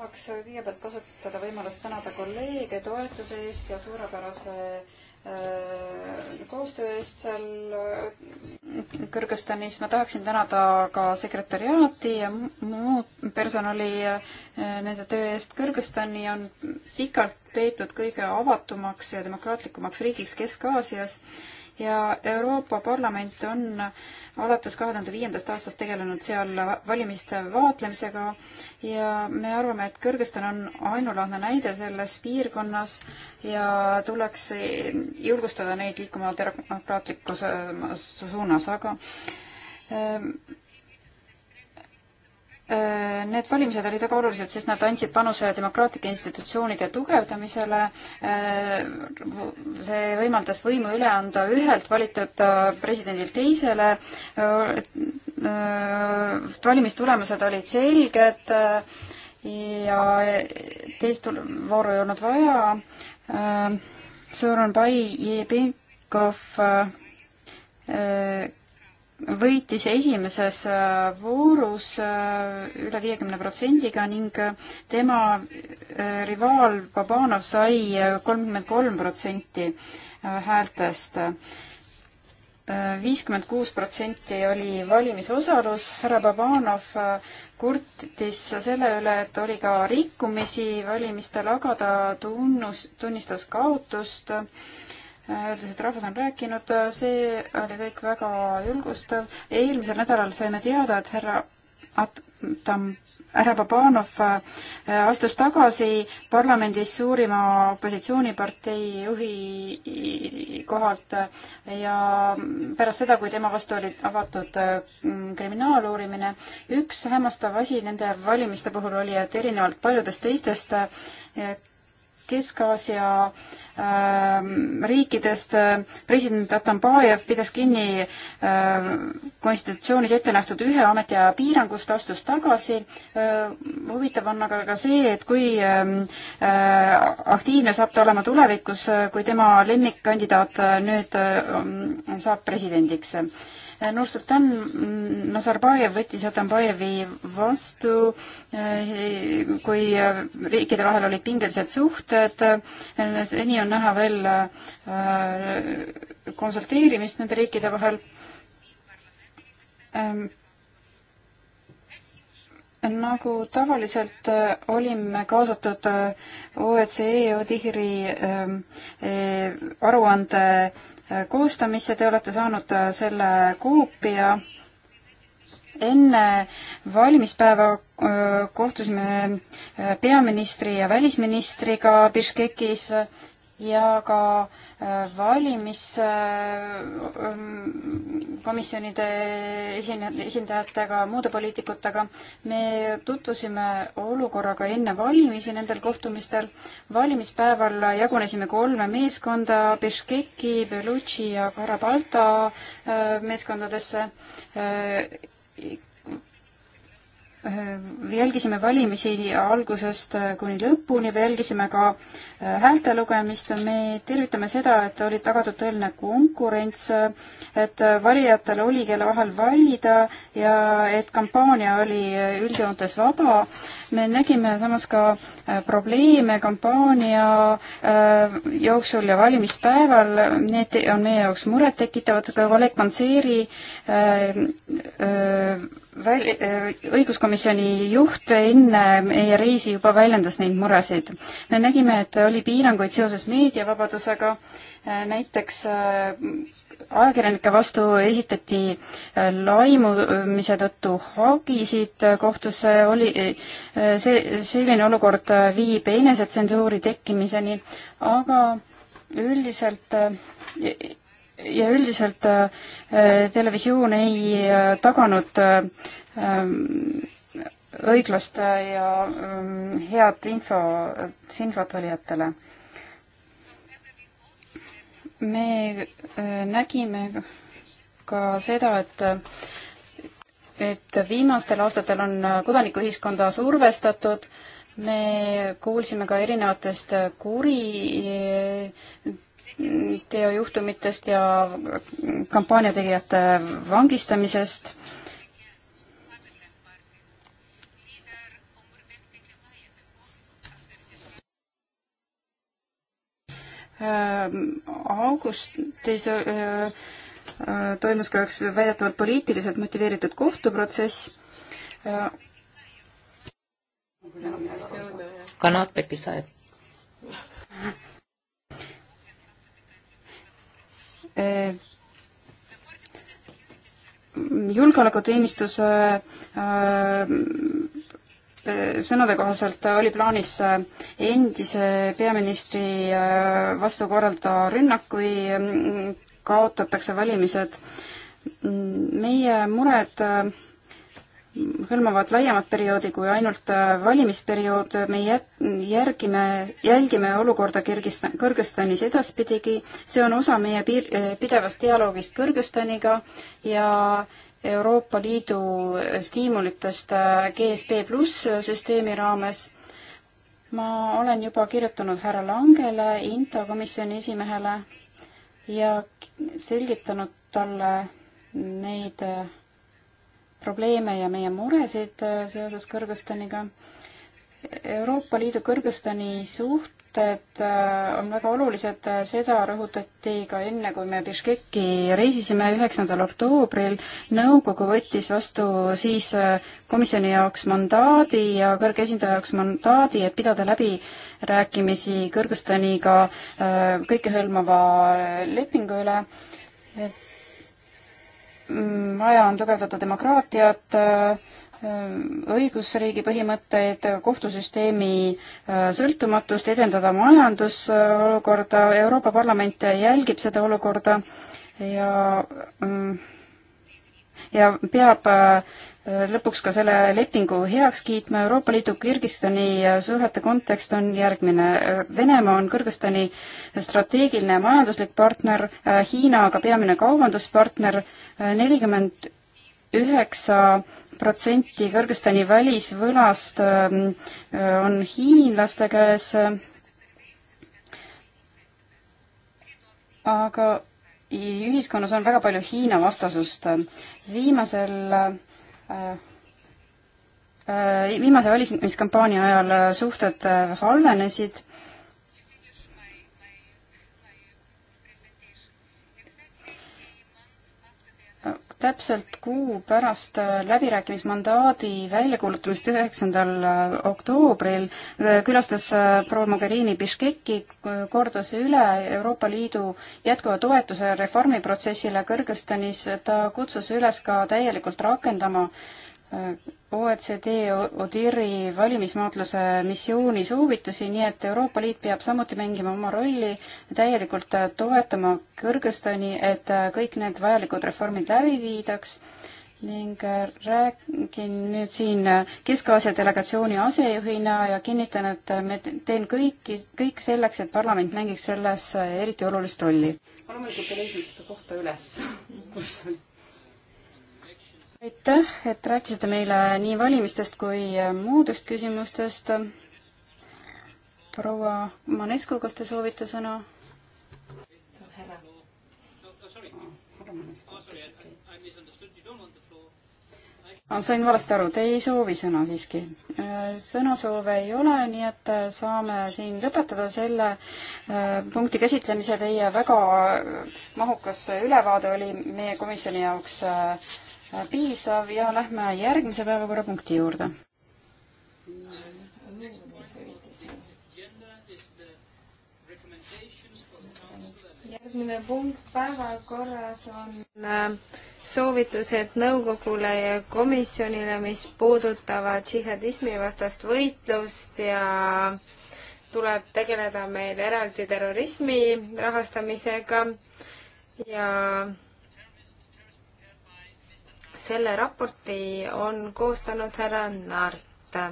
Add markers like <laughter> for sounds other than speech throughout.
tahaks kõigepealt kasutada võimalust tänada kolleege toetuse eest ja suurepärase äh, koostöö eest seal äh, Kõrgõzstanis. ma tahaksin tänada ka sekretäriaati ja muud personali äh, nende töö eest. Kõrgõzstani on pikalt peetud kõige avatumaks ja demokraatlikumaks riigiks Kesk-Aasias ja Euroopa Parlament on alates kahe tuhande viiendast aastast tegelenud seal valimiste vaatlemisega ja me arvame, et Kõrgõzstan on ainulaadne näide selles piirkonnas ja tuleks e, julgustada neid liikuma demokraatlikus äh, suunas, aga ähm, Äh, need valimised olid väga olulised, sest nad andsid panuse demokraatlike institutsioonide tugevdamisele. Äh, see võimaldas võimu üle anda ühelt valitud äh, presidendilt teisele. valimistulemused olid selged ja teist vooru ei olnud vaja. Soron Pai, Jebekov võitis esimeses äh, voorus äh, üle viiekümne protsendiga ning äh, tema rivaal Babanov sai kolmkümmend kolm protsenti häältest. viiskümmend kuus protsenti oli valimisosalus, härra Babanov kurtis selle üle, et oli ka rikkumisi valimistel, aga ta tunnus, tunnistas kaotust äh, ütles, et rahvas on rääkinud, see oli kõik väga julgustav. eelmisel nädalal saime teada, et härra Atam, härra Babanov äh, astus tagasi parlamendis suurima opositsioonipartei juhi kohalt äh, ja pärast seda, kui tema vastu oli avatud äh, kriminaaluurimine, üks hämmastav asi nende valimiste puhul oli, et erinevalt paljudest teistest Kesk-Aasia ähm, riikidest president Atambajev pidas kinni ähm, konstitutsioonis ette nähtud ühe ametiaja piirangust, astus tagasi. Äh, huvitav on aga ka see, et kui ähm, äh, aktiivne saab ta olema tulevikus, äh, kui tema lemmikkandidaat nüüd saab presidendiks Nursultan Nazarbajev võttis Atambajevi vastu, kui riikide vahel olid pingelised suhted. seni on näha veel äh, konsulteerimist nende riikide vahel. Ähm, nagu tavaliselt äh, olime kaasatud äh, OECE e Odihri ähm, aruande koostamisse, te olete saanud äh, selle koopia. enne valimispäeva äh, kohtusime äh, peaministri ja välisministriga Biškekis ja ka äh, valimiskomisjonide ähm, esindajatega, muude poliitikutega. me tutvusime olukorraga enne valimisi nendel kohtumistel. valimispäeval jagunesime kolme meeskonda Bishkeki, Belutši ja Karabalta äh, meeskondadesse äh, Äh, jälgisime valimisi algusest äh, kuni lõpuni, jälgisime ka äh, häälte lugemist, me tervitame seda, et oli tagatud tõeline konkurents, et valijatel oli, kelle vahel valida ja et kampaania oli üldjoontes vaba. me nägime samas ka probleeme kampaania jooksul ja valimispäeval, need on meie jaoks murettekitavad, ka kolleeg Panseri väl-, äh, õiguskomisjoni juht enne meie reisi juba väljendas neid muresid. me nägime, et oli piiranguid seoses meediavabadusega, äh, näiteks äh, ajakirjanike vastu esitati laimumise tõttu hagisid kohtusse, oli see, selline olukord viib enesetsensuuri tekkimiseni, aga üldiselt ja üldiselt äh, äh, televisioon ei äh, taganud ähm, õiglast ja ähm, head info, infot valijatele. me nägime ka seda, et, et viimastel aastatel on kodanikuühiskonda survestatud, me kuulsime ka erinevatest kuri teojuhtumitest ja kampaaniategijate vangistamisest. Äh, augustis äh, äh, toimus ka üks väidetavalt poliitiliselt motiveeritud kohtuprotsess. Kanat Pekisaev <laughs> Äh, julgeolekuteenistuse äh, äh, sõnade kohaselt oli plaanis endise peaministri vastu korraldada rünnak, kui mm, kaotatakse valimised. meie mured hõlmavad laiemat perioodi kui ainult äh, valimisperiood. me järgime, jälgime olukorda Kirgistan, Kõrgõzstanis edaspidigi. see on osa meie piir, äh, pidevast dialoogist Kõrgõzstaniga ja Euroopa Liidu äh, stiimulitest GSP pluss süsteemi raames. ma olen juba kirjutanud härra Langele, INTA komisjoni esimehele ja selgitanud talle neid probleeme ja meie muresid äh, seoses Kõrgõzstaniga. Euroopa Liidu Kõrgõzstani suhted äh, on väga olulised, äh, seda rõhutati ka enne, kui me Biškeki reisisime üheksandal oktoobril. nõukogu võttis vastu siis komisjoni jaoks mandaadi ja kõrge esindaja jaoks mandaadi, et pidada läbirääkimisi Kõrgõzstaniga kõikehõlmava lepingu üle et Mm, vaja on tugevdada demokraatiat, äh, õigusriigi põhimõtteid, kohtusüsteemi äh, sõltumatust, edendada majandusolukorda, Euroopa Parlament jälgib seda olukorda ja mm, ja peab äh, lõpuks ka selle lepingu heaks kiitma. Euroopa Liidu Kirgistani suhete kontekst on järgmine. Venemaa on Kõrgõzstani strateegiline majanduslik partner, Hiina aga peamine kaubanduspartner, nelikümmend üheksa protsenti Kõrgõzstani välisvõlast ähm, äh, on hiinlaste käes. aga ühiskonnas on väga palju Hiina vastasust. viimasel äh, Äh, äh, viimase valimiskampaania ajal suhted äh, halvenesid täpselt kuu pärast äh, läbirääkimismandaadi väljakuulutamist, üheksandal äh, oktoobril, äh, külastas proua Mogherini Biškeki, kordas üle Euroopa Liidu jätkuva toetuse reformiprotsessile Kõrgõzstanis, ta kutsus üles ka täielikult rakendama OECD ODIRi valimismaatluse missiooni soovitusi, nii et Euroopa Liit peab samuti mängima oma rolli, täielikult toetama Kõrgõzstani, et kõik need vajalikud reformid läbi viidaks ning äh, räägin nüüd siin Kesk-Aasia delegatsiooni asejuhina ja kinnitan, et me teen kõiki, kõik selleks, et parlament mängiks selles äh, eriti olulist rolli. ma loomulikult ei leidnud seda kohta üles, <laughs> kus on aitäh, et rääkisite meile nii valimistest kui äh, muudest küsimustest. proua Manescu, kas te soovite sõna? härra. ma ah, sain valesti aru, te ei soovi sõna siiski. Äh, sõnasoove ei ole, nii et äh, saame siin lõpetada selle punkti käsitlemise. Teie väga mahukas ülevaade oli meie komisjoni jaoks äh, piisav ja lähme järgmise päevakorrapunkti juurde. järgmine punkt päevakorras on äh, soovitused nõukogule ja komisjonile, mis puudutavad džihadismi vastast võitlust ja tuleb tegeleda meil eraldi terrorismi rahastamisega ja selle raporti on koostanud härra Naart.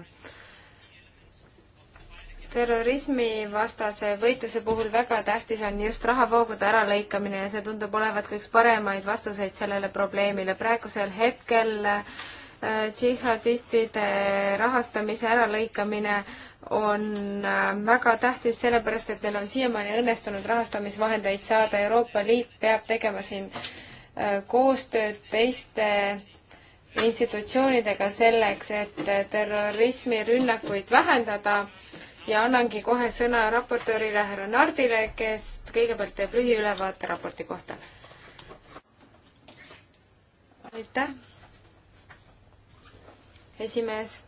terrorismivastase võitluse puhul väga tähtis on just rahavoogude äralõikamine ja see tundub olevat ka üks paremaid vastuseid sellele probleemile. praegusel hetkel äh, džihadistide rahastamise äralõikamine on äh, väga tähtis, sellepärast et neil on siiamaani õnnestunud rahastamisvahendeid saada. Euroopa Liit peab tegema siin koostööd teiste institutsioonidega selleks, et terrorismirünnakuid vähendada ja annangi kohe sõna raportöörile härra Nardile, kes kõigepealt teeb lühiülevaate raporti kohta. aitäh, esimees.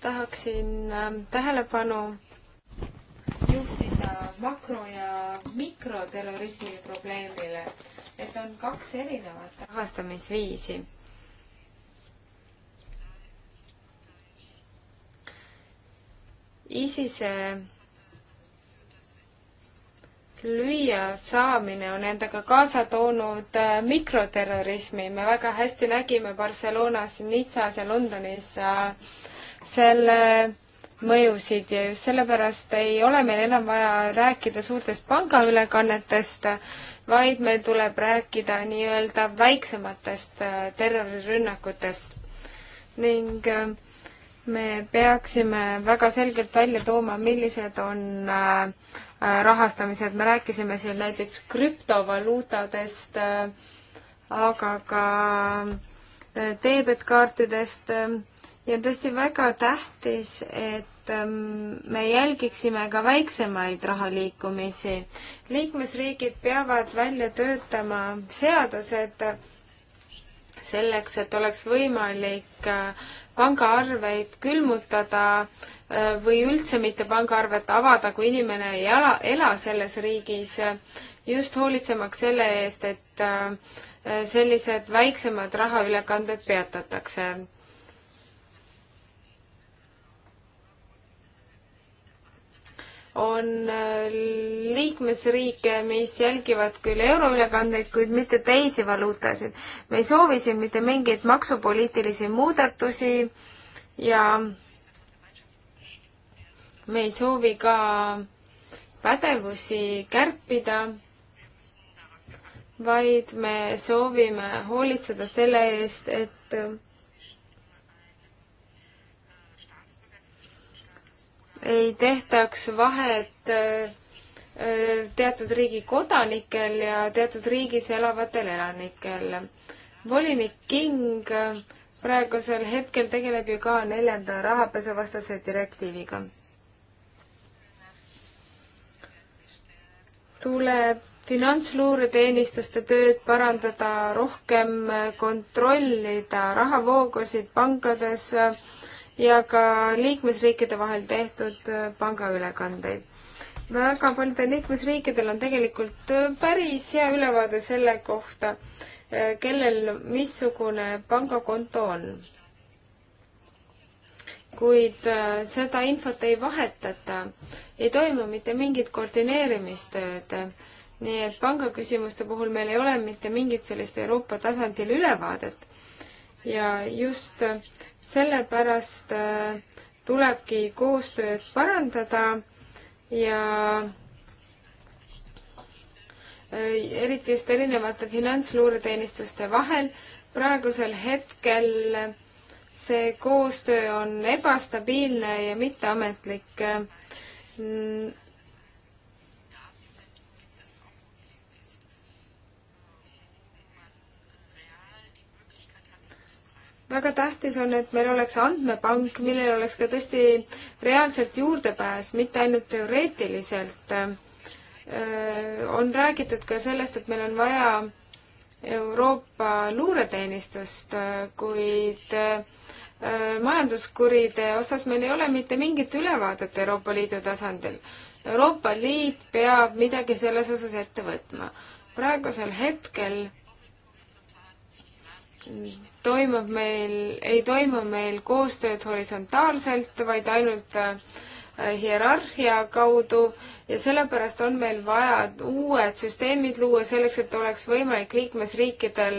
tahaksin ähm, tähelepanu makro- ja mikroterrorismi probleemile, et on kaks erinevat rahastamisviisi. ISISe lüüa saamine on endaga kaasa toonud äh, mikroterrorismi, me väga hästi nägime Barcelonas, Nizzas ja Londonis äh, selle mõjusid ja just sellepärast ei ole meil enam vaja rääkida suurtest pangaülekannetest, vaid meil tuleb rääkida nii-öelda väiksematest äh, terrorirünnakutest. ning äh, me peaksime väga selgelt välja tooma, millised on äh, rahastamised, me rääkisime siin näiteks krüptovaluutadest, aga ka teebetkaartidest ja on tõesti väga tähtis, et ähm, me jälgiksime ka väiksemaid rahaliikumisi. liikmesriigid peavad välja töötama seadused selleks, et oleks võimalik äh, pangaarveid külmutada äh, või üldse mitte pangaarvet avada, kui inimene ei ela, ela selles riigis, just hoolitsemaks selle eest, et äh, sellised väiksemad rahaülekanded peatatakse on äh, liikmesriike, mis jälgivad küll euroülekandeid, kuid mitte teisi valuutasid. me ei soovi siin mitte mingeid maksupoliitilisi muudatusi ja me ei soovi ka pädevusi kärpida, vaid me soovime hoolitseda selle eest, et ei tehtaks vahet äh, teatud riigi kodanikel ja teatud riigis elavatel elanikel. volinik King äh, praegusel hetkel tegeleb ju ka neljanda rahapesuvastase direktiiviga. tuleb finantsluureteenistuste tööd parandada, rohkem kontrollida rahavoogusid pankades äh, ja ka liikmesriikide vahel tehtud äh, pangaülekandeid. väga paljudel liikmesriikidel on tegelikult äh, päris hea ülevaade selle kohta, äh, kellel missugune pangakonto on. kuid seda infot ei vahetata, ei toimu mitte mingit koordineerimistööd nii et pangaküsimuste puhul meil ei ole mitte mingit sellist Euroopa tasandil ülevaadet. ja just sellepärast äh, tulebki koostööd parandada ja äh, eriti just erinevate finantsluureteenistuste vahel. praegusel hetkel see koostöö on ebastabiilne ja mitteametlik mm, väga tähtis on, et meil oleks andmepank, millel oleks ka tõesti reaalselt juurdepääs, mitte ainult teoreetiliselt. on räägitud ka sellest, et meil on vaja Euroopa luureteenistust, kuid majanduskuride osas meil ei ole mitte mingit ülevaadet Euroopa Liidu tasandil. Euroopa Liit peab midagi selles osas ette võtma. praegusel hetkel toimub meil, ei toimu meil koostööd horisontaalselt, vaid ainult äh, hierarhia kaudu ja sellepärast on meil vaja uued süsteemid luua selleks, et oleks võimalik liikmesriikidel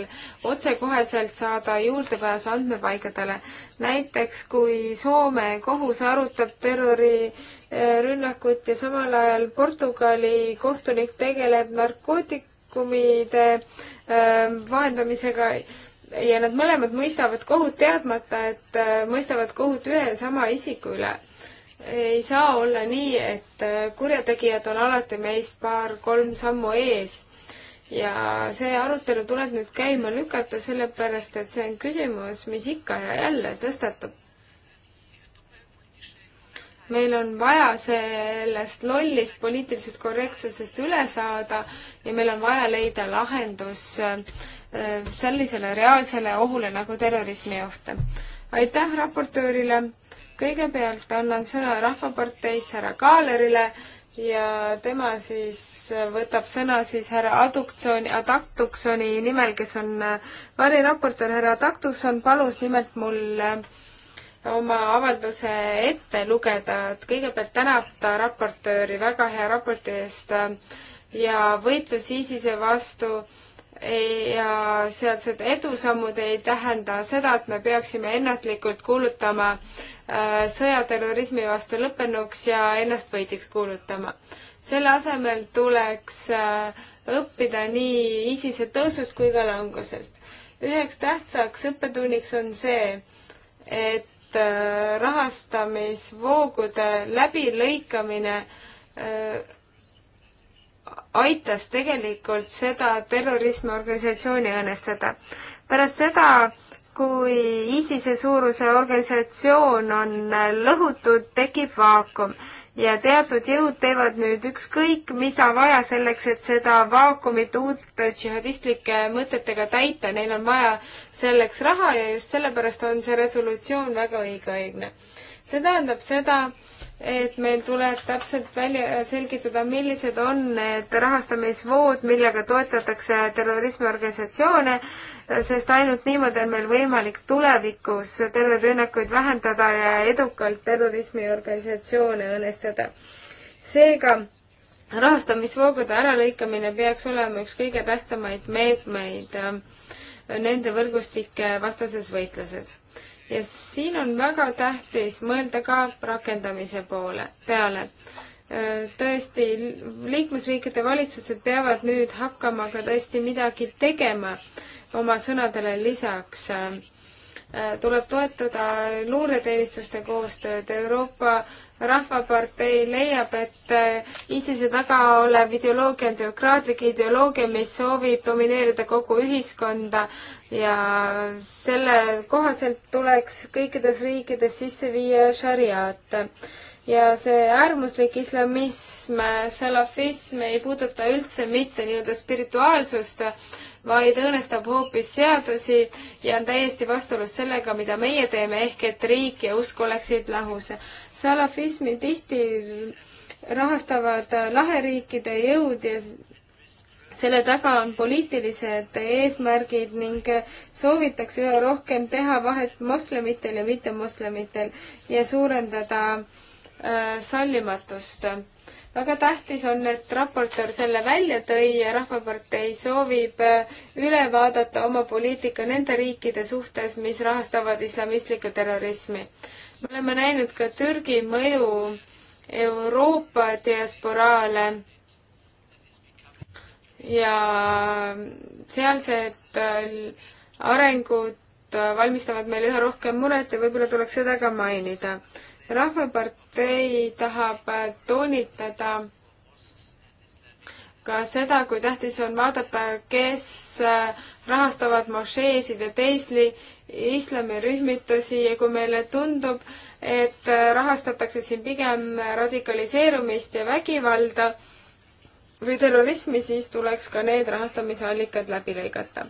otsekoheselt saada juurdepääs andmepaikadele. näiteks kui Soome kohus arutab terrorirünnakut äh, ja samal ajal Portugali kohtunik tegeleb narkootikumide äh, vahendamisega äh, ja nad mõlemad mõistavad kohut teadmata, et äh, mõistavad kohut ühe ja sama isiku üle. ei saa olla nii, et äh, kurjategijad on alati meist paar-kolm sammu ees. ja see arutelu tuleb nüüd käima lükata, sellepärast et see on küsimus, mis ikka ja jälle tõstatub. meil on vaja sellest lollist poliitilisest korrektsusest üle saada ja meil on vaja leida lahendus äh, Äh, sellisele reaalsele ohule nagu terrorismioht. aitäh raportöörile, kõigepealt annan sõna Rahvaparteist härra Kaalerile ja tema siis võtab sõna siis härra Aduktsoni, Adaktuksoni nimel, kes on äh, variraportöör, härra Adaktusson palus nimelt mul äh, oma avalduse ette lugeda, et kõigepealt tänab ta raportööri väga hea raporti eest ja võitlus ISISe vastu äh, ja sealsed edusammud ei tähenda seda, et me peaksime ennatlikult kuulutama äh, sõjaterrorismi vastu lõppenuks ja ennast võidiks kuulutama. selle asemel tuleks äh, õppida nii ISISe tõusust kui ka langusest. üheks tähtsaks õppetunniks on see, et äh, rahastamisvoogude läbilõikamine aitas tegelikult seda terrorismiorganisatsiooni õõnestada. pärast seda, kui ISISe suuruse organisatsioon on lõhutud, tekib vaakum ja teatud jõud teevad nüüd ükskõik, mida vaja selleks, et seda vaakumit uute džihadistlike mõtetega täita, neil on vaja selleks raha ja just sellepärast on see resolutsioon väga õigeõigne. see tähendab seda, et meil tuleb täpselt välja selgitada, millised on need rahastamisvood, millega toetatakse terrorismiorganisatsioone, sest ainult niimoodi on meil võimalik tulevikus terrorirünnakuid vähendada ja edukalt terrorismiorganisatsioone õnnestada. seega rahastamisvoogude äralõikamine peaks olema üks kõige tähtsamaid meetmeid nende võrgustike vastases võitluses ja siin on väga tähtis mõelda ka rakendamise poole, peale. Äh, tõesti, liikmesriikide valitsused peavad nüüd hakkama ka tõesti midagi tegema oma sõnadele lisaks äh, tuleb toetada luureteenistuste koostööd, Euroopa rahvapartei leiab, et äh, ISISe taga olev ideoloogia on teokraatlik ideoloogia, mis soovib domineerida kogu ühiskonda ja selle kohaselt tuleks kõikides riikides sisse viia šariaat. ja see äärmuslik islamism, salafism ei puuduta üldse mitte nii-öelda spirituaalsust, vaid õõnestab hoopis seadusi ja on täiesti vastuolus sellega, mida meie teeme, ehk et riik ja usk oleksid lahus salafismi tihti rahastavad laheriikide jõud ja selle taga on poliitilised eesmärgid ning soovitakse üha rohkem teha vahet moslemitel ja mittemoslemitel ja suurendada äh, sallimatust. väga tähtis on, et raportöör selle välja tõi ja Rahvapartei soovib äh, üle vaadata oma poliitika nende riikide suhtes, mis rahastavad islamistlikku terrorismi me oleme näinud ka Türgi mõju Euroopa diasporaale ja sealsed äh, arengud äh, valmistavad meile üha rohkem muret ja võib-olla tuleks seda ka mainida. rahvapartei tahab äh, toonitada ka seda, kui tähtis on vaadata, kes rahastavad mošeesid ja teisli islamirühmitusi ja kui meile tundub, et rahastatakse siin pigem radikaliseerumist ja vägivalda või terrorismi, siis tuleks ka need rahastamisallikad läbi lõigata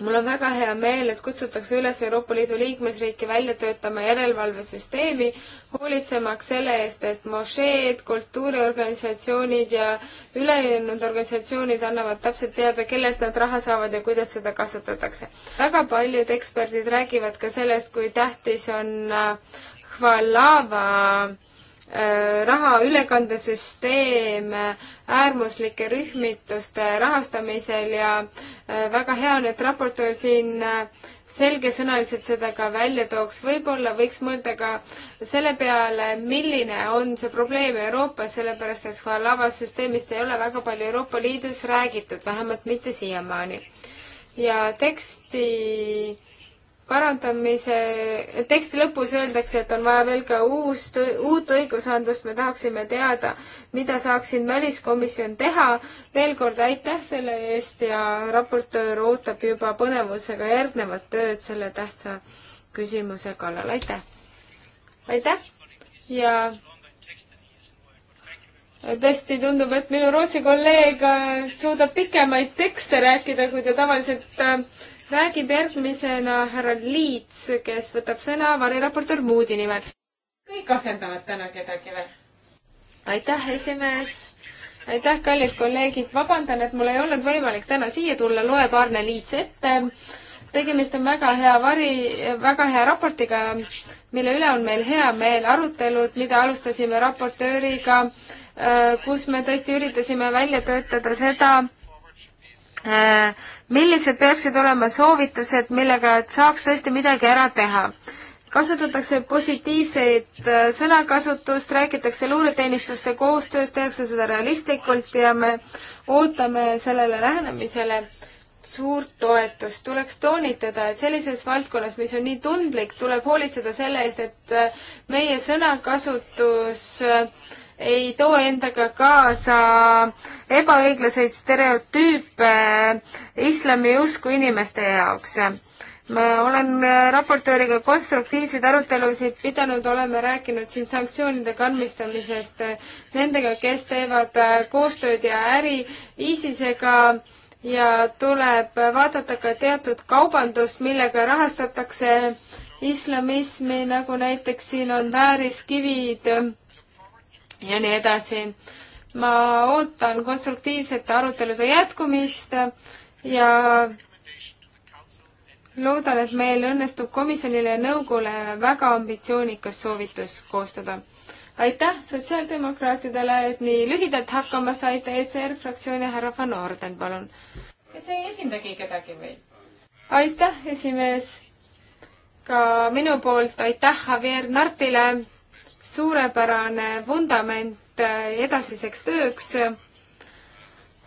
mul on väga hea meel, et kutsutakse üles Euroopa Liidu liikmesriiki välja töötama järelevalvesüsteemi, hoolitsemaks selle eest, et mošeed, kultuuriorganisatsioonid ja ülejäänud organisatsioonid annavad täpselt teada, kellelt nad raha saavad ja kuidas seda kasutatakse. väga paljud eksperdid räägivad ka sellest, kui tähtis on äh, Hvalava äh, Äh, raha ülekandesüsteem äh, äärmuslike rühmituste rahastamisel ja äh, väga hea on, et raportöör siin selgesõnaliselt seda ka välja tooks. võib-olla võiks mõelda ka selle peale, milline on see probleem Euroopas, sellepärast et Halava süsteemist ei ole väga palju Euroopa Liidus räägitud, vähemalt mitte siiamaani. ja teksti parandamise, teksti lõpus öeldakse, et on vaja veel ka uus, uut õigusandlust, me tahaksime teada, mida saaks siin väliskomisjon teha. veel kord aitäh selle eest ja raportöör ootab juba põnevusega järgnevat tööd selle tähtsa küsimuse kallal, aitäh! aitäh ja tõesti tundub, et minu Rootsi kolleeg suudab pikemaid tekste rääkida, kui ta tavaliselt äh, räägib järgmisena härra Liits, kes võtab sõna variraportöör Moodi nimel. kõik asendavad täna kedagi või? aitäh, esimees! aitäh, kallid kolleegid! vabandan, et mul ei olnud võimalik täna siia tulla, loeb Arne Liits ette tegemist on väga hea vari, väga hea raportiga, mille üle on meil hea meel, arutelud, mida alustasime raportööriga, äh, kus me tõesti üritasime välja töötada seda, millised peaksid olema soovitused, millega saaks tõesti midagi ära teha? kasutatakse positiivseid äh, sõnakasutust, räägitakse luureteenistuste koostööst, tehakse seda realistlikult ja me ootame sellele lähenemisele suurt toetust. tuleks toonitada, et sellises valdkonnas, mis on nii tundlik, tuleb hoolitseda selle eest, et äh, meie sõnakasutus äh, ei too endaga kaasa ebaõiglaseid stereotüüpe islamiusku inimeste jaoks ma olen äh, raportööriga konstruktiivseid arutelusid pidanud, oleme rääkinud siin sanktsioonide karmistamisest nendega, kes teevad äh, koostööd ja äri ISISega ja tuleb vaadata ka teatud kaubandust, millega rahastatakse islamismi, nagu näiteks siin on vääriskivid ja nii edasi. ma ootan konstruktiivsete arutelude jätkumist ja loodan, et meil õnnestub komisjonile ja nõukogule väga ambitsioonikas soovitus koostada. aitäh sotsiaaldemokraatidele, et nii lühidalt hakkama saite, ECR fraktsiooni härra Van Orden, palun. kas ei esindagi kedagi või? aitäh, esimees. ka minu poolt aitäh Javier Nartile suurepärane vundament äh, edasiseks tööks.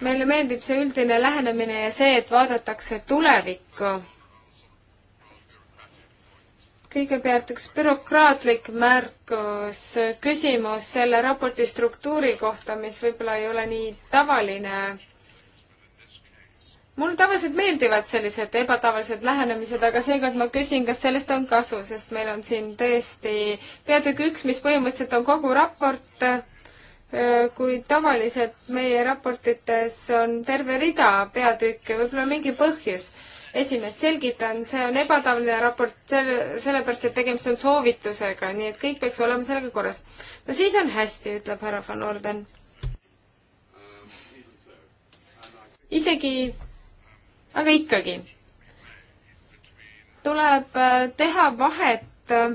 meile meeldib see üldine lähenemine ja see, et vaadatakse tulevikku. kõigepealt üks bürokraatlik märkus, küsimus selle raporti struktuuri kohta, mis võib-olla ei ole nii tavaline mulle tavaliselt meeldivad sellised ebatavalised lähenemised, aga seekord ma küsin, kas sellest on kasu, sest meil on siin tõesti peatükk üks, mis põhimõtteliselt on kogu raport, äh, kui tavaliselt meie raportites on terve rida peatükke, võib-olla mingi põhjus. esimest selgitan, see on ebatavaline raport selle, sellepärast et tegemist on soovitusega, nii et kõik peaks olema sellega korras. no siis on hästi, ütleb härra Van Orden. isegi aga ikkagi tuleb äh, teha vahet äh,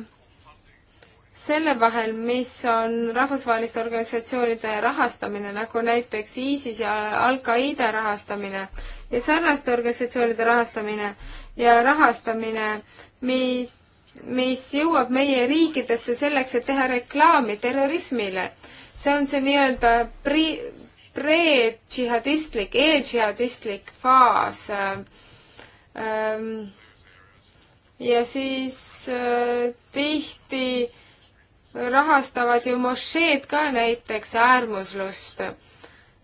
selle vahel, mis on rahvusvaheliste organisatsioonide rahastamine, nagu näiteks ISIS ja Al-Qaeda rahastamine ja sarnaste organisatsioonide rahastamine ja rahastamine, mi-, mis jõuab meie riikidesse selleks, et teha reklaami terrorismile. see on see nii-öelda pri-, pre-džihadistlik, e-džihadistlik faas. Ähm, ja siis äh, tihti rahastavad ju mošeed ka näiteks äärmuslust.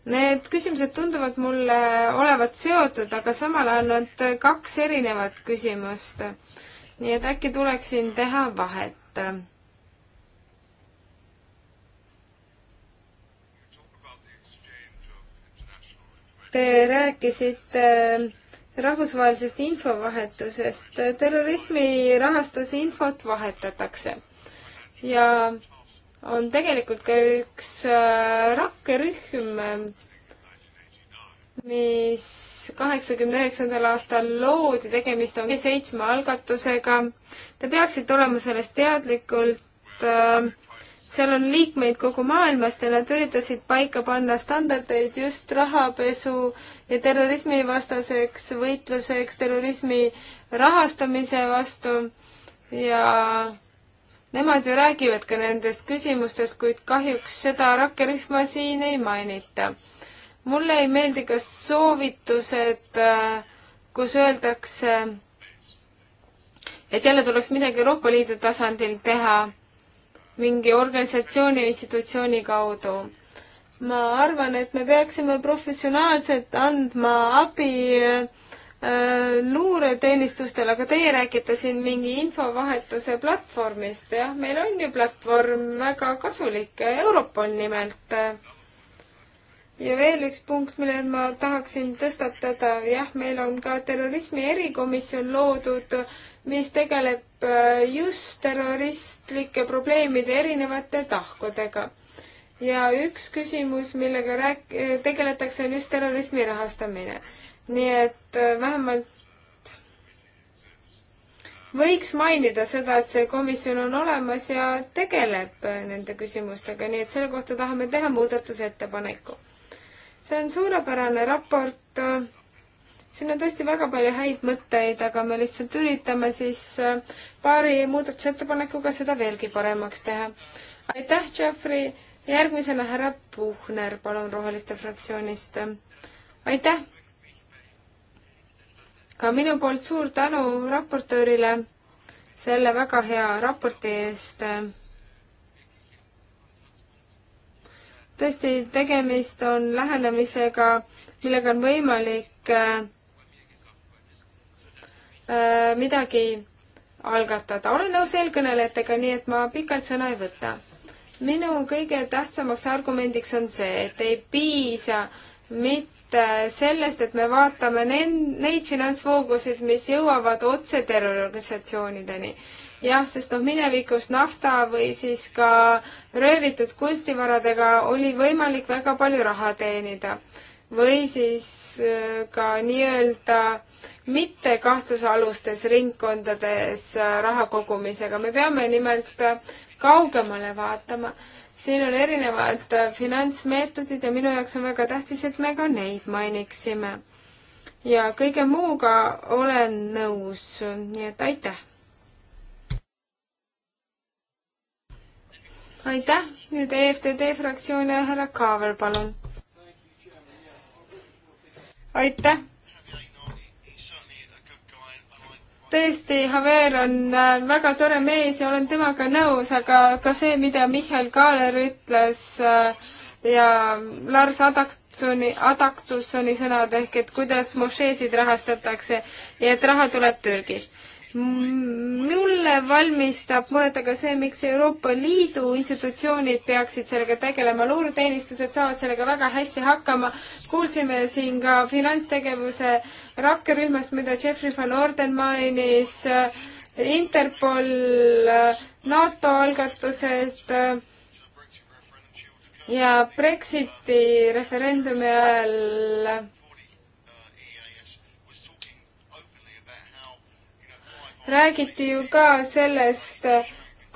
Need küsimused tunduvad mulle olevat seotud, aga samal ajal nad kaks erinevat küsimust. nii et äkki tuleks siin teha vahet Te rääkisite äh, rahvusvahelisest infovahetusest. terrorismi rahastusinfot vahetatakse ja on tegelikult ka üks äh, rakkerühm, mis kaheksakümne üheksandal aastal loodi, tegemist on seitsme algatusega. Te peaksite olema sellest teadlikult äh, seal on liikmeid kogu maailmast ja nad üritasid paika panna standardeid just rahapesu ja terrorismivastaseks võitluseks, terrorismi rahastamise vastu ja nemad ju räägivad ka nendest küsimustest, kuid kahjuks seda rakkerühma siin ei mainita. mulle ei meeldi ka soovitused, äh, kus öeldakse, et jälle tuleks midagi Euroopa Liidu tasandil teha mingi organisatsiooni või institutsiooni kaudu. ma arvan, et me peaksime professionaalselt andma abi äh, luureteenistustel, aga teie räägite siin mingi infovahetuse platvormist, jah, meil on ju platvorm väga kasulik, Europol nimelt. ja veel üks punkt, mille ma tahaksin tõstatada, jah, meil on ka terrorismi erikomisjon loodud, mis tegeleb Äh, just terroristlike probleemide erinevate tahkudega. ja üks küsimus, millega rääk-, tegeletakse, on just terrorismi rahastamine. nii et äh, vähemalt võiks mainida seda, et see komisjon on olemas ja tegeleb äh, nende küsimustega, nii et selle kohta tahame teha muudatusettepaneku. see on suurepärane raport siin on tõesti väga palju häid mõtteid, aga me lihtsalt üritame siis äh, paari muudatusettepanekuga seda veelgi paremaks teha. aitäh, Jeffrey! järgmisena härra Puhner, palun, Roheliste fraktsioonist. aitäh! ka minu poolt suur tänu raportöörile selle väga hea raporti eest. tõesti, tegemist on lähenemisega, millega on võimalik kõik äh, Äh, midagi algatada. olen nõus eelkõnelejatega, nii et ma pikalt sõna ei võta. minu kõige tähtsamaks argumendiks on see, et ei piisa mitte sellest, et me vaatame neid finantsvoogusid, mis jõuavad otse terroriorganisatsioonideni jah, sest noh, minevikus nafta või siis ka röövitud kunstivaradega oli võimalik väga palju raha teenida. või siis äh, ka nii-öelda mitte kahtlusalustes ringkondades äh, raha kogumisega, me peame nimelt äh, kaugemale vaatama. siin on erinevad äh, finantsmeetodid ja minu jaoks on väga tähtis, et me ka neid mainiksime. ja kõige muuga olen nõus, nii et aitäh! aitäh, nüüd EFTD fraktsioon ja härra Kaaver, palun. aitäh, tõesti, Haver on äh, väga tore mees ja olen temaga nõus, aga ka see, mida Mihhail Kaaler ütles äh, ja Lars Adaktsoni, Adaktussoni sõnad ehk et kuidas mošeesid rahastatakse ja et raha tuleb Türgist mulle valmistab muret aga see, miks Euroopa Liidu institutsioonid peaksid sellega tegelema, luureteenistused saavad sellega väga hästi hakkama. kuulsime siin ka finantstegevuse rakkerühmast, mida Jeffrey van Orden mainis, Interpol, NATO algatused ja Brexiti referendumi ajal räägiti ju ka sellest,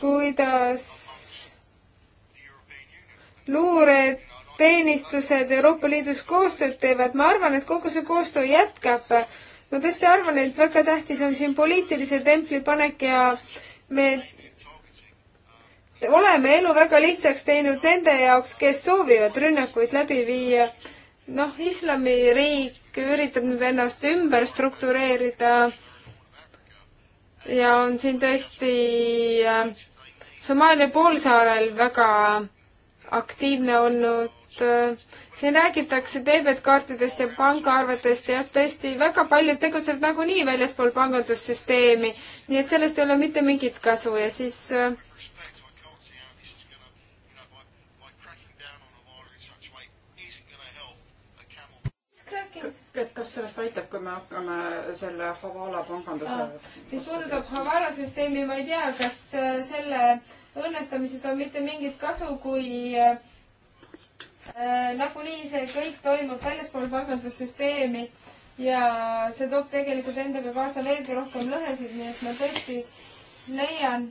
kuidas luureteenistused Euroopa Liidus koostööd teevad. ma arvan, et kogu see koostöö jätkab. ma tõesti arvan, et väga tähtis on siin poliitilise templi panek ja me oleme elu väga lihtsaks teinud nende jaoks, kes soovivad rünnakuid läbi viia. noh, islamiriik üritab nüüd ennast ümber struktureerida ja on siin tõesti äh, Somaalia poolsaarel väga aktiivne olnud. Äh, siin räägitakse debetkaartidest ja pangaarvetest ja tõesti väga paljud tegutsevad nagunii väljaspool pangandussüsteemi, nii et sellest ei ole mitte mingit kasu ja siis äh, et kas sellest aitab, kui me hakkame selle Havala panganduse ah, mis puudutab Havala süsteemi, ma ei tea, kas äh, selle õnnestamisest on mitte mingit kasu, kui äh, äh, nagunii see kõik toimub väljaspool pangandussüsteemi ja see toob tegelikult endaga kaasa veelgi rohkem lõhesid, nii et ma tõesti leian,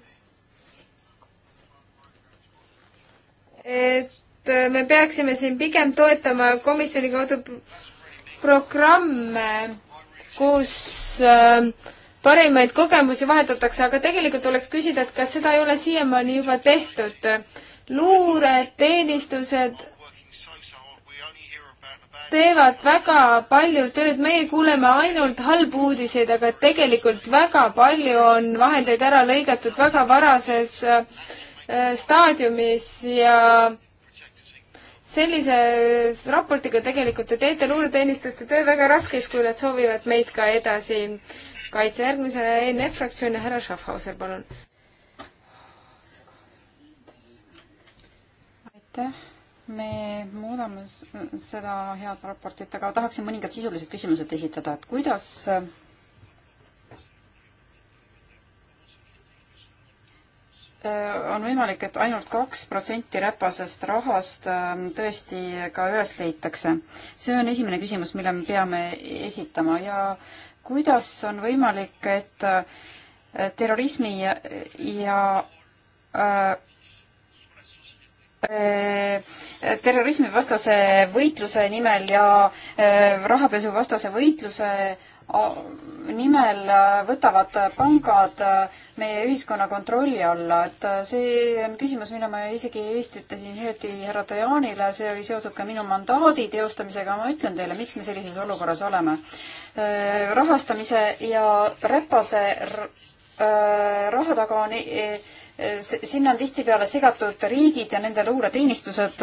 et äh, me peaksime siin pigem toetama komisjoni kaudu programme, kus äh, parimaid kogemusi vahetatakse, aga tegelikult tuleks küsida, et kas seda ei ole siiamaani juba tehtud. luureteenistused teevad väga palju tööd, meie kuuleme ainult halbu uudiseid, aga tegelikult väga palju on vahendeid ära lõigatud väga varases äh, staadiumis ja äh, sellise raportiga tegelikult te teete luureteenistuste töö väga raskeks, kui nad soovivad meid ka edasi kaitse. järgmisena ENF fraktsioon ja härra Schaffhauser, palun. aitäh, me muudame seda head raportit, aga tahaksin mõningad sisulised küsimused esitada, et kuidas Äh, on võimalik et, et ainult kaks protsenti räpasest rahast ähm, tõesti ka üles leitakse. see on esimene küsimus, mille me peame esitama ja kuidas on võimalik, et äh, terrorismi ja, ja äh, äh, terrorismivastase võitluse nimel ja äh, rahapesuvastase võitluse nimel võtavad pangad äh, meie ühiskonna kontrolli alla, et äh, see on küsimus, mille ma isegi esitasin hiljuti härra Tajanile, see oli seotud ka minu mandaadi teostamisega, ma ütlen teile, miks me sellises olukorras oleme. Äh, rahastamise ja räpase äh, raha taga on e, e, sinna on tihtipeale segatud riigid ja nende luureteenistused.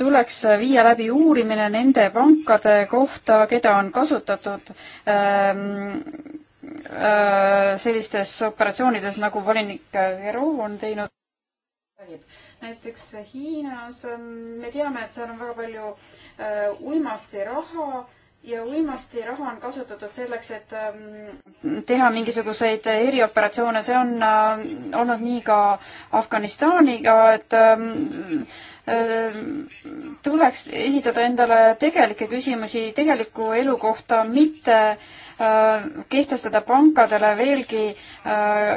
tuleks viia läbi uurimine nende pankade kohta, keda on kasutatud ähm, Äh, sellistes operatsioonides, nagu volinik Vero on teinud. näiteks Hiinas ähm, me teame, et seal on väga palju äh, uimastiraha ja uimasti raha on kasutatud selleks, et ähm, teha mingisuguseid erioperatsioone, see on äh, olnud nii ka Afganistaniga, et ähm, Äh, tuleks esitada endale tegelikke küsimusi tegeliku elu kohta, mitte äh, kehtestada pankadele veelgi äh,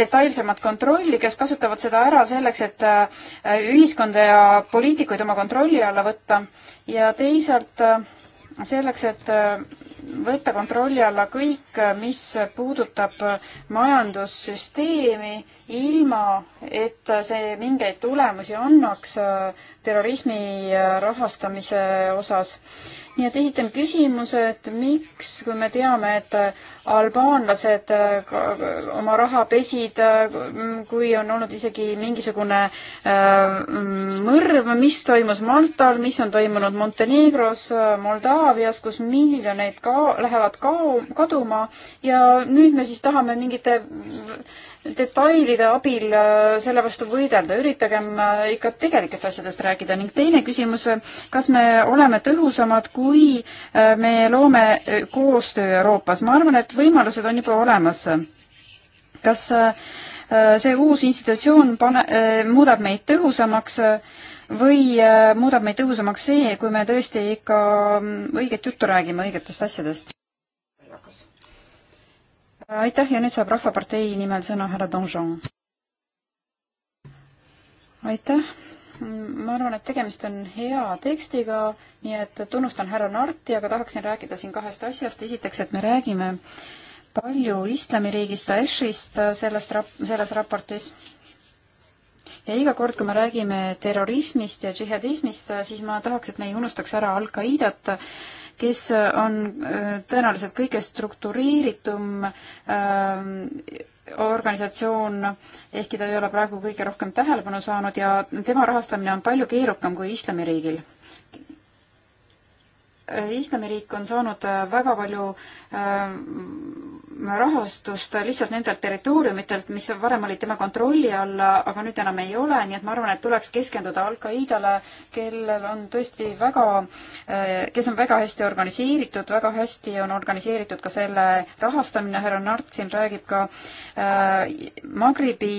detailsemat kontrolli, kes kasutavad seda ära selleks, et ühiskonda ja poliitikuid oma kontrolli alla võtta ja teisalt selleks, et võtta kontrolli alla kõik, mis puudutab majandussüsteemi, ilma et see mingeid tulemusi annaks terrorismi rahastamise osas nii et esitan küsimuse, et miks, kui me teame, et äh, albaanlased äh, oma raha pesid, äh, kui on olnud isegi mingisugune mõrv, mis toimus Maltal, mis on toimunud Montenegros, Moldaavias, kus miljoneid ka lähevad kao-, kaduma ja nüüd me siis tahame mingite detailide abil äh, selle vastu võidelda, üritagem äh, ikka tegelikest asjadest rääkida ning teine küsimus, äh, kas me oleme tõhusamad, kui me loome koostöö Euroopas, ma arvan, et võimalused on juba olemas. kas see uus institutsioon pane, muudab meid tõhusamaks või muudab meid tõhusamaks see, kui me tõesti ikka mm, õiget juttu räägime õigetest asjadest? aitäh ja nüüd saab Rahvapartei nimel sõna härra Donjon. aitäh, ma arvan, et tegemist on hea tekstiga, nii et tunnustan härra Narti, aga tahaksin rääkida siin kahest asjast, esiteks, et me räägime palju islamiriigist, Daeshist sellest rap-, selles raportis ja iga kord, kui me räägime terrorismist ja džihadismist, siis ma tahaks, et me ei unustaks ära Al-Qaidat, kes äh, on äh, tõenäoliselt kõige struktureeritum äh, organisatsioon, ehkki ta ei ole praegu kõige rohkem tähelepanu saanud ja tema rahastamine on palju keerukam kui Islamiriigil Islamiriik on saanud äh, väga palju ähm, rahastust lihtsalt nendelt territooriumitelt, mis varem olid tema kontrolli all, aga nüüd enam ei ole, nii et ma arvan, et tuleks keskenduda Al-Qaedale, kellel on tõesti väga, äh, kes on väga hästi organiseeritud, väga hästi on organiseeritud ka selle rahastamine, härra Nart siin räägib ka äh, Magribi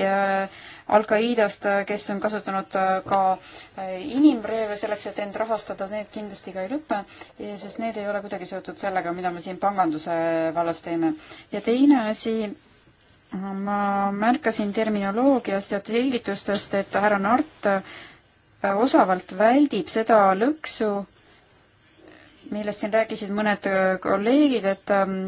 äh, Al-Qaidast, kes on kasutanud äh, ka äh, inimrööve selleks, et end rahastada, need kindlasti ka ei lõpe, sest need ei ole kuidagi seotud sellega, mida me siin panganduse vallas teeme. ja teine asi, ma märkasin terminoloogiast ja selgitustest, et härra Nart äh, osavalt väldib seda lõksu, millest siin rääkisid mõned äh, kolleegid, et ähm,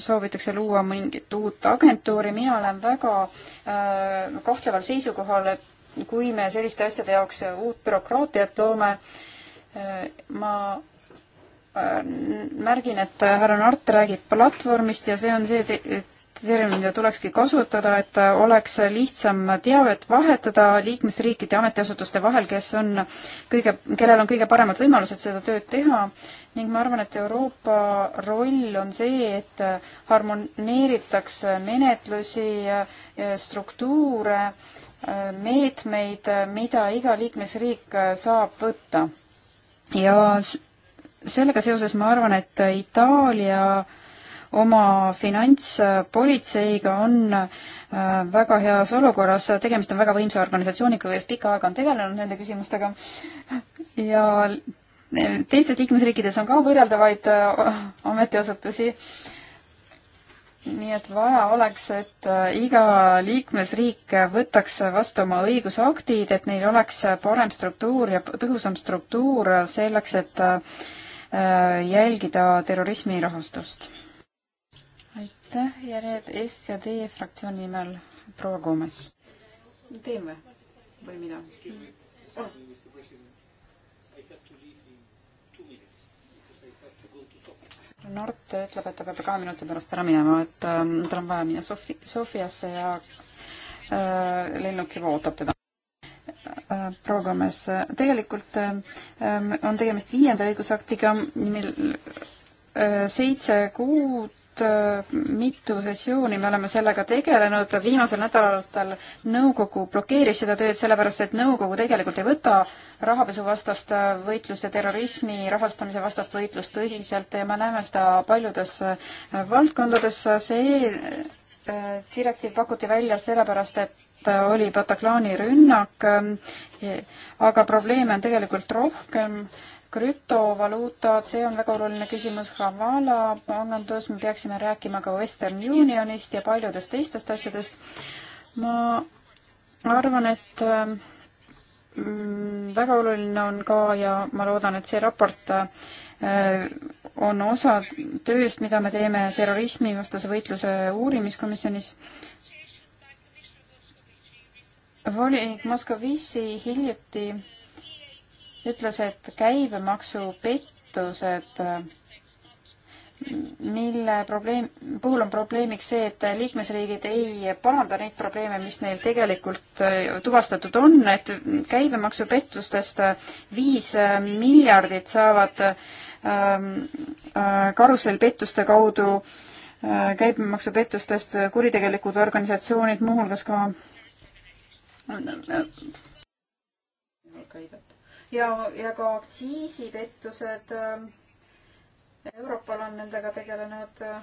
soovitakse luua mingit uut agentuuri, mina olen väga äh, kahtleval seisukohal, et kui me selliste asjade jaoks uut bürokraatiat loome, äh, ma märgin, et härra Nart räägib platvormist ja see on see terminina tulekski kasutada, et oleks lihtsam teavet vahetada liikmesriikide ametiasutuste vahel, kes on kõige, kellel on kõige paremad võimalused seda tööd teha ning ma arvan, et Euroopa roll on see, et harmoneeritakse menetlusi, struktuure, meetmeid, mida iga liikmesriik saab võtta. ja sellega seoses ma arvan, et Itaalia oma finantspolitseiga on äh, väga heas olukorras, tegemist on väga võimsa organisatsiooniga, kes pikka aega on tegelenud nende küsimustega ja äh, teistes liikmesriikides on ka võrreldavaid äh, ametiasutusi. nii et vaja oleks, et iga liikmesriik võtaks vastu oma õigusaktid, et neil oleks parem struktuur ja tõhusam struktuur selleks, et jälgida terrorismi rahastust aitäh ja nüüd S ja D fraktsiooni nimel proua Koomes. teeme või mida hmm. oh.? Nort ütleb, et ta peab kahe minuti pärast ära minema, et ähm, tal on vaja minna Sofi-, Sofiasse ja äh, lennuk juba ootab teda äh,. proua Koomes, tegelikult äh, on tegemist viienda õigusaktiga, mil äh, seitse kuud Äh, mitu sessiooni me oleme sellega tegelenud, viimasel nädalatel nõukogu blokeeris seda tööd sellepärast, et nõukogu tegelikult ei võta rahapesuvastast äh, võitlust ja terrorismi rahastamise vastast võitlust tõsiselt ja me näeme seda paljudes äh, valdkondades. see direktiiv pakuti välja sellepärast, et oli Bataclani rünnak, aga probleeme on tegelikult rohkem krüptovaluutad, see on väga oluline küsimus, Havala pangandus, me peaksime rääkima ka Western Unionist ja paljudest teistest asjadest. ma arvan, et mm, väga oluline on ka ja ma loodan, et see raport äh, on osa tööst, mida me teeme terrorismivastase võitluse uurimiskomisjonis. volinik Moskovitši hiljuti ütles, et käibemaksupettused, mille probleem, puhul on probleemiks see, et liikmesriigid ei paranda neid probleeme, mis neil tegelikult äh, tuvastatud on, et käibemaksupettustest viis äh, miljardit saavad ähm, äh, karussellpettuste kaudu käibemaksupettustest kuritegelikud organisatsioonid, muuhulgas ka ja, ja ka aktsiisipettused. Äh, Europol on nendega tegelenud. Äh,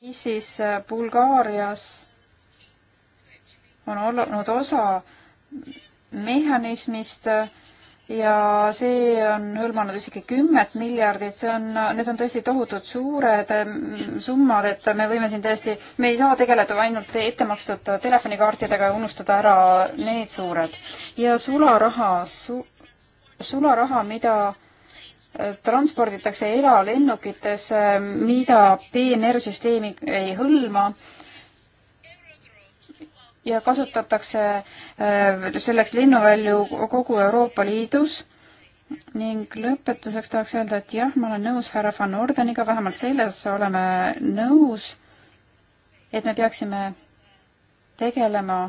ISIS äh, Bulgaarias on olnud osa mehhanismist ja see on hõlmanud isegi kümmet miljardit, see on, need on tõesti tohutult suured summad, et me võime siin tõesti, me ei saa tegeleda ainult ettemakstud telefonikaartidega ja unustada ära need suured. ja sularaha su,, sularaha, mida äh, transporditakse eralennukitesse, mida PNR-süsteemi ei hõlma ja kasutatakse äh, selleks linnuvälju kogu Euroopa Liidus ning lõpetuseks tahaks öelda, et jah, ma olen nõus härra Van Ordeniga, vähemalt selles oleme nõus, et me peaksime tegelema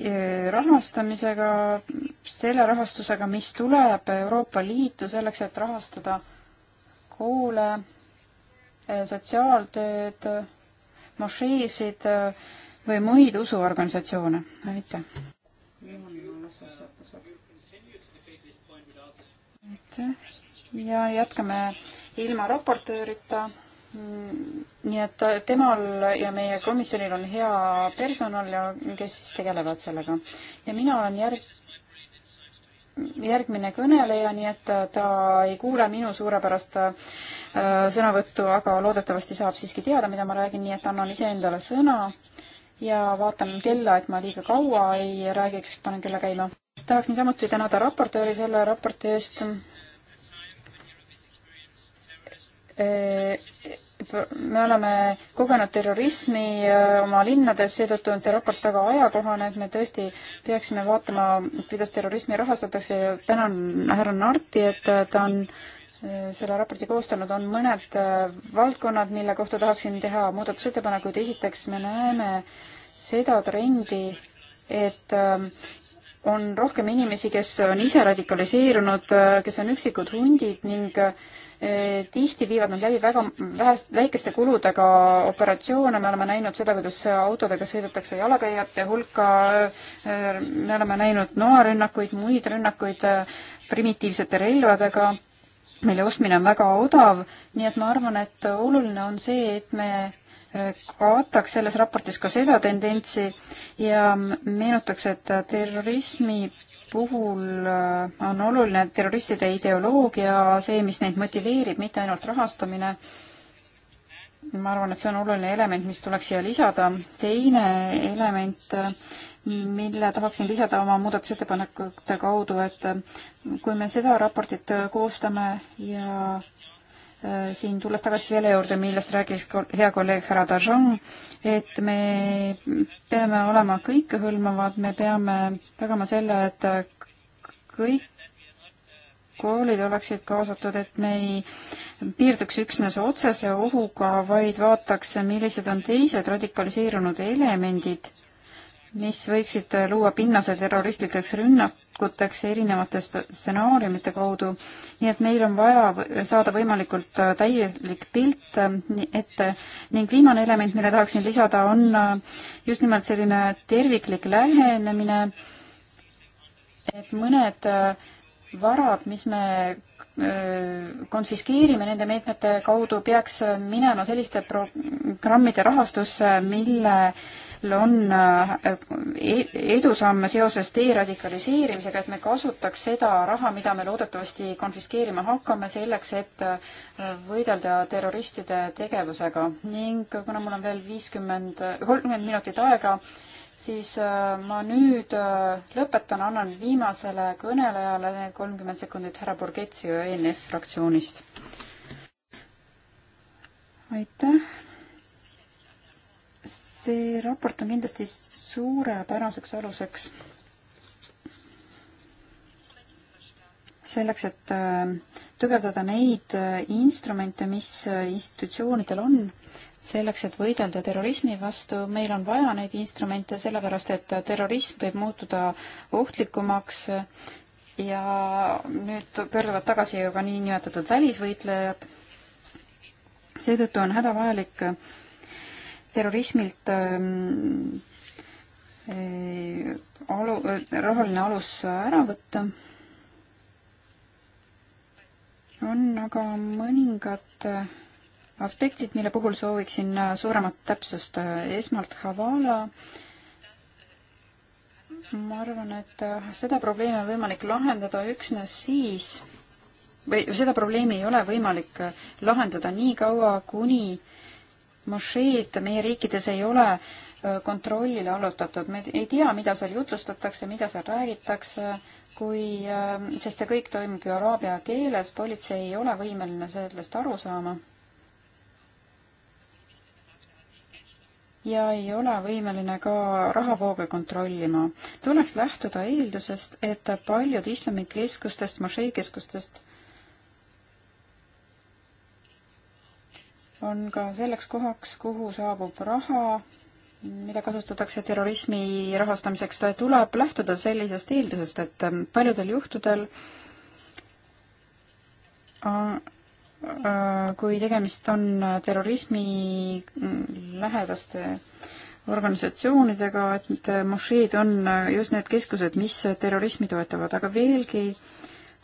Eh, rahastamisega, selle rahastusega, mis tuleb Euroopa Liitu selleks, et rahastada koole, eh, sotsiaaltööd, mošeesid eh, või muid usuorganisatsioone. aitäh. aitäh ja jätkame ilma raportöörita nii et temal ja meie komisjonil on hea personal ja kes siis tegelevad sellega. ja mina olen järg-, järgmine kõneleja, nii et ta ei kuule minu suurepärast äh, sõnavõttu, aga loodetavasti saab siiski teada, mida ma räägin, nii et annan iseendale sõna ja vaatan kella, et ma liiga kaua ei räägiks, panen kella käima. tahaksin samuti tänada raportööri selle raporti eest Äh, me oleme kogenud terrorismi äh, oma linnades, seetõttu on see raport väga ajakohane, et me tõesti peaksime vaatama, kuidas terrorismi rahastatakse ja tänan härra Narti, et äh, ta on selle raporti koostanud, on mõned valdkonnad, mille kohta tahaksin teha muudatusettepanekuid. esiteks me näeme seda trendi, et on rohkem inimesi, kes on ise radikaliseerunud, kes on üksikud hundid ning äh, Äh, tihti viivad nad läbi väga vähest, väikeste kuludega operatsioone, me oleme näinud seda, kuidas autodega sõidetakse jalakäijate hulka, äh, me oleme näinud noarünnakuid, muid rünnakuid äh, primitiivsete relvadega, mille ostmine on väga odav, nii et ma arvan, et oluline on see, et me kaotaks selles raportis ka seda tendentsi ja meenutaks, et terrorismi puhul äh, on oluline terroristide ideoloogia, see, mis neid motiveerib, mitte ainult rahastamine. ma arvan, et see on oluline element, mis tuleks siia lisada. teine element, mille tahaksin lisada oma muudatusettepanekute kaudu, et äh, kui me seda raportit äh, koostame ja Äh, siin tulles tagasi selle juurde, millest rääkis hea kolleeg härra Dajon, et me peame olema kõikehõlmavad, me peame tagama selle, et kõik koolid oleksid kaasatud, et me ei piirduks üksnes otsese ohuga, vaid vaataks, millised on teised radikaliseerunud elemendid, mis võiksid luua pinnase terroristlikeks rünnak-, sekkutakse erinevate stsenaariumite kaudu, nii et meil on vaja saada võimalikult äh, täielik pilt äh, ette ning viimane element, mille tahaksin lisada, on äh, just nimelt selline terviklik lähenemine, et mõned varad, mis me konfiskeerime nende meetmete kaudu, peaks minema selliste programmide rahastusse, mille äh, on äh, e-, edusamme seoses deradikaliseerimisega, et me kasutaks seda raha, mida me loodetavasti konfiskeerima hakkame, selleks, et äh, võidelda terroristide tegevusega. ning kuna mul on veel viiskümmend, kolmkümmend minutit aega, siis äh, ma nüüd lõpetan, annan viimasele kõnelejale need kolmkümmend sekundit, härra Borgetsio ENF fraktsioonist. aitäh see raport on kindlasti suurepäraseks aluseks selleks, et äh, tugevdada neid äh, instrumente, mis äh, institutsioonidel on, selleks, et võidelda terrorismi vastu, meil on vaja neid instrumente, sellepärast et terrorism võib muutuda ohtlikumaks ja nüüd pöörduvad tagasi ju ka niinimetatud välisvõitlejad. seetõttu on hädavajalik terrorismilt ähm, äh, alu, äh, rahaline alus ära võtta. on aga mõningad äh, aspektid, mille puhul sooviksin suuremat täpsust. esmalt Havala. ma arvan, et seda probleemi on võimalik lahendada üksnes siis, või seda probleemi ei ole võimalik lahendada nii kaua, kuni äh, mošeed meie riikides ei ole kontrollile allutatud, me ei tea, mida seal jutlustatakse, mida seal räägitakse, kui, sest see kõik toimub ju araabia keeles, politsei ei ole võimeline sellest aru saama. ja ei ole võimeline ka rahavooge kontrollima. tuleks lähtuda eeldusest, et paljud islamikeskustest, mošeekeskustest on ka selleks kohaks, kuhu saabub raha, mida kasutatakse terrorismi rahastamiseks, tuleb lähtuda sellisest eeldusest, et ähm, paljudel juhtudel äh, äh, kui tegemist on äh, terrorismi mm, lähedaste organisatsioonidega, et mošeed on just need keskused, mis terrorismi toetavad, aga veelgi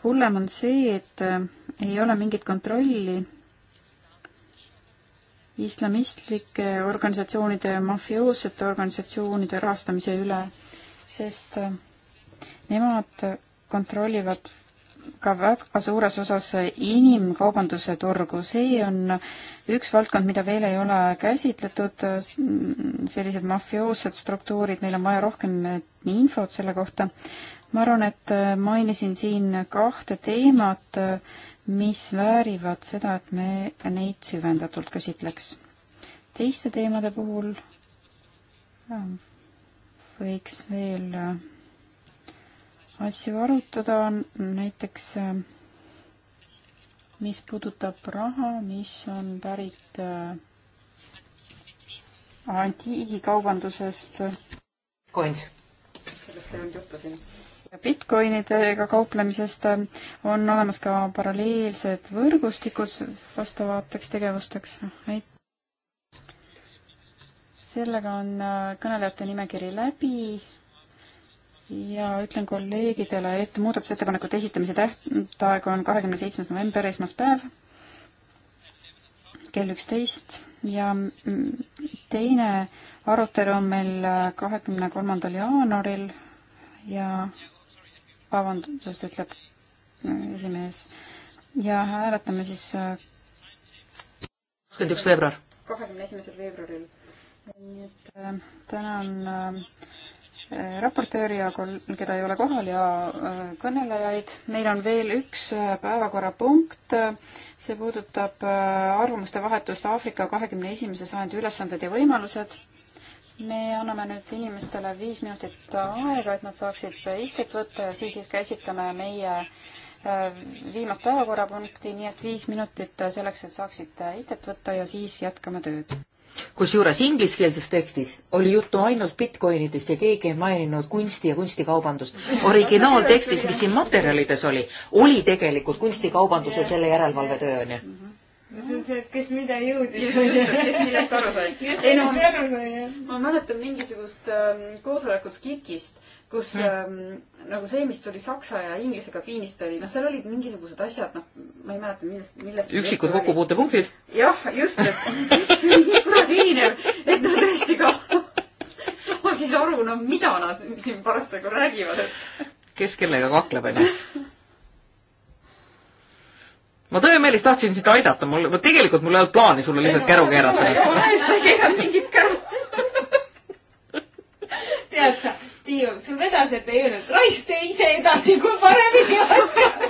hullem on see, et ei ole mingit kontrolli islamistlike organisatsioonide ja mafioossete organisatsioonide rahastamise üle, sest äh, nemad kontrollivad ka väga suures osas inimkaubanduse turgu, see on üks valdkond, mida veel ei ole käsitletud, sellised mafioossed struktuurid, meil on vaja rohkem infot selle kohta. ma arvan, et äh, mainisin siin kahte teemat, mis väärivad seda, et me neid süvendatult käsitleks. teiste teemade puhul äh, võiks veel äh, asju arutada, näiteks äh, mis puudutab raha, mis on pärit antiigikaubandusest. Coins. sellest ei olnud juttu siin Bitcoinidega kauplemisest äh, on olemas ka paralleelsed võrgustikud vastavateks tegevusteks. sellega on äh, kõnelejate nimekiri läbi ja ütlen kolleegidele, et muudatusettepanekute esitamise tähtaeg on kahekümne seitsmes november, esmaspäev kell üksteist ja mm, teine arutelu on meil äh, kahekümne kolmandal jaanuaril ja vabandust, ütleb äh, esimees. ja hääletame siis äh, kakskümmend üks veebruar. kahekümne esimesel veebruaril. nii et äh, tänan äh, raportööri ja kol-, keda ei ole kohal ja äh, kõnelejaid. meil on veel üks äh, päevakorrapunkt, see puudutab arvamuste vahetust Aafrika kahekümne esimese sajandi ülesanded ja võimalused me anname nüüd inimestele viis minutit aega, et nad saaksid istet võtta ja siis käsitleme meie äh, viimast päevakorrapunkti, nii et viis minutit selleks, et saaksite istet võtta ja siis jätkame tööd. kusjuures ingliskeelses tekstis oli juttu ainult Bitcoinidest ja keegi ei maininud kunsti ja kunstikaubandust. originaaltekstis, mis siin materjalides oli, oli tegelikult kunstikaubandus ja selle järelevalvetöö onju mhm see on see, et kes mida jõudis. just, just, et kes millest aru sai. <laughs> kes millest aru sai, jah. ma mäletan mingisugust äh, koosolekut KIK-ist, kus mm. ähm, nagu see, mis tuli saksa ja inglise kabiinist oli, noh, seal olid mingisugused asjad, noh, ma ei mäleta, millest, millest. üksikud kokkupuutepunktid. jah, just, et <laughs> see on nii kuradi erinev, et nad tõesti ka saa <laughs> siis aru, no mida nad siin parasjagu räägivad, et. kes kellega kakleb, onju ma tõemeeles tahtsin sind aidata, mul, tegelikult mul ei olnud plaani sulle lihtsalt käru keerata. sa keerad mingit käru <laughs> tead sa, Tiiu, sul vedas, et ei öelnud, raisk tee ise edasi, kui paremini oskad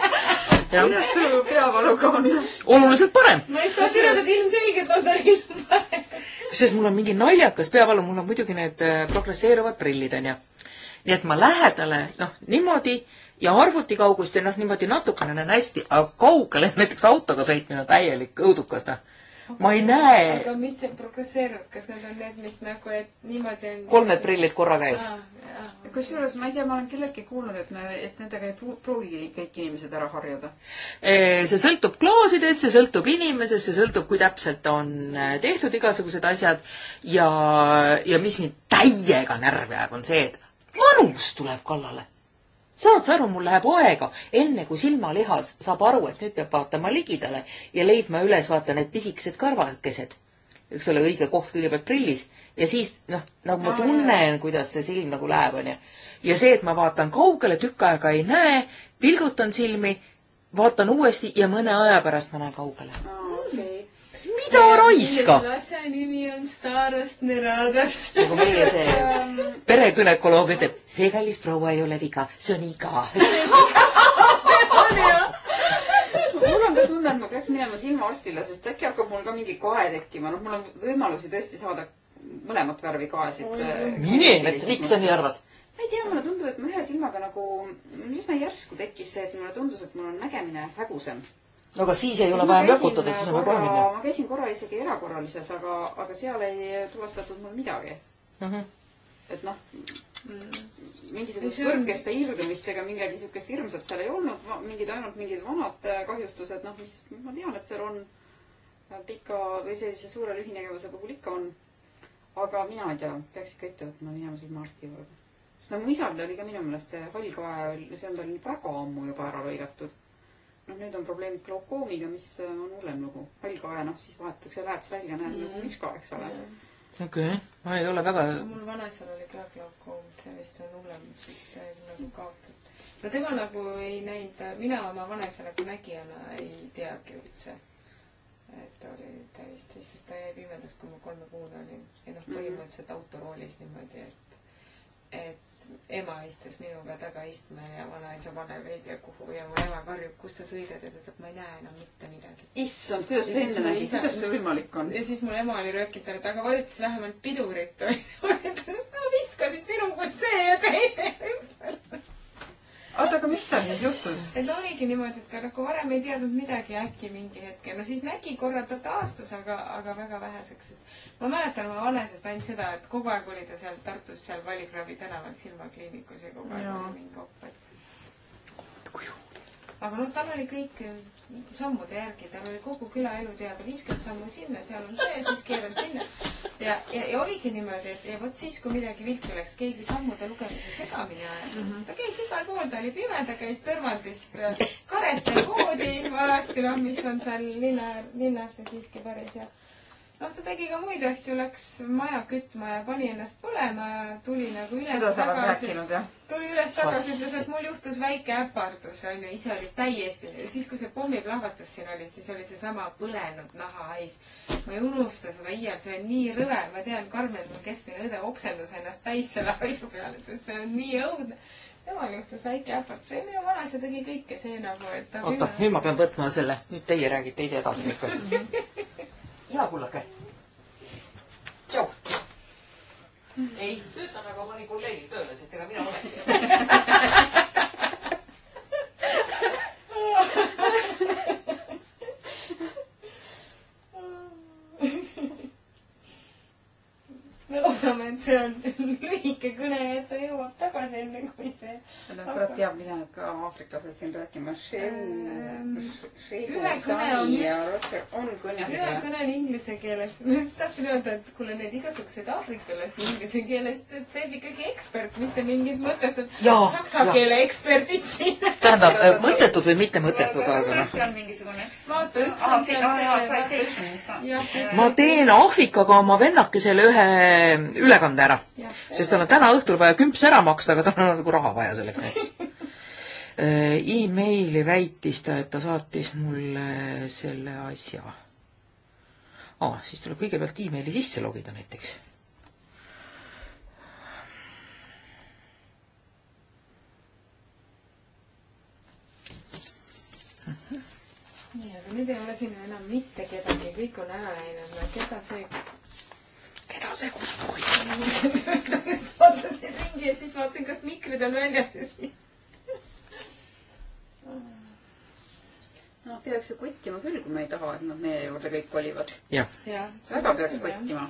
<laughs> kuidas su peavaluga on? oluliselt parem. ma just tahtsin öelda, et ilmselgelt on tal ilm parem. kusjuures mul on mingi naljakas peavalu, mul on muidugi need äh, progresseeruvad prillid onju. nii et ma lähedale, noh niimoodi ja arvutikaugust ja noh, niimoodi natukene näen hästi, aga kaugele <laughs> näiteks autoga sõitmine on täielik õudukas, noh. ma ei näe. aga mis see progresseerub, kas need on need, mis nagu, et niimoodi on? kolmed prillid korraga ees. kusjuures ma ei tea, ma olen kelleltki kuulnud, et me, et nendega ei pruugigi kõik inimesed ära harjuda. see sõltub klaasidest, see sõltub inimesest, see sõltub, kui täpselt on äh, tehtud igasugused asjad ja, ja mis mind täiega närvi ajab, on see, et vanus tuleb kallale saad sa aru, mul läheb aega, enne kui silmalihas saab aru, et nüüd peab vaatama ligidale ja leidma üles, vaata need pisikesed karvakesed. eks ole, õige koht kõigepealt prillis ja siis noh, nagu ma tunnen, kuidas see silm nagu läheb, onju. ja see, et ma vaatan kaugele, tükk aega ei näe, pilgutan silmi, vaatan uuesti ja mõne aja pärast ma näen kaugele. Okay mida raiska? asja nimi on Starost Neradast. nagu meie see perekünekoloog ütleb, see kallis proua ei ole viga, <laughs> see on iga. mul on ka tunne, et ma peaks minema silmaarstile, sest äkki hakkab mul ka mingi kohe tekkima, noh, mul on võimalusi tõesti saada mõlemat värvi kohasid. Äh, mine, miks sa nii arvad? ma ei tea, mulle tundub, et mu ühe silmaga nagu üsna järsku tekkis see, et mulle tundus, et mul on nägemine hägusam aga siis ei ole vaja mökutada, siis on väga hea minna. ma käisin korra isegi erakorralises, aga, aga seal ei tuvastatud mul midagi mm. -hmm. et noh, mm, mingisugust kõrgeste on... irdumist ega midagi siukest hirmsat seal ei olnud, mingid ainult mingid vanad äh, kahjustused, noh, mis ma tean, et seal on äh, pika või sellise suure lühinägevuse puhul ikka on. aga mina ei tea, peaks ikka ette võtma, minema sinna arsti juurde. sest no mu isal oli ka minu meelest see hall kae, see on tal väga ammu juba ära lõigatud nüüd on probleem glaukoomiga, mis äh, on hullem lugu. hall kae, noh siis vahetatakse lääts välja, näed mm. nagu viska, eks ole yeah.. okei okay., ma ei ole väga. mul vanaisal oli ka glaukoom, see vist on hullem, siis ta nagu kaotab. no tema nagu ei näinud, mina oma vanaisa nagu nägijana ei teagi üldse, et ta oli täiesti, sest ta jäi pimedaks, kui ma kolmekuune olin. ja noh, mhm. põhimõtteliselt mm -hmm. autoroolis niimoodi, et et ema istus minuga tagaistmel ja vanaisa paneb veidi kuhu ja mu ema karjub, kus sa sõidad ja ta ütleb, ma ei näe enam mitte midagi. issand, kuidas te enne nägite, kuidas see võimalik on? ja siis mul ema oli röökinud talle, et aga vajutas vähemalt pidurit. ma <laughs> ütlesin, ma viskasin sinu, kus see ja teine hüppas <laughs> oota, aga mis seal nüüd juhtus? et oligi niimoodi, et ta nagu varem ei teadnud midagi, äkki mingi hetkel, no siis nägi korra ta taastus, aga, aga väga väheseks, sest ma mäletan oma vanesest ainult seda, et kogu aeg oli ta seal Tartus seal Valikravi tänaval silmakliinikus ja kogu aeg ja. oli mingi opp, et. kuju aga noh, tal oli kõik äh, sammude järgi, tal oli kogu külaelu teada, viiskümmend sammu sinna, seal on see, siis keeran sinna. ja, ja, ja oligi niimoodi, et ja vot siis, kui midagi viltu läks, keegi sammude lugemise segamini ajas mm. -hmm. ta käis igal pool, ta oli pime, ta käis Tõrvandist äh, Karete poodi vanasti, noh, mis on seal linna, linnas ja siiski päris ja noh, ta tegi ka muid asju, läks maja kütma ja pani ennast põlema ja tuli nagu üles tagasi. tuli üles tagasi, ütles, et mul juhtus väike äpardus, onju, ise oli täiesti, siis kui see pommiplahvatus siin oli, siis oli seesama põlenud nahahais. ma ei unusta seda iial, see on nii rõve, ma tean, Karmen, mu keskmine õde oksendas ennast täis selle haisu peale, sest see on nii õudne temal juhtus väike ähvardus, ei minu vanaisa tegi kõike see nagu, et ta oota, nüüd ma pean võtma selle, nüüd teie räägite ise edasi ikka <laughs> hea kullake. tšau. ei, töötan aga mõni kolleegid tööle, sest ega mina ometi ei ole. me loodame, et see on lühike kõne ja et ta jõuab tagasi enne, kui see. Noh, kurat teab, mida nad ka aafriklased siin rääkima. Ähm, ühe kõne on, ühe kõne on inglise keeles. ma just tahtsin öelda, et kuule, need igasugused aafrikalasi inglise keelest teeb ikkagi ekspert, mitte mingid mõttetud saksa keele eksperdid siin. tähendab, äh, mõttetud või mitte mõttetud, aga noh. mingisugune ekspert. vaata, üks on seal see. ma teen Aafrikaga oma vennakesele ühe ülekande ära. sest tal on täna õhtul vaja kümps ära maksta, aga tal on nagu raha vaja selleks näiteks <laughs> äh, emaili väitis ta, et ta saatis mulle selle asja. aa, ah, siis tuleb kõigepealt emaili sisse logida näiteks. nii, aga nüüd ei ole siin enam mitte kedagi, kõik on ära läinud, keda see keda see kuulab? vaatasin ringi ja siis vaatasin, kas mikrid on väljas ja siis no peaks ju kottima küll, kui me ei taha, et nad meie juurde kõik kolivad. väga peaks kottima.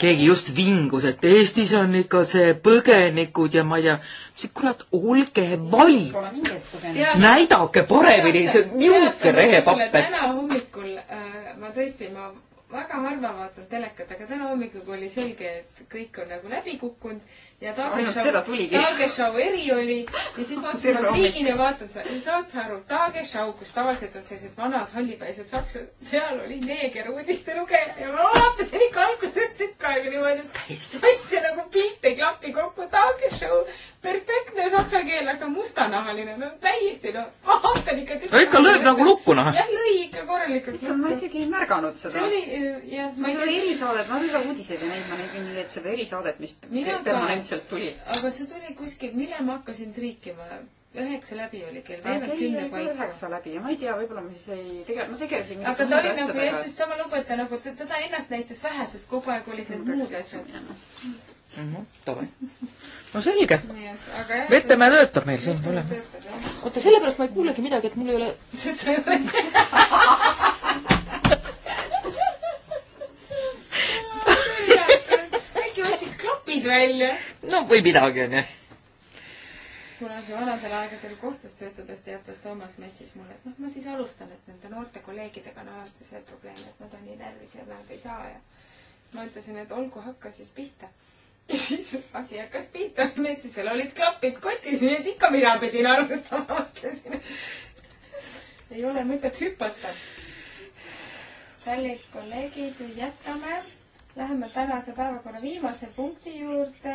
keegi just vingus, et Eestis on ikka see põgenikud ja ma ei tea, see kurat, olge vait. näidake paremini, see on niisugune rehepapp. täna hommikul äh, ma tõesti, ma väga harva vaatan telekat, aga täna hommikul oli selge, et kõik on nagu läbi kukkunud ja Tageshow, Tageshow eri oli ja siis ma mõtlesin, <laughs> ma kliigin ja vaatan seda ja saad sa aru, Tageshow, kus tavaliselt on sellised vanad hallipäised sakslased, seal oli neeger uudistelugeja ja ma vaatasin ikka algusest tükk aega niimoodi, et sassi nagu pilt ei klapi kokku, Tageshow, perfektne saksa keel, aga mustanahaline, no täiesti no, ma vaatan ikka tükk aega. ikka lööb nagu lukku noh. jah, lõi ikka korralikult. issand, ma isegi ei märganud seda. see oli, äh, jah. ma seda erisaadet, ma ei ole uudiseid ja neid, ma nägin nii, et seda erisaadet, mis permanentselt lihtsalt tuli, aga see tuli kuskil, millal ma hakkasin triikima? üheksa läbi oli kell, veerand kümne paiku. üheksa läbi ja ma ei tea, võib-olla ma siis ei tege-, ma tegelesin. aga ta oli nagu jah, sest sama lugeja nagu teda ennast näitas vähe, sest kogu aeg olid need muud asjad. no mhm, tore. no selge. Vetemäe töötab meil siin, oleme. oota, sellepärast ma ei kuulegi midagi, et mul ei ole. sest sa ei ole klapid välja. no või midagi, onju. kunagi vanadel aegadel kohtus töötades teatas Toomas Metsis mulle, et noh, ma siis alustan, et nende noorte kolleegidega on alati see probleem, et nad on nii närvis ja nad ei saa ja ma ütlesin, et olgu, hakka siis pihta. ja siis asi hakkas pihta, Metsisel olid klapid kotis, nii et ikka mina pidin arvestama, mõtlesin. ei ole mõtet hüpata. kallid kolleegid, jätkame Läheme tänase päevakorra viimase punkti juurde,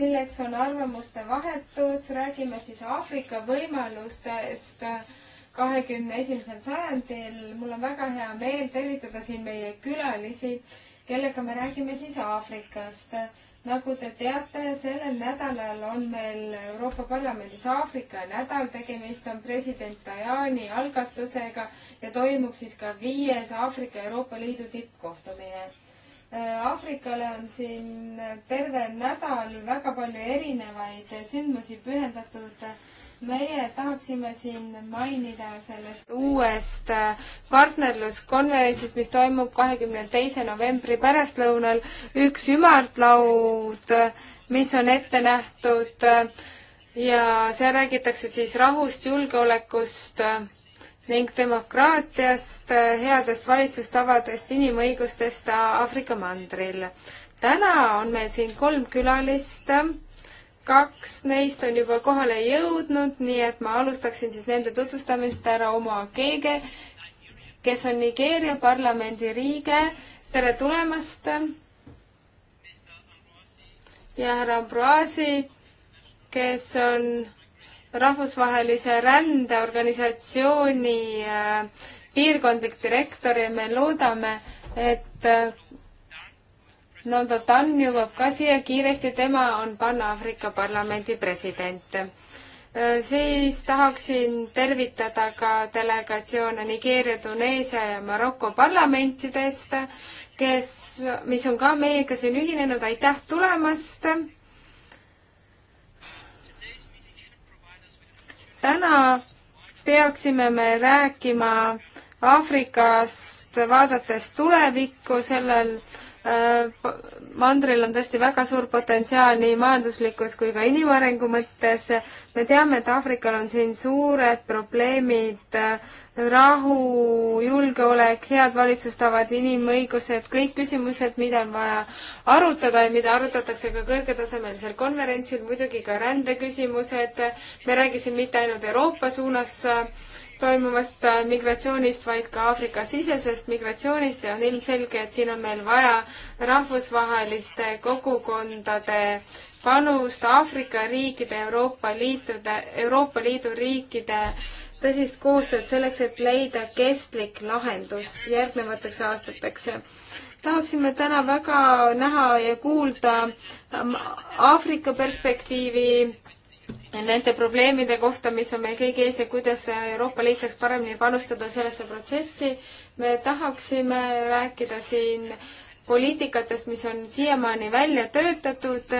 milleks on arvamuste vahetus. räägime siis Aafrika võimalustest kahekümne esimesel sajandil. mul on väga hea meel tervitada siin meie külalisi, kellega me räägime siis Aafrikast. nagu te teate, sellel nädalal on meil Euroopa Parlamendis Aafrika nädal. tegemist on president Tajani algatusega ja toimub siis ka viies Aafrika Euroopa Liidu tippkohtumine Äh, Aafrikale on siin terve nädal väga palju erinevaid sündmusi pühendatud. meie tahaksime siin mainida sellest uuest äh, partnerluskonverentsist, mis toimub kahekümne teise novembri pärastlõunal, üks ümarlaud, mis on ette nähtud äh, ja seal räägitakse siis rahust, julgeolekust ning demokraatiast, headest valitsustavadest, inimõigustest Aafrika mandril. täna on meil siin kolm külalist, kaks neist on juba kohale jõudnud, nii et ma alustaksin siis nende tutvustamist, härra Omo Keege, kes on Nigeeria parlamendi liige, tere tulemast! ja härra Ambroasi, kes on rahvusvahelise rändeorganisatsiooni äh, piirkondlik direktor ja me loodame, et äh, Noldo Tann jõuab ka siia kiiresti, tema on Pan-Aafrika Parlamendi president. Äh, siis tahaksin tervitada ka delegatsioone Nigeeria, Tuneesia ja Maroko parlamentidest, kes, mis on ka meiega siin ühinenud, aitäh tulemast! täna peaksime me rääkima Aafrikast, vaadates tulevikku sellel äh, mandril on tõesti väga suur potentsiaal nii majanduslikus kui ka inimarengu mõttes. me teame, et Aafrikal on siin suured probleemid, rahu, julgeolek, head valitsustavad, inimõigused, kõik küsimused, mida on vaja arutada ja mida arutatakse ka kõrgetasemelisel konverentsil, muidugi ka rändeküsimused. me räägime mitte ainult Euroopa suunas toimuvast migratsioonist, vaid ka Aafrika-sisesest migratsioonist ja on ilmselge, et siin on meil vaja rahvusvaheliste kogukondade panust Aafrika riikide, Euroopa Liitude, Euroopa Liidu riikide tõsist koostööd selleks, et leida kestlik lahendus järgnevateks aastateks tahaksime täna väga näha ja kuulda ähm, Aafrika perspektiivi nende probleemide kohta, mis on meil kõigi ees ja kuidas Euroopa Liit saaks paremini panustada sellesse protsessi. me tahaksime rääkida siin poliitikatest, mis on siiamaani välja töötatud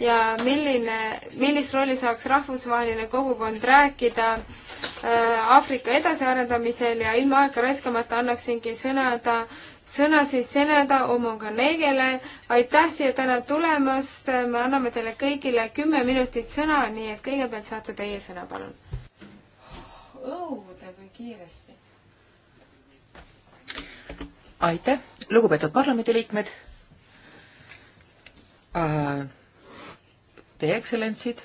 ja milline, millist rolli saaks rahvusvaheline kogukond rääkida äh, Aafrika edasiarendamisel ja ilma aega raiskamata annaksingi sõnada sõna siis Seneda Omonganegele. aitäh siia täna tulemast, me anname teile kõigile kümme minutit sõna, nii et kõigepealt saate teie sõna, palun. õudne oh, kui kiiresti. aitäh, lugupeetud parlamendiliikmed äh,, teie ekstsellentsid,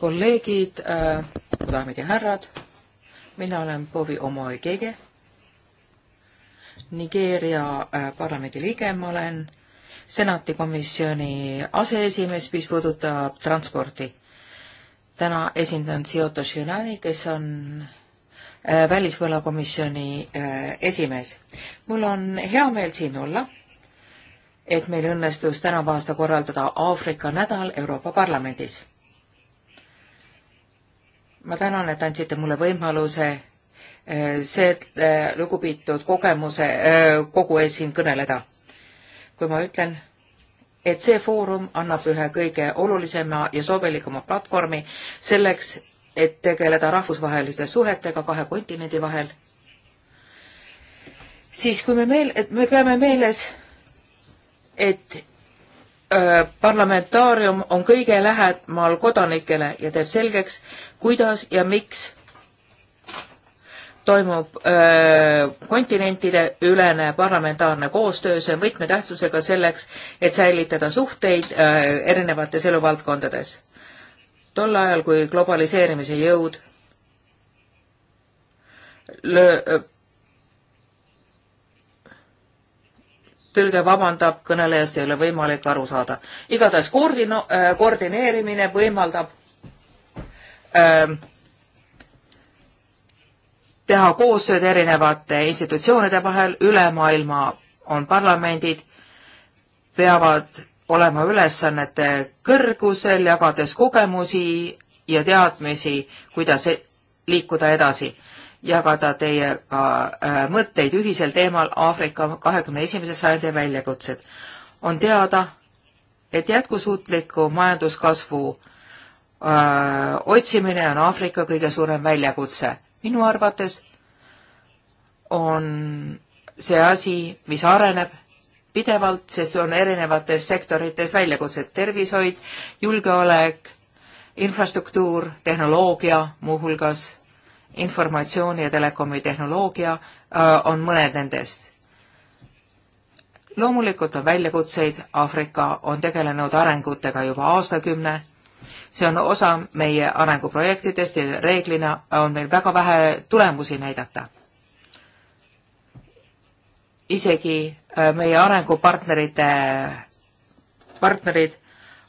kolleegid äh,, daamid ja härrad, mina olen Bovi Omoegege Nigeeria äh, parlamendi liige ma olen, senati komisjoni aseesimees, mis puudutab transporti. täna esindan Cioto Shinani, kes on äh, välisvõlakomisjoni äh, esimees. mul on hea meel siin olla, et meil õnnestus tänavu aasta korraldada Aafrika nädal Euroopa Parlamendis. ma tänan, et andsite mulle võimaluse Eh, see eh, lugupeetud kogemuse eh, kogu ees siin kõneleda. kui ma ütlen, et see foorum annab ühe kõige olulisema ja sobilikuma platvormi selleks, et tegeleda rahvusvaheliste suhetega kahe kontinendi vahel, siis kui me meel-, et me peame meeles, et parlamentaarium on kõige lähemal kodanikele ja teeb selgeks, kuidas ja miks toimub öö, kontinentide ülene parlamentaarne koostöö, see on võtmetähtsusega selleks, et säilitada suhteid öö, erinevates eluvaldkondades. tol ajal, kui globaliseerimise jõud löö, tõlge vabandab, kõnelejast ei ole võimalik aru saada. igatahes koordino-, koordineerimine võimaldab öö, teha koostööd erinevate institutsioonide vahel, üle maailma on parlamendid, peavad olema ülesannete kõrgusel, jagades kogemusi ja teadmisi, kuidas e-, liikuda edasi, jagada teiega äh, mõtteid ühisel teemal Aafrika kahekümne esimese sajandi väljakutsed. on teada, et jätkusuutliku majanduskasvu öö, äh, otsimine on Aafrika kõige suurem väljakutse minu arvates on see asi, mis areneb pidevalt, sest on erinevates sektorites väljakutsed, tervishoid, julgeolek, infrastruktuur, tehnoloogia, muuhulgas informatsiooni ja telekomi tehnoloogia äh, on mõned nendest. loomulikult on väljakutseid, Aafrika on tegelenud arengutega juba aastakümne see on osa meie arenguprojektidest ja reeglina on meil väga vähe tulemusi näidata. isegi äh, meie arengupartnerite, partnerid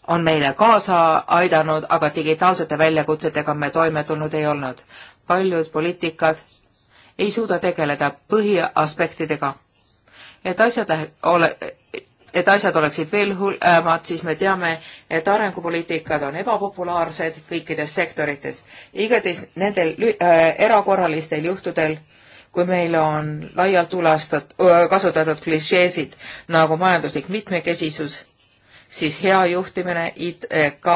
on meile kaasa aidanud, aga digitaalsete väljakutsetega me toime tulnud ei olnud. paljud poliitikad ei suuda tegeleda põhiaspektidega. et asjad ole, et asjad oleksid veel hullemad, siis me teame, et arengupoliitikad on ebapopulaarsed kõikides sektorites. igatahes nendel äh, erakorralistel juhtudel, kui meil on laialt ulastat- äh,, kasutatud klišeesid nagu majanduslik mitmekesisus, siis hea juhtimine, ITK,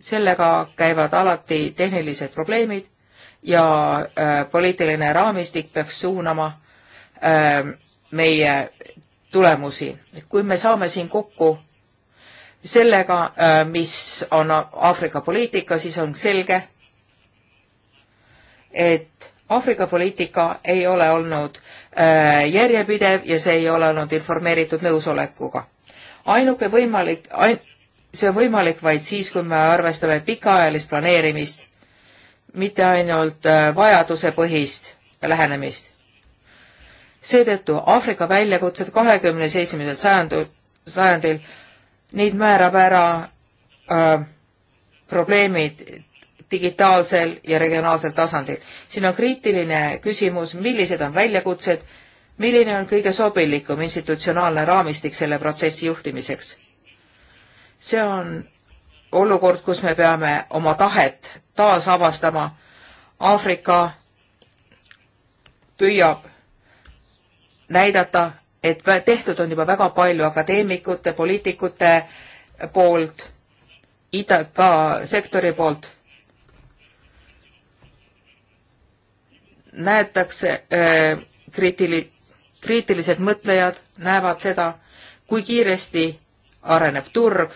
sellega käivad alati tehnilised probleemid ja äh, poliitiline raamistik peaks suunama äh, meie tulemusi. kui me saame siin kokku sellega, äh, mis on Aafrika poliitika, siis on selge, et Aafrika poliitika ei ole olnud äh, järjepidev ja see ei ole olnud informeeritud nõusolekuga. ainuke võimalik ain,, see on võimalik vaid siis, kui me arvestame pikaajalist planeerimist, mitte ainult äh, vajadusepõhist lähenemist seetõttu Aafrika väljakutsed kahekümne seitsmendal sajandil, sajandil, neid määrab ära äh, probleemid digitaalsel ja regionaalsel tasandil. siin on kriitiline küsimus, millised on väljakutsed, milline on kõige sobilikum institutsionaalne raamistik selle protsessi juhtimiseks. see on olukord, kus me peame oma tahet taasavastama. Aafrika püüab näidata, et tehtud on juba väga palju akadeemikute, poliitikute poolt, ITK sektori poolt. näetakse äh, kriitili-, kriitilised mõtlejad näevad seda, kui kiiresti areneb turg,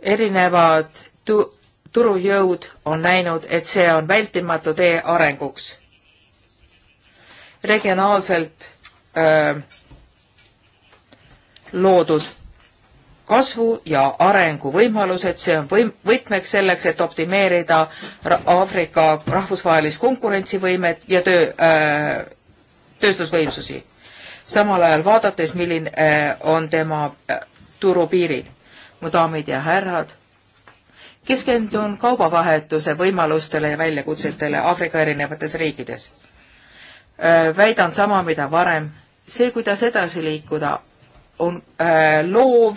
erinevad tu-, turujõud on näinud, et see on vältimatu tee arenguks regionaalselt öö, äh, loodud kasvu ja arenguvõimalused, see on võim-, võtmeks selleks, et optimeerida Aafrika rahvusvahelist konkurentsivõimet ja töö äh,, tööstusvõimsusi. samal ajal vaadates, milline äh, on tema äh, turupiirid. mu daamid ja härrad, keskendun kaubavahetuse võimalustele ja väljakutsetele Aafrika erinevates riikides väidan sama, mida varem. see, kuidas edasi liikuda, on loov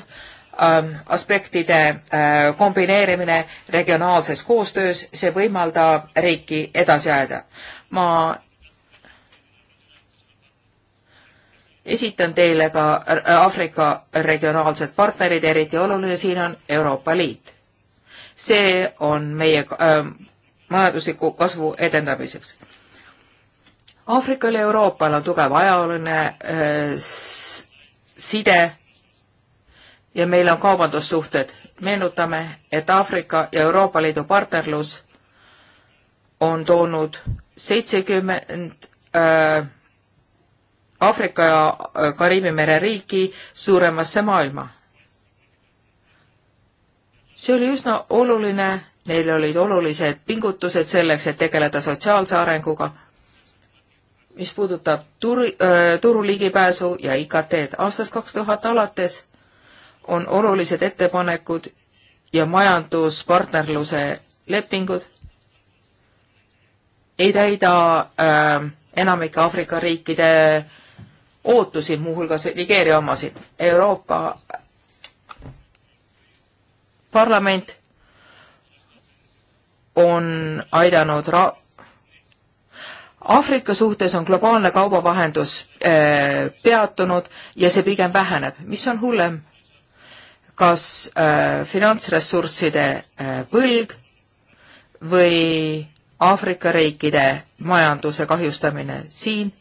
aspektide kombineerimine regionaalses koostöös, see võimaldab riiki edasi ajada. ma esitan teile ka Aafrika regionaalsed partnerid, eriti oluline siin on Euroopa Liit. see on meie äh, majandusliku kasvu edendamiseks Aafrikal ja Euroopal on tugev ajalooline äh, side ja meil on kaubandussuhted. meenutame, et Aafrika ja Euroopa Liidu partnerlus on toonud seitsekümmend äh, Aafrika ja äh, Kariibi mere riiki suuremasse maailma. see oli üsna oluline, neil olid olulised pingutused selleks, et tegeleda sotsiaalse arenguga mis puudutab turu, äh, turu ligipääsu ja IKT-d. aastast kaks tuhat alates on olulised ettepanekud ja majanduspartnerluse lepingud ei täida äh, enamike Aafrika riikide ootusi, muuhulgas Nigeeria omasid. Euroopa Parlament on aidanud ra-, Aafrika suhtes on globaalne kaubavahendus äh, peatunud ja see pigem väheneb. mis on hullem, kas äh, finantsressursside äh, põlg või Aafrika riikide majanduse kahjustamine siin,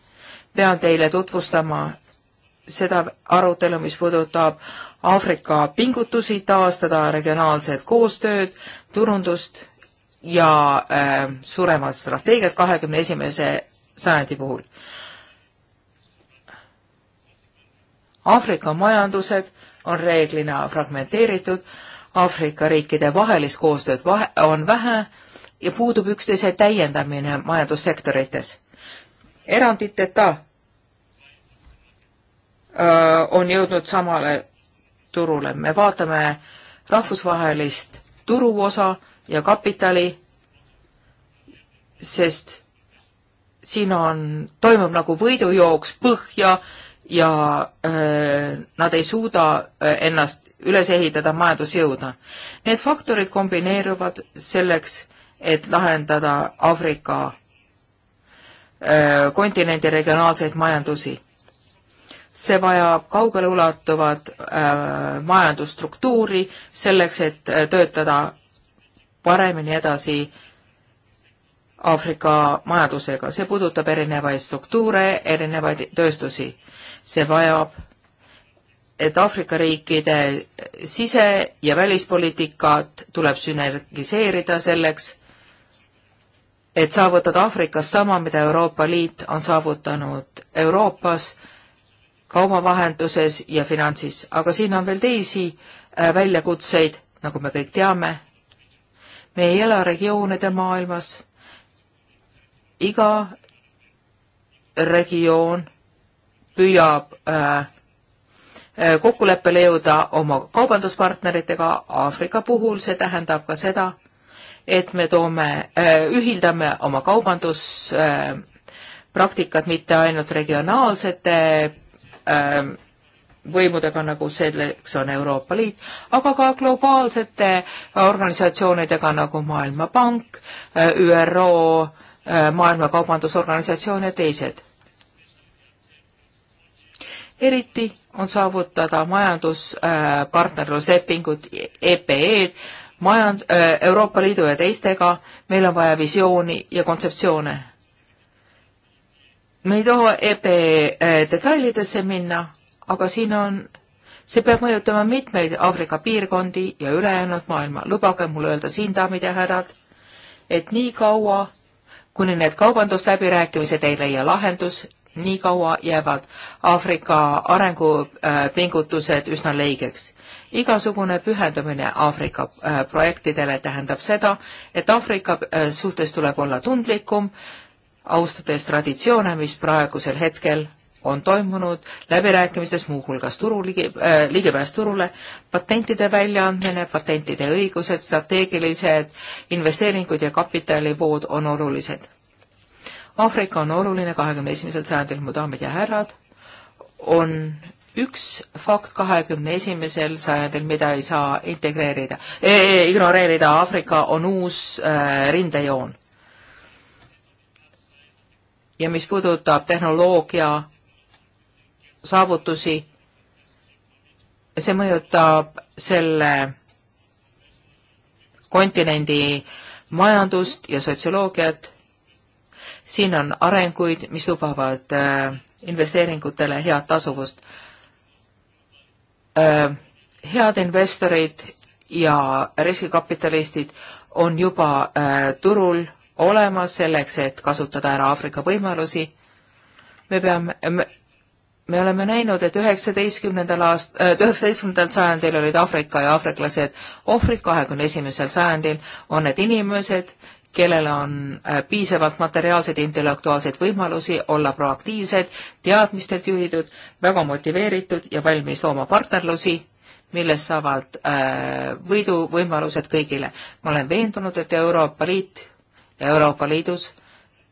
pean teile tutvustama seda arutelu, mis puudutab Aafrika pingutusi taastada regionaalset koostööd, turundust ja äh, surevad strateegiad kahekümne esimese sajandi puhul. Aafrika majandused on reeglina fragmenteeritud, Aafrika riikide vahelist koostööd vahe, on vähe ja puudub üksteise täiendamine majandussektorites. eranditeta öö, äh, on jõudnud samale turule, me vaatame rahvusvahelist turuosa, ja kapitali, sest siin on, toimub nagu võidujooks põhja ja öö, äh, nad ei suuda öö, äh, ennast üles ehitada majandusjõudna. Need faktorid kombineeruvad selleks, et lahendada Aafrika äh, kontinendi regionaalseid majandusi. see vajab kaugeleulatuvat majandusstruktuuri selleks, et töötada paremini edasi Aafrika majandusega, see puudutab erinevaid struktuure, erinevaid tööstusi. see vajab, et Aafrika riikide sise- ja välispoliitikat tuleb sünergiseerida selleks, et saavutada Aafrikas sama, mida Euroopa Liit on saavutanud Euroopas kaubavahenduses ja finantsis, aga siin on veel teisi äh, väljakutseid, nagu me kõik teame me ei ela regioonide maailmas. iga regioon püüab äh, äh, kokkuleppele jõuda oma kaubanduspartneritega Aafrika puhul, see tähendab ka seda, et me toome, äh, ühildame oma kaubanduspraktikat äh, mitte ainult regionaalsete võimudega, nagu selleks on Euroopa Liit, aga ka globaalsete organisatsioonidega nagu Maailmapank, ÜRO, Maailma Kaubandusorganisatsioon ja teised. eriti on saavutada majanduspartnerluslepingud, EPE-d, majand-, Euroopa Liidu ja teistega, meil on vaja visiooni ja kontseptsioone. me ei taha EPE e detailidesse minna aga siin on, see peab mõjutama mitmeid Aafrika piirkondi ja ülejäänud maailma. lubage mul öelda siin, daamid ja härrad, et nii kaua, kuni need kaubandusläbirääkimised ei leia lahendus, nii kaua jäävad Aafrika arengupingutused üsna leigeks. igasugune pühendumine Aafrika äh, projektidele tähendab seda, et Aafrika äh, suhtes tuleb olla tundlikum, austades traditsioone, mis praegusel hetkel on toimunud läbirääkimistes muuhulgas turu ligi, äh, ligipääs turule, patentide väljaandmine, patentide õigused, strateegilised investeeringud ja kapitalivood on olulised. Aafrika on oluline kahekümne esimesel sajandil, mu daamid ja härrad, on üks fakt kahekümne esimesel sajandil, mida ei saa integreerida e, e- ignoreerida, Aafrika on uus äh, rindejoon ja mis puudutab tehnoloogia saavutusi, see mõjutab selle kontinendi majandust ja sotsioloogiat. siin on arenguid, mis lubavad äh, investeeringutele head tasuvust. Äh, head investorid ja riskikapitalistid on juba äh, turul olemas selleks, et kasutada ära Aafrika võimalusi. me peame, me oleme näinud, et üheksateistkümnendal aast-, äh, üheksateistkümnendal sajandil olid Aafrika ja aafriklased ohvrid, kahekümne esimesel sajandil on need inimesed, kellel on äh, piisavalt materiaalseid ja intellektuaalseid võimalusi olla proaktiivsed, teadmistelt juhitud, väga motiveeritud ja valmis looma partnerlusi, millest saavad äh, võiduvõimalused kõigile. ma olen veendunud, et Euroopa Liit ja Euroopa Liidus,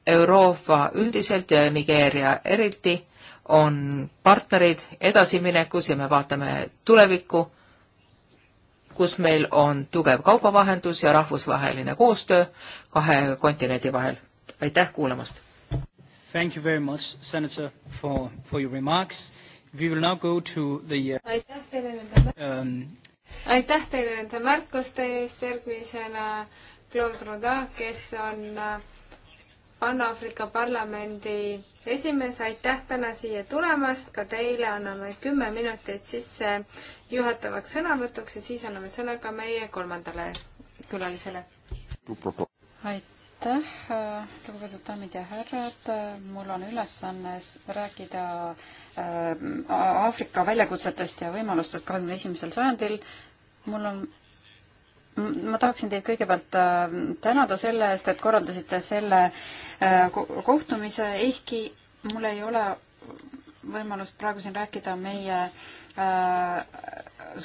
Euroopa üldiselt ja Nigeeria eriti äh, on partnerid edasiminekus ja me vaatame tulevikku, kus meil on tugev kaubavahendus ja rahvusvaheline koostöö kahe kontinendi vahel. aitäh kuulamast! Thank you very much, Senator, for, for your remarks. We will now go to the uh, aitäh teile nende um, aitäh teile nende märkuste eest, järgmisena Claude Rodin, kes on uh, Pan-Aafrika Parlamendi esimees, aitäh täna siia tulemast, ka teile anname kümme minutit sisse juhatavaks sõnavõtuks ja siis anname sõna ka meie kolmandale külalisele. aitäh, lugupeetud daamid ja härrad, mul on ülesanne rääkida äh, Aafrika väljakutsetest ja võimalustest kahekümne esimesel sajandil. mul on ma tahaksin teid kõigepealt äh, tänada selle eest, et korraldasite selle äh, kohtumise, ehkki mul ei ole võimalust praegu siin rääkida meie äh,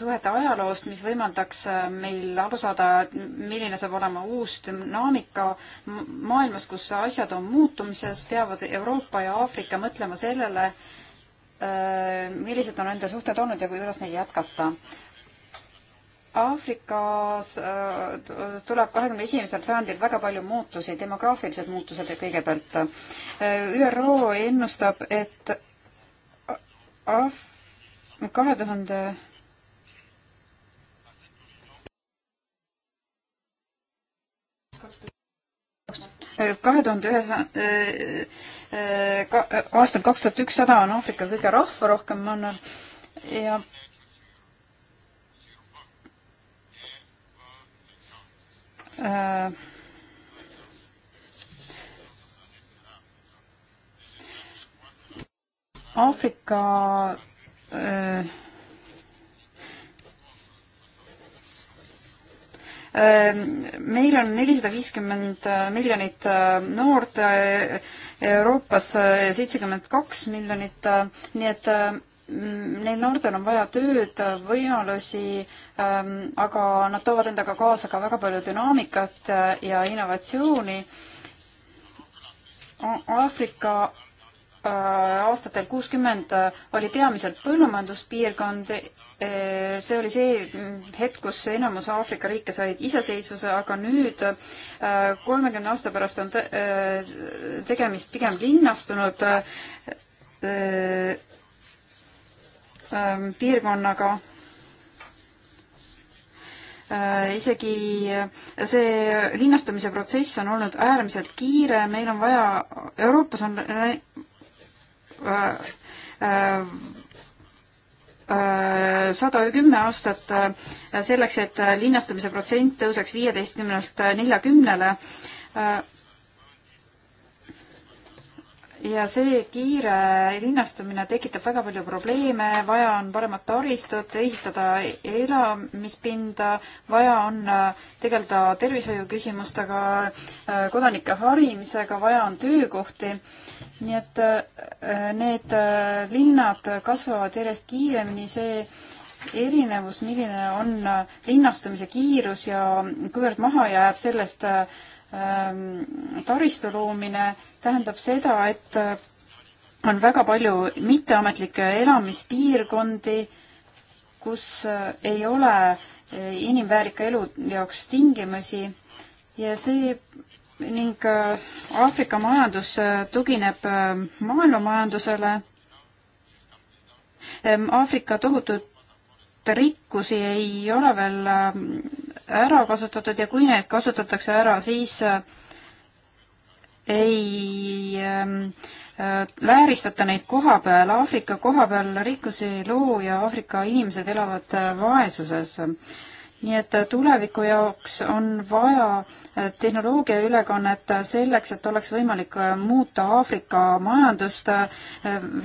suhete ajaloost, mis võimaldaks meil aru saada, et milline saab olema uus dünaamika maailmas, kus asjad on muutumises, peavad Euroopa ja Aafrika mõtlema sellele, millised on nende suhted olnud ja kuidas neid jätkata. Aafrikas äh, tuleb kahekümne esimesel sajandil väga palju muutusi, demograafilised muutused kõigepealt. Äh, ÜRO ennustab, et kahe tuhande äh, kahe tuhande ühes aastal kaks tuhat ükssada on Aafrika kõige rahvarohkem manner ja äh, Aafrika äh, äh, meil on nelisada viiskümmend äh, miljonit äh, noort, Euroopas seitsekümmend kaks miljonit, nii et Mm, neil noortel on vaja tööd, võimalusi, ähm, aga nad toovad endaga kaasa ka väga palju dünaamikat äh, ja innovatsiooni. Aafrika äh, aastatel kuuskümmend äh, oli peamiselt põllumajanduspiirkond. see oli see mm, hetk, kus enamus Aafrika riike said iseseisvuse, aga nüüd kolmekümne aasta pärast on tegemist pigem linnastunud Ähm, piirkonnaga äh, isegi see linnastumise protsess on olnud äärmiselt kiire, meil on vaja, Euroopas on äh, äh, äh sada kümme aastat äh, selleks, et linnastumise protsent tõuseks viieteistkümnelt neljakümnele ja see kiire linnastumine tekitab väga palju probleeme, vaja on paremat taristut, ehitada elamispinda, vaja on äh, tegeleda tervishoiuküsimustega, äh, kodanike harimisega, vaja on töökohti. nii et äh, need linnad kasvavad järjest kiiremini, see erinevus, milline on linnastumise kiirus ja kuivõrd maha jääb sellest äh, Ähm, taristu loomine tähendab seda, et äh, on väga palju mitteametlikke elamispiirkondi, kus äh, ei ole äh, inimväärika elu jaoks tingimusi ja see ning Aafrika majandus tugineb maailmamajandusele. Ähm, Aafrika tohutut rikkusi ei ole veel ähm, ära kasutatud ja kui need kasutatakse ära, siis äh, ei ähm, äh, vääristata neid koha peal, Aafrika koha peal rikkus ei loo ja Aafrika inimesed elavad äh, vaesuses. nii et tuleviku jaoks on vaja tehnoloogia ülekannet selleks, et oleks võimalik muuta Aafrika majandust,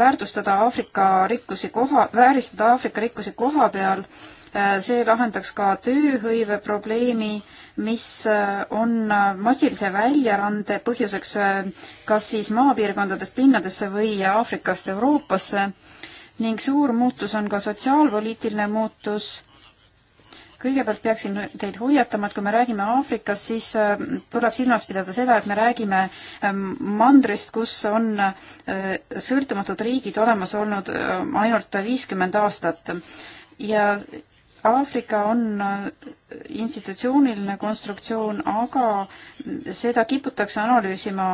väärtustada Aafrika rikkusi koha, vääristada Aafrika rikkusi koha peal Äh, see lahendaks ka tööhõive probleemi, mis äh, on äh, massilise väljarande põhjuseks kas siis maapiirkondadest linnadesse või Aafrikast Euroopasse ning suur muutus on ka sotsiaalpoliitiline muutus. kõigepealt peaksin teid hoiatama, et kui me räägime Aafrikast, siis tuleb silmas pidada seda, et me räägime ähm, mandrist, kus on sõltumatud riigid olemas olnud ainult viiskümmend aastat ja Aafrika on äh, institutsiooniline konstruktsioon, aga seda kiputakse analüüsima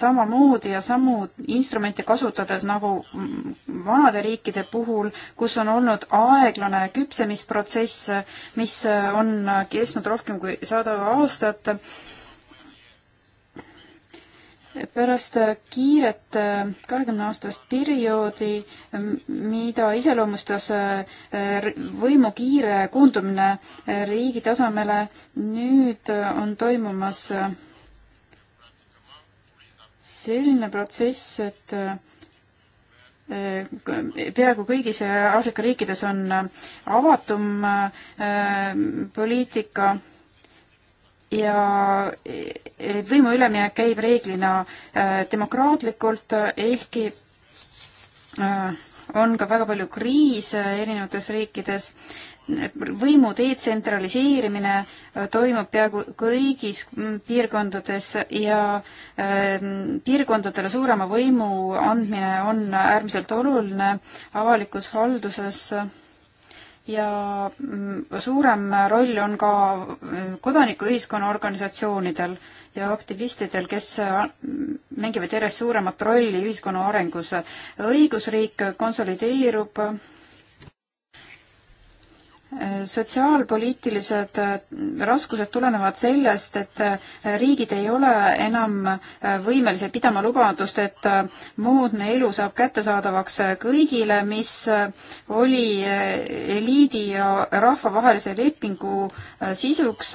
samamoodi ja samu instrumente kasutades nagu vanade riikide puhul, kus on olnud aeglane küpsemisprotsess, mis on äh, kestnud rohkem kui sada aastat pärast kiiret äh, kahekümne aastast perioodi, mida iseloomustas äh, võimu kiire koondumine äh, riigi tasemele, nüüd on toimumas selline protsess, et peaaegu kõigis Aafrika riikides on avatum poliitika ja e, e, võimu üleminek käib reeglina e, demokraatlikult, ehkki on ka väga palju kriise erinevates riikides. võimu detsentraliseerimine toimub peaaegu kõigis piirkondades ja piirkondadele suurema võimu andmine on äärmiselt oluline avalikus halduses ja mm, suurem roll on ka mm, kodanikuühiskonna organisatsioonidel ja aktivistidel, kes mm, mängivad järjest suuremat rolli ühiskonna arengus. õigusriik konsolideerub sotsiaalpoliitilised äh, raskused tulenevad sellest, et äh, riigid ei ole enam äh, võimelised pidama lubadust, et moodne elu saab kättesaadavaks kõigile, mis oli eliidi ja rahva vahelise lepingu sisuks,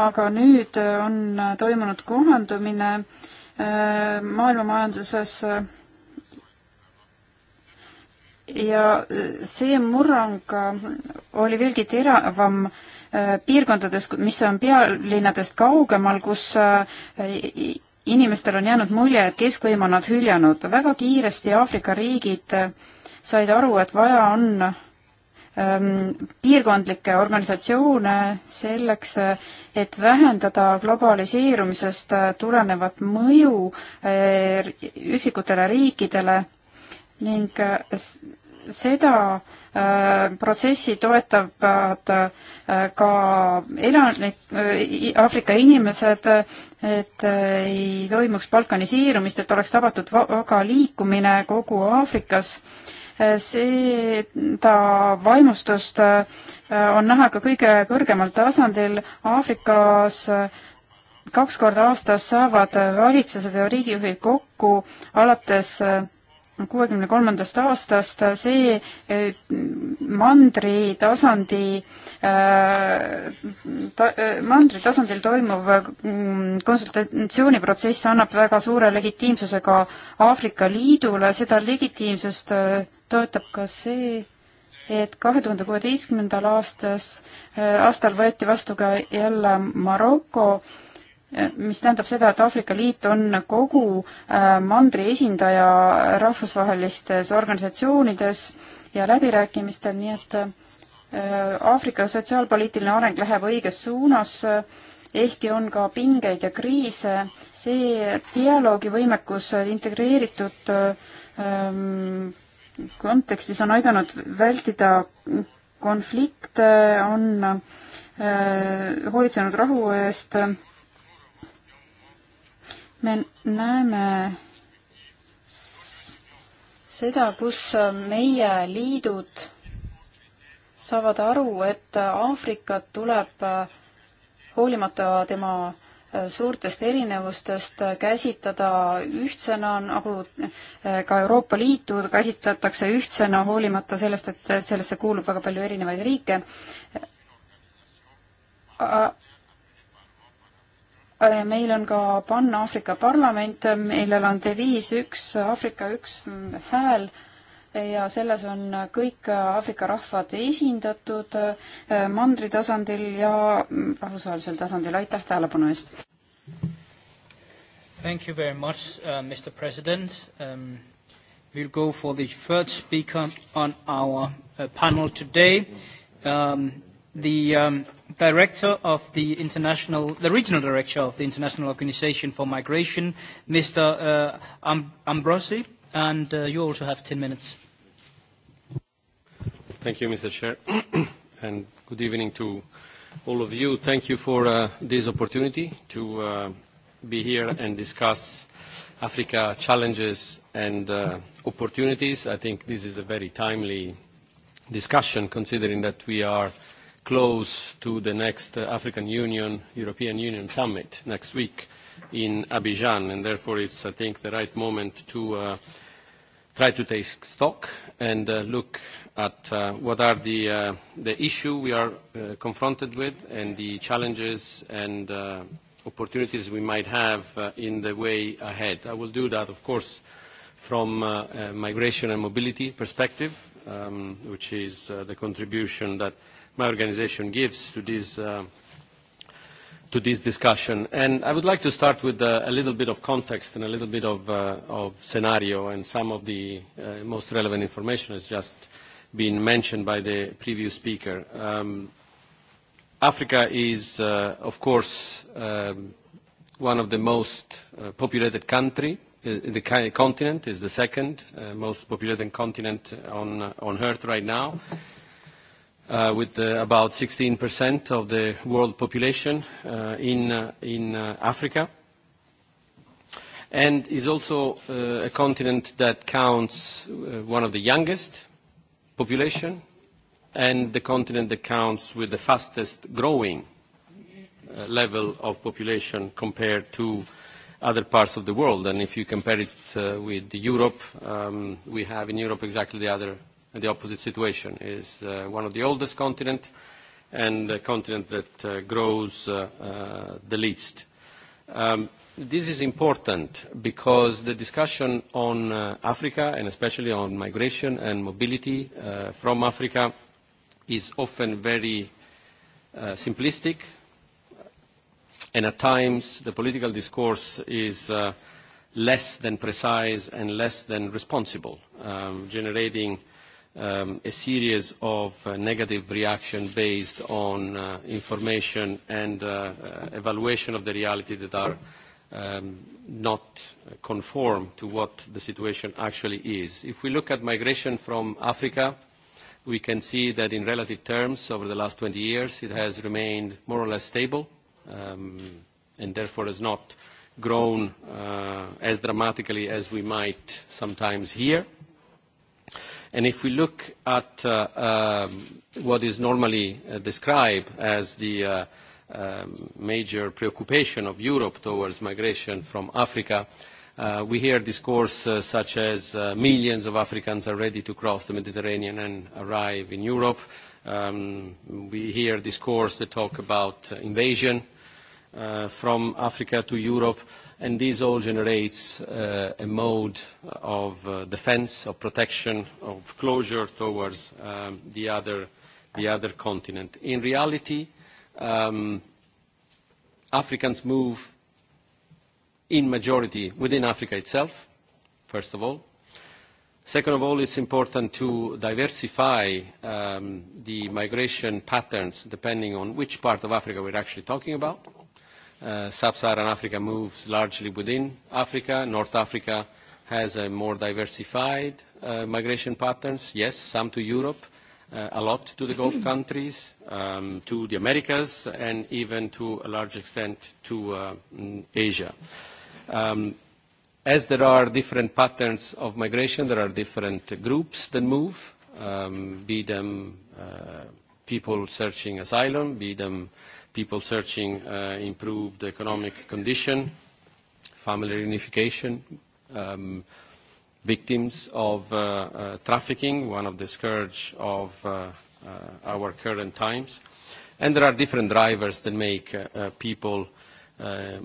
aga nüüd on toimunud kohandumine maailma majanduses ja äh, see murrang äh, oli veelgi teravam äh, piirkondades, mis on pealinnadest kaugemal, kus inimestel on jäänud mulje, et keskvõim on nad hüljanud. väga kiiresti Aafrika riigid said aru, et vaja on ähm, piirkondlikke organisatsioone selleks, et vähendada globaliseerumisest tulenevat mõju äh, üksikutele riikidele ning äh, seda äh, protsessi toetavad äh, ka elanik, äh, Aafrika inimesed, et ei toimuks balkaniseerumist, et oleks tabatud vaba liikumine kogu Aafrikas. seda vaimustust on näha ka kõige kõrgemal tasandil Aafrikas kaks korda aastas saavad valitsused ja riigijuhid kokku alates kuuekümne kolmandast aastast, see eh, mandri tasandi, eh, eh, mandri tasandil toimuv mm, konsultatsiooniprotsess annab väga suure legitiimsuse ka Aafrika Liidule, seda legitiimsust toetab ka see, et kahe tuhande kuueteistkümnendal aastas, aastal võeti vastu ka jälle Maroko äh, Eh, mis tähendab seda, et Aafrika Liit on kogu äh, mandri esindaja rahvusvahelistes organisatsioonides ja läbirääkimistel, nii et äh, Aafrika sotsiaalpoliitiline areng läheb õiges suunas, ehkki on ka pingeid ja kriise, see dialoogivõimekus integreeritud ähm, kontekstis on aidanud vältida konflikte, on äh, hoolitsenud rahu eest me näeme seda, kus meie liidud saavad aru, et Aafrikat tuleb hoolimata tema äh, suurtest erinevustest käsitleda ühtsena, nagu äh, ka Euroopa Liitu käsitletakse ühtsena, hoolimata sellest, et sellesse kuulub väga palju erinevaid riike äh, Äh, meil on ka Pan-Aafrika parlament, millel on deviis üks Aafrika, üks hääl ja selles on kõik Aafrika rahvad esindatud äh, mandri tasandil ja rahvusvahelisel tasandil. aitäh tähelepanu eest! Thank you very much uh,, Mr President um,. We will go for the third speaker on our uh, panel today um,. The um, director of the international, the regional director of the International Organization for Migration, Mr. Uh, Am- Ambrosi, and uh, you also have 10 minutes. Thank you, Mr. Chair, <coughs> and good evening to all of you. Thank you for uh, this opportunity to uh, be here and discuss Africa challenges and uh, opportunities. I think this is a very timely discussion, considering that we are close to the next African Union, European Union summit next week in Abidjan, and therefore it's, I think, the right moment to uh, try to take stock and uh, look at uh, what are the, uh, the issue we are uh, confronted with and the challenges and uh, opportunities we might have uh, in the way ahead. I will do that, of course, from uh, a migration and mobility perspective, um, which is uh, the contribution that uh, my organization gives to this, uh, to this discussion. And I would like to start with uh, a little bit of context and a little bit of, uh, of scenario, and some of the uh, most relevant information has just been mentioned by the previous speaker. Um, Africa is, uh, of course, um, one of the most uh, populated country uh, in the continent, is the second uh, most populated continent on, on Earth right now uh, with uh, about 16% of the world population uh, in, uh, in uh, Africa and is also uh, a continent that counts uh, one of the youngest population and the continent that counts with the fastest growing uh, level of population compared to other parts of the world. And if you compare it uh, with Europe, um, we have in Europe exactly the other the opposite situation. It's uh, one of the oldest continent and a continent that uh, grows uh, uh, the least. Um, this is important because the discussion on uh, Africa and especially on migration and mobility uh, from Africa is often very uh, simplistic and at times the political discourse is uh, less than precise and less than responsible, um, generating uh, um, a series of uh, negative reaction based on uh, information and uh, uh, evaluation of the reality that are um, not conform to what the situation actually is. If we look at migration from Africa, we can see that in relative terms over the last 20 years it has remained more or less stable um, and therefore has not grown uh, as dramatically as we might sometimes hear. And if we look at uh, um, what is normally uh, described as the uh, um, major preoccupation of Europe towards migration from Africa, uh, we hear discourse uh, such as uh, millions of Africans are ready to cross the Mediterranean and arrive in Europe. Um, we hear discourse that talk about uh, invasion uh, from Africa to Europe. Uh, and this all generates uh, a mode of uh, defense, of protection, of closure towards um, the, other, the other continent. In reality, um, Africans move in majority within Africa itself, first of all. Second of all, it's important to diversify um, the migration patterns depending on which part of Africa we're actually talking about Uh, Sub-Saharan Africa moves largely within Africa. North Africa has a more diversified uh, migration patterns, yes, some to Europe, uh, a lot to the Gulf <clears throat> countries, um, to the Americas, and even to a large extent to uh, mm, Asia. Um, as there are different patterns of migration, there are different groups that move, um, be them uh, people searching asylum, be them uh, people searching uh, improved economic condition, family reunification, um, victims of uh, uh, trafficking, one of the scourge of uh, uh, our current times. And there are different drivers that make uh, uh, people uh,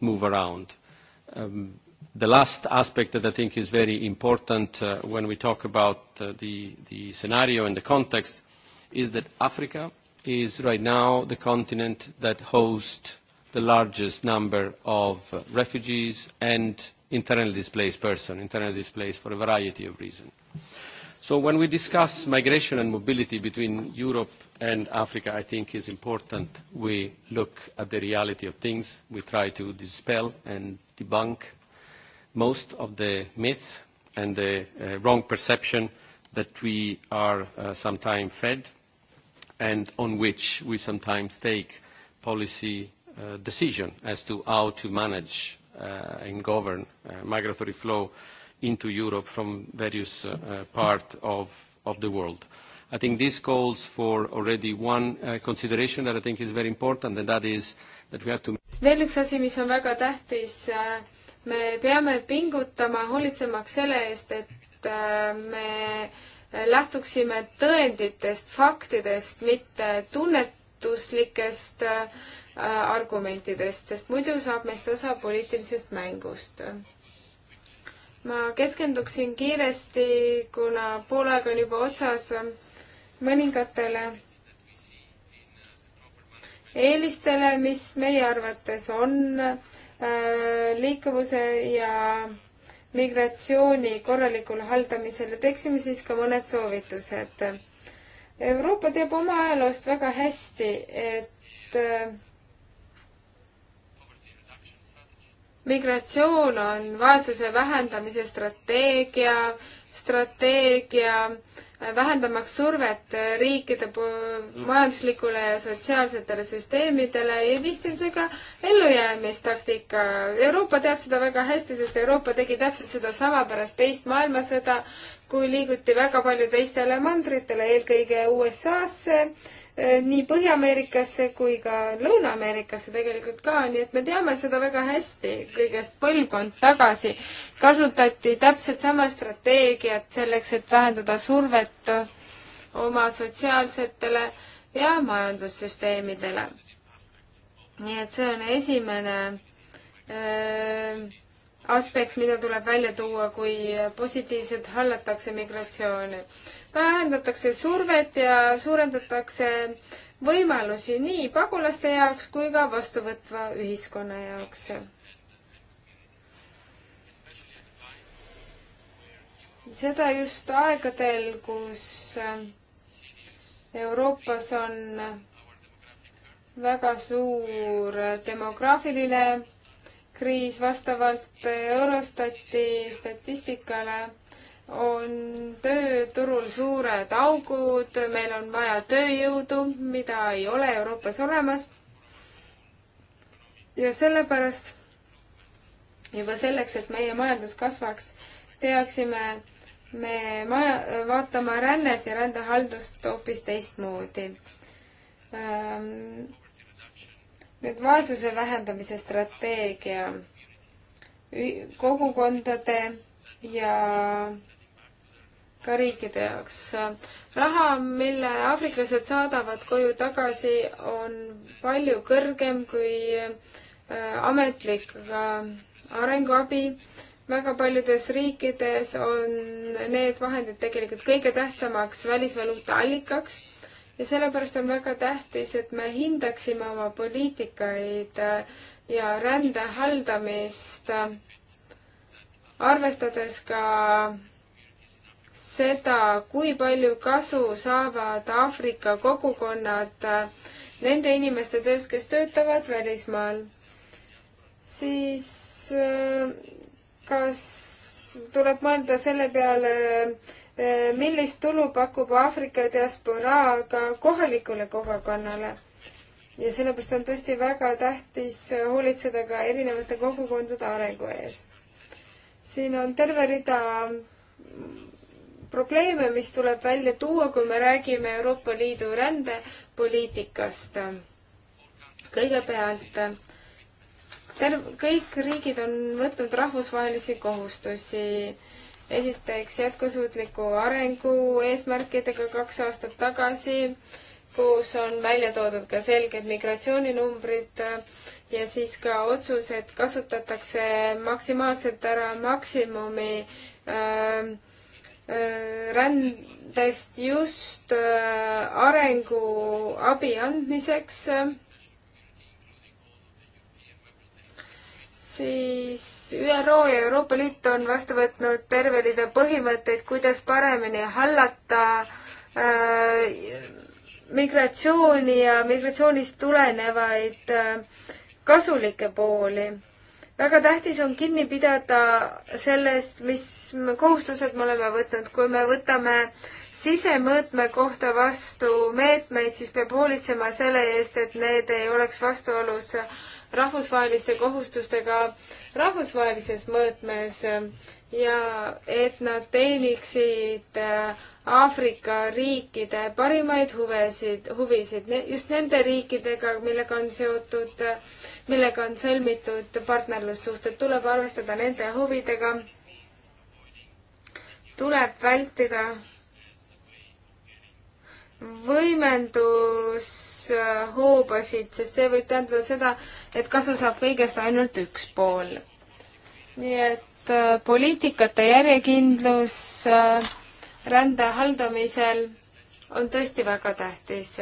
move around. Um, the last aspect that I think is very important uh, when we talk about uh, the, the scenario and the context is that Africa is right now the continent that hosts the largest number of refugees and internally displaced persons, internally displaced for a variety of reasons. So when we discuss migration and mobility between Europe and Africa, I think it's important we look at the reality of things. We try to dispel and debunk most of the myth and the uh, wrong perception that we are uh, sometimes fed and on which we sometimes take policy uh, decision as to how to manage uh, and govern uh, migratory flow into Europe from various uh, uh, parts of, of the world. I think this calls for already one uh, consideration that I think is very important, and that is that we have to veel üks asi, mis on väga tähtis, uh, me peame pingutama, hoolitsemaks selle eest, et uh, me äh, lähtuksime tõenditest, faktidest, mitte tunnetuslikest äh, argumentidest, sest muidu saab meist osa poliitilisest mängust. ma keskenduksin kiiresti, kuna pool aega on juba otsas, mõningatele eelistele, mis meie arvates on äh, liikuvuse ja migratsiooni korralikul haldamisel ja teeksime siis ka mõned soovitused. Euroopa teab oma ajaloost väga hästi, et äh, migratsioon on vaesuse vähendamise strateegia, strateegia, äh, vähendamaks survet äh, riikide majanduslikule ja sotsiaalsetele süsteemidele ja tihti on see ka ellujäämistaktika. Euroopa teab seda väga hästi, sest Euroopa tegi täpselt sedasama pärast teist maailmasõda kui liiguti väga palju teistele mandritele, eelkõige USA-sse, eh, nii Põhja-Ameerikasse kui ka Lõuna-Ameerikasse tegelikult ka, nii et me teame seda väga hästi, kõigest põlvkond tagasi kasutati täpselt sama strateegiat selleks, et vähendada survet oma sotsiaalsetele ja majandussüsteemidele. nii et see on esimene öö, eh, aspekt, mida tuleb välja tuua, kui positiivselt hallatakse migratsiooni. vähendatakse survet ja suurendatakse võimalusi nii pagulaste jaoks kui ka vastuvõtva ühiskonna jaoks. seda just aegadel, kus Euroopas on väga suur demograafiline kriis vastavalt Eurostati statistikale on tööturul suured augud, meil on vaja tööjõudu, mida ei ole Euroopas olemas. ja sellepärast juba selleks, et meie majandus kasvaks, peaksime me maja, vaatama rännet ja rändehaldust hoopis teistmoodi ähm, nüüd vaesuse vähendamise strateegia kogukondade ja ka riikide jaoks. raha, mille aafriklased saadavad koju tagasi, on palju kõrgem kui äh, ametlik äh, arenguabi. väga paljudes riikides on need vahendid tegelikult kõige tähtsamaks välisvaluuta allikaks ja sellepärast on väga tähtis, et me hindaksime oma poliitikaid äh, ja rände haldamist, äh, arvestades ka seda, kui palju kasu saavad Aafrika kogukonnad äh, nende inimeste töös, kes töötavad välismaal, siis kas tuleb mõelda selle peale, Eh, millist tulu pakub Aafrika diasporaa ka kohalikule kogukonnale. ja sellepärast on tõesti väga tähtis hoolitseda ka erinevate kogukondade arengu eest. siin on terve rida probleeme, mis tuleb välja tuua, kui me räägime Euroopa Liidu rändepoliitikast. kõigepealt terv-, kõik riigid on võtnud rahvusvahelisi kohustusi äh, esiteks jätkusuutliku arengu eesmärkidega kaks aastat tagasi, kus on välja toodud ka selged migratsiooninumbrid äh, ja siis ka otsus, et kasutatakse maksimaalselt ära maksimumi äh, äh, rändest just äh, arenguabi andmiseks äh, siis ÜRO ja Euroopa Liit on vastu võtnud terve rida põhimõtteid, kuidas paremini hallata äh, migratsiooni ja migratsioonist tulenevaid äh, kasulikke pooli. väga tähtis on kinni pidada sellest, mis kohustused me oleme võtnud, kui me võtame sisemõõtme kohta vastu meetmeid, siis peab hoolitsema selle eest, et need ei oleks vastuolus rahvusvaheliste kohustustega rahvusvahelises mõõtmes ja et nad teeniksid äh, Aafrika riikide parimaid huvesid, huvisid, just nende riikidega, millega on seotud, millega on sõlmitud partnerlussuhted, tuleb arvestada nende huvidega, tuleb vältida võimendushoobasid, sest see võib tähendada seda, et kasu saab kõigest ainult üks pool. nii et äh, poliitikate järjekindlus äh, rände haldamisel on tõesti väga tähtis.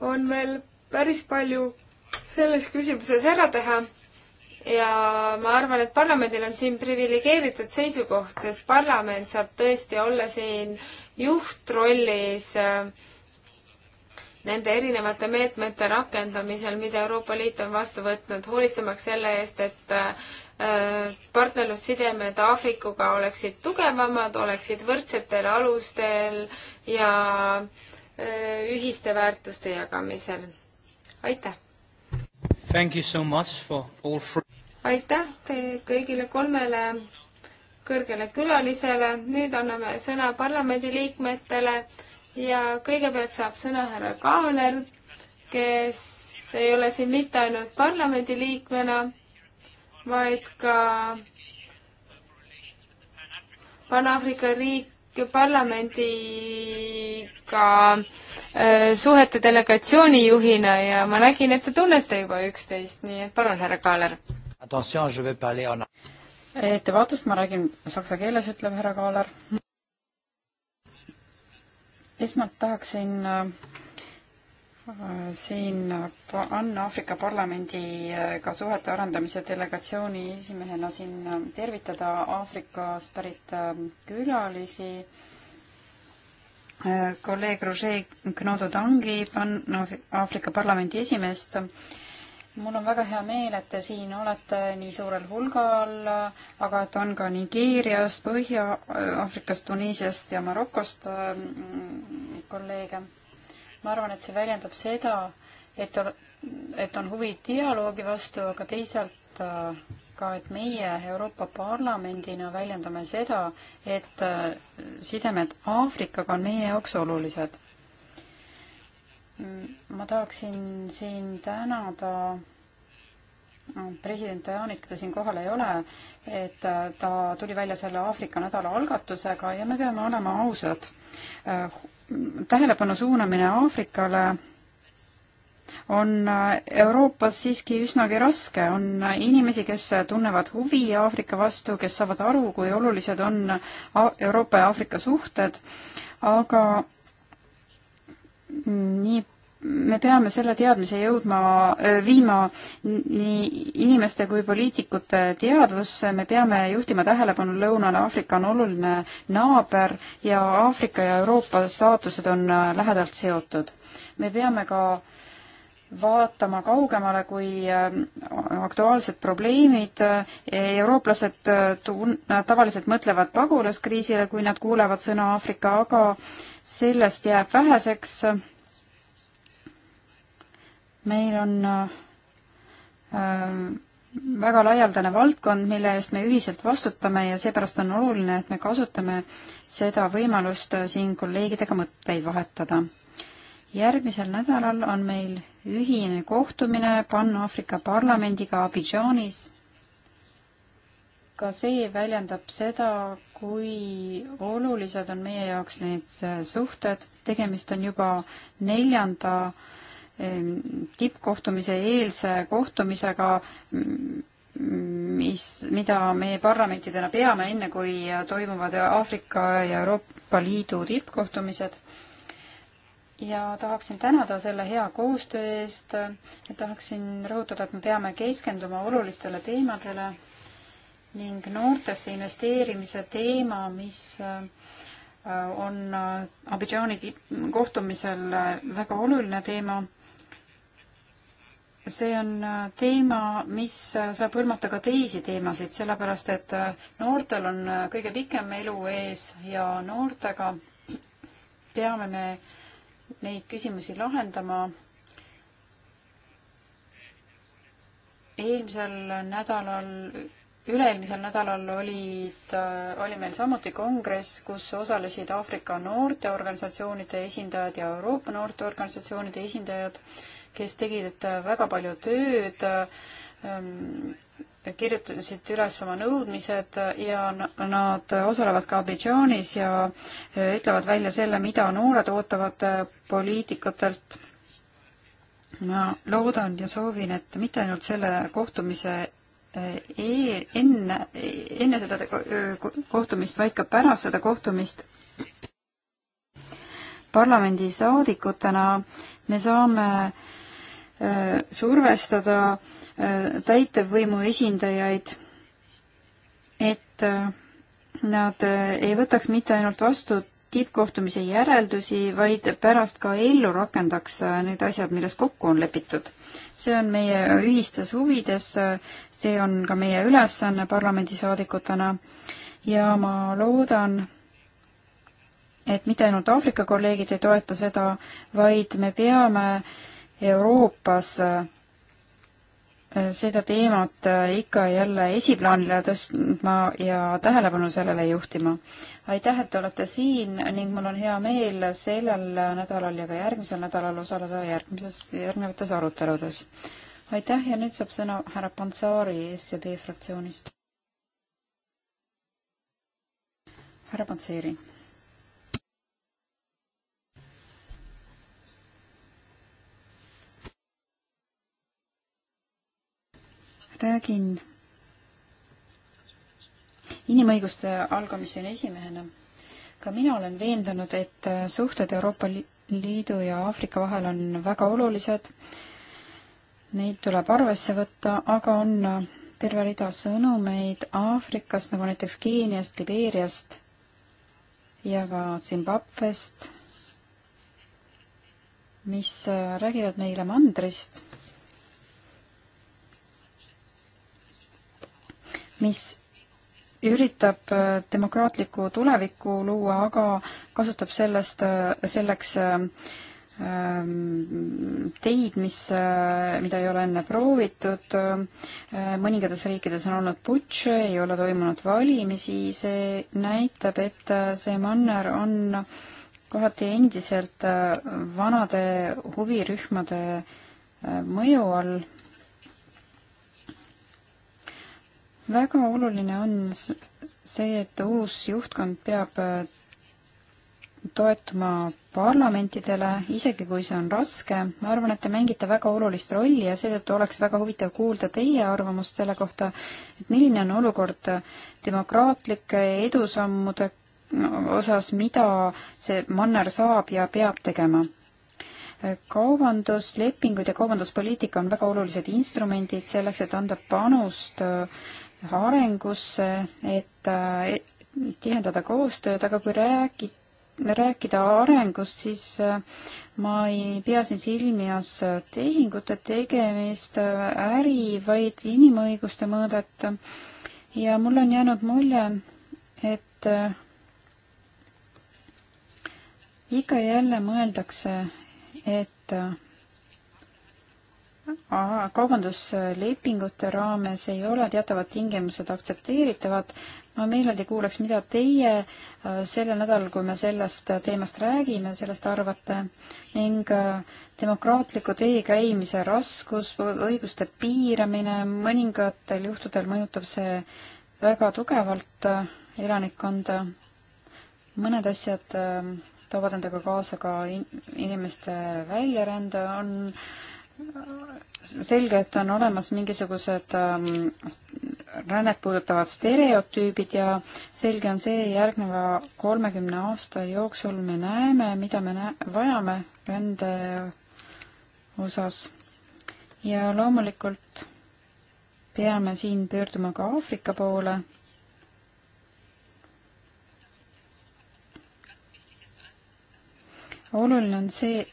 on veel päris palju selles küsimuses ära teha ja ma arvan, et parlamendil on siin priviligeeritud seisukoht, sest parlament saab tõesti olla siin juhtrollis äh, nende erinevate meetmete rakendamisel, mida Euroopa Liit on vastu võtnud, hoolitsemaks selle eest, et äh, partnerlussidemed Aafrikuga oleksid tugevamad, oleksid võrdsetel alustel ja äh, ühiste väärtuste jagamisel. aitäh! Thank you so much for all three aitäh teile kõigile kolmele kõrgele külalisele, nüüd anname sõna parlamendiliikmetele ja kõigepealt saab sõna härra Kaaler, kes ei ole siin mitte ainult parlamendiliikmena, vaid ka Pan-Aafrika riik, parlamendiga äh, suhete delegatsiooni juhina ja ma nägin, et te tunnete juba üksteist, nii et palun, härra Kaaler ettevaatust, ma räägin saksa keeles, ütleb härra Kaalar. esmalt tahaksin äh, siin Anna Aafrika Parlamendiga suhete arendamise delegatsiooni esimehena siin äh, tervitada Aafrikast pärit äh, külalisi. kolleeg Roger Gnododangi, Aafrika Parlamendi esimeest mul on väga hea meel, et te siin olete nii suurel hulgal, aga et on ka Nigeeriast, Põhja-Aafrikast, Tuneesiast ja Marokost mm, kolleege. ma arvan, et see väljendab seda, et, et on huvi dialoogi vastu, aga teisalt äh, ka, et meie Euroopa Parlamendina väljendame seda, et äh, sidemed Aafrikaga on meie jaoks olulised ma tahaksin siin tänada president Tajanit, keda siin kohal ei ole, et ta tuli välja selle Aafrika nädala algatusega ja me peame olema ausad. tähelepanu suunamine Aafrikale on Euroopas siiski üsnagi raske, on inimesi, kes tunnevad huvi Aafrika vastu, kes saavad aru, kui olulised on Euroopa ja Aafrika suhted, aga nii me peame selle teadmise jõudma, äh, viima nii inimeste kui poliitikute teadvusse, me peame juhtima tähelepanu lõunale, Aafrika on oluline naaber ja Aafrika ja Euroopa saatused on äh, lähedalt seotud. me peame ka vaatama kaugemale kui äh, aktuaalsed probleemid. eurooplased tun-, tavaliselt mõtlevad pagulaskriisile, kui nad kuulevad sõna Aafrika, aga sellest jääb väheseks. meil on äh, väga laialdane valdkond, mille eest me ühiselt vastutame ja seepärast on oluline, et me kasutame seda võimalust äh, siin kolleegidega mõtteid vahetada. järgmisel nädalal on meil ühine kohtumine Pan-Aafrika Parlamendiga Abidžaanis. ka see väljendab seda, kui olulised on meie jaoks need äh, suhted, tegemist on juba neljanda tippkohtumise eelse kohtumisega, mis, mida meie parlamentidena peame, enne kui äh, toimuvad Aafrika ja Euroopa Liidu tippkohtumised. ja tahaksin tänada selle hea koostöö eest ja tahaksin rõhutada, et me peame keskenduma olulistele teemadele ning noortesse investeerimise teema, mis äh, on äh, Abidžaani kohtumisel äh, väga oluline teema. see on teema, mis saab hõlmata ka teisi teemasid, sellepärast et noortel on kõige pikem elu ees ja noortega peame me neid küsimusi lahendama. eelmisel nädalal üle-eelmisel nädalal olid, äh, oli meil samuti kongress, kus osalesid Aafrika noorteorganisatsioonide esindajad ja Euroopa noorteorganisatsioonide esindajad, kes tegid äh, väga palju tööd, ähm, kirjutasid üles oma nõudmised ja nad osalevad ka Abidžaanis ja äh, ütlevad välja selle, mida noored ootavad poliitikutelt ma loodan ja soovin, et mitte ainult selle kohtumise enne, enne seda kohtumist, vaid ka pärast seda kohtumist parlamendisaadikutena me saame äh, survestada äh, täitevvõimu esindajaid, et äh, nad ei võtaks mitte ainult vastu tippkohtumise järeldusi, vaid pärast ka ellu rakendaks need asjad, milles kokku on lepitud see on meie ühistes huvides, see on ka meie ülesanne parlamendisaadikutena ja ma loodan, et mitte ainult Aafrika kolleegid ei toeta seda, vaid me peame Euroopas seda teemat äh, ikka ja jälle esiplaanile tõstma ja tähelepanu sellele juhtima. aitäh, et te olete siin ning mul on hea meel sellel nädalal ja ka järgmisel nädalal osaleda järgmises, järgnevates aruteludes. aitäh ja nüüd saab sõna härra Pansari SD fraktsioonist. härra Panseri räägin inimõiguste allkomisjoni esimehena. ka mina olen veendunud, et suhted Euroopa Liidu ja Aafrika vahel on väga olulised. Neid tuleb arvesse võtta, aga on terve rida sõnumeid Aafrikast, nagu näiteks Keeniast, Libeeriast ja ka Zimbabwest, mis räägivad meile mandrist mis üritab äh, demokraatlikku tulevikku luua, aga kasutab sellest, äh, selleks äh, ähm, teid, mis, mida ei ole enne proovitud. mõningates riikides on olnud putš, ei ole toimunud valimisi, see näitab, et see manner on kohati endiselt vanade huvirühmade mõju all väga oluline on see, et uus juhtkond peab äh, toetuma parlamentidele, isegi kui see on raske. ma arvan, et te mängite väga olulist rolli ja seetõttu oleks väga huvitav kuulda teie arvamust selle kohta, et milline on olukord demokraatlike edusammude osas, mida see manner saab ja peab tegema äh, kaubanduslepingud ja kaubanduspoliitika on väga olulised instrumendid selleks, et anda panust äh, arengusse, äh, et tihendada koostööd, aga kui räägi-, rääkida arengust, siis äh, ma ei pea siin silmas tehingute tegemist, äh, äri, vaid inimõiguste mõõdet. ja mul on jäänud mulje, et ikka ja jälle mõeldakse, et kaubanduslepingute raames ei ole teatavad tingimused aktsepteeritavad. ma meeleldi kuuleks, mida teie äh, sellel nädalal, kui me sellest äh, teemast räägime, sellest arvate ning äh, demokraatliku tee käimise raskus, õiguste piiramine, mõningatel juhtudel mõjutab see väga tugevalt elanikkonda. mõned asjad toovad endaga kaasa ka inimeste väljarände, on selge, et on olemas mingisugused ähm, rännet puudutavad stereotüübid ja selge on see, järgneva kolmekümne aasta jooksul me näeme, mida me näe, vajame rände osas. ja loomulikult peame siin pöörduma ka Aafrika poole oluline on see,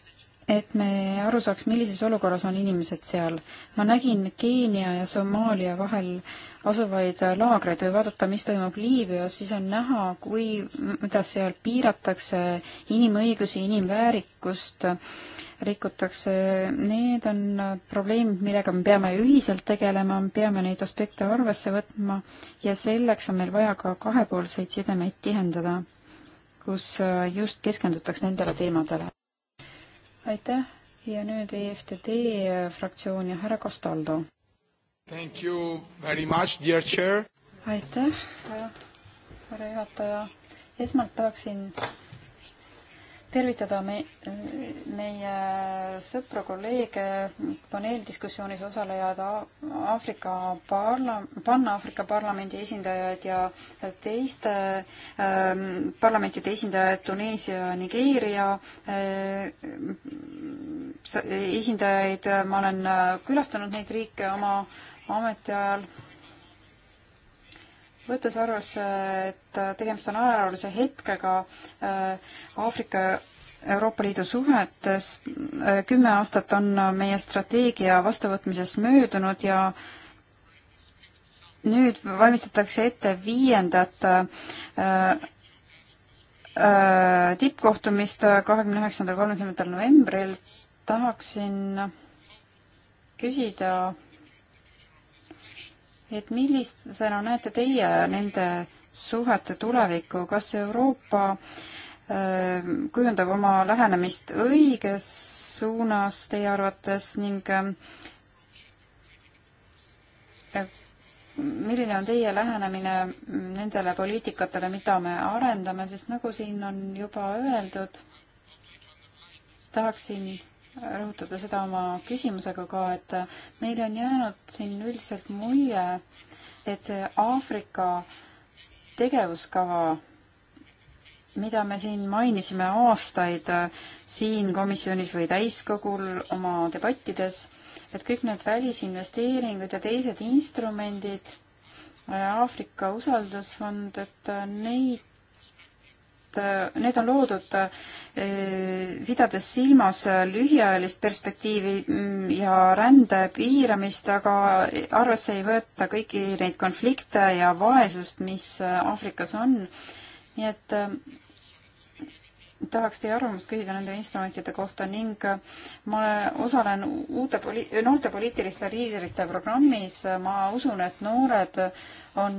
et me aru saaks, millises olukorras on inimesed seal. ma nägin Keenia ja Somaalia vahel asuvaid laagreid või vaadata, mis toimub Liibüas, siis on näha, kui, kuidas seal piiratakse inimõigusi, inimväärikust, rikutakse, need on probleemid, millega me peame ühiselt tegelema, peame neid aspekte arvesse võtma ja selleks on meil vaja ka kahepoolseid sidemeid tihendada, kus just keskendutakse nendele teemadele aitäh ja nüüd EFTD äh, fraktsioon ja härra Castaldo. Thank you very much, dear chair. aitäh, härra juhataja. esmalt tahaksin tervitada me, meie sõpru, kolleege, paneeldiskussioonis osalejaid, Aafrika parla-, Pan-Aafrika parlamendi esindajaid ja teiste ähm, parlamentide esindajaid, Tuneesia, Nigeeria äh, esindajaid, ma olen äh, külastanud neid riike oma ametiajal võttes arvesse, et äh, tegemist on ajaloolise hetkega äh, Aafrika Euroopa Liidu suhetes, äh, kümme aastat on meie strateegia vastuvõtmisest möödunud ja nüüd valmistatakse ette viiendat tippkohtumist kahekümne üheksandal, kolmekümnendal novembril. tahaksin küsida et millisena näete teie nende suhete tulevikku, kas Euroopa äh, kujundab oma lähenemist õiges suunas teie arvates ning äh, milline on teie lähenemine nendele poliitikatele, mida me arendame, sest nagu siin on juba öeldud, tahaksin rõhutada seda oma küsimusega ka, et meile on jäänud siin üldiselt mulje, et see Aafrika tegevuskava, mida me siin mainisime aastaid siin komisjonis või täiskogul oma debattides, et kõik need välisinvesteeringud ja teised instrumendid, Aafrika usaldusfond, et neid et äh, need on loodud äh, pidades silmas äh, lühiajalist perspektiivi mm, ja rände piiramist, aga arvesse ei võeta kõiki neid konflikte ja vaesust, mis Aafrikas on. nii et tahaks teie arvamust küsida nende instrumentide kohta ning ma osalen uute poli-, noorte poliitiliste liidrite programmis, ma usun, et noored on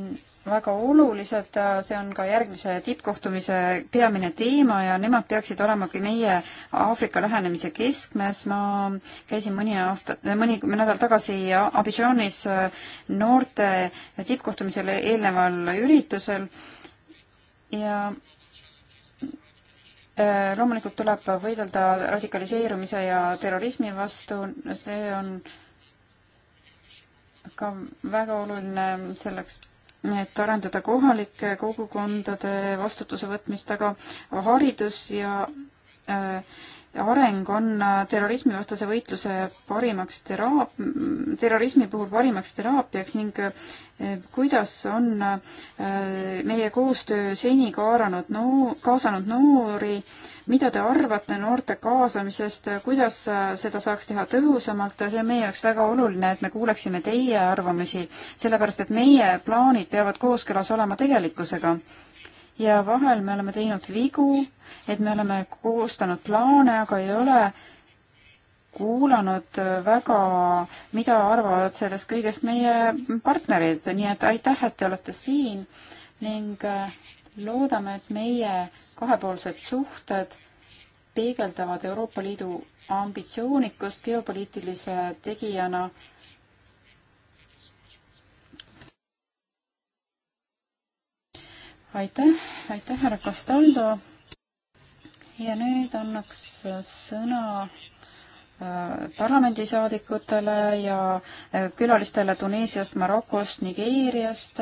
väga olulised, see on ka järgmise tippkohtumise peamine teema ja nemad peaksid olemagi meie Aafrika lähenemise keskmes. ma käisin mõni aasta, mõni nädal tagasi Abidžaanis noorte tippkohtumisele eelneval üritusel ja äh, loomulikult tuleb võidelda radikaliseerumise ja terrorismi vastu, see on ka väga oluline selleks et arendada kohalike kogukondade vastutuse võtmist, aga haridus ja äh, areng on äh, terrorismivastase võitluse parimaks teraap-, terrorismi puhul parimaks teraapiaks ning äh, kuidas on äh, meie koostöö seni kaaranud noo-, kaasanud noori, mida te arvate noorte kaasamisest, kuidas seda saaks teha tõhusamalt, see on meie jaoks väga oluline, et me kuuleksime teie arvamusi, sellepärast et meie plaanid peavad kooskõlas olema tegelikkusega. ja vahel me oleme teinud vigu, et me oleme koostanud plaane, aga ei ole kuulanud väga, mida arvavad sellest kõigest meie partnerid, nii et aitäh, et te olete siin ning äh, loodame, et meie kahepoolsed suhted peegeldavad Euroopa Liidu ambitsioonikust geopoliitilise tegijana. aitäh, aitäh, härra Castaldo ja nüüd annaks sõna äh, parlamendisaadikutele ja äh, külalistele Tuneesiast, Marokost, Nigeeriast.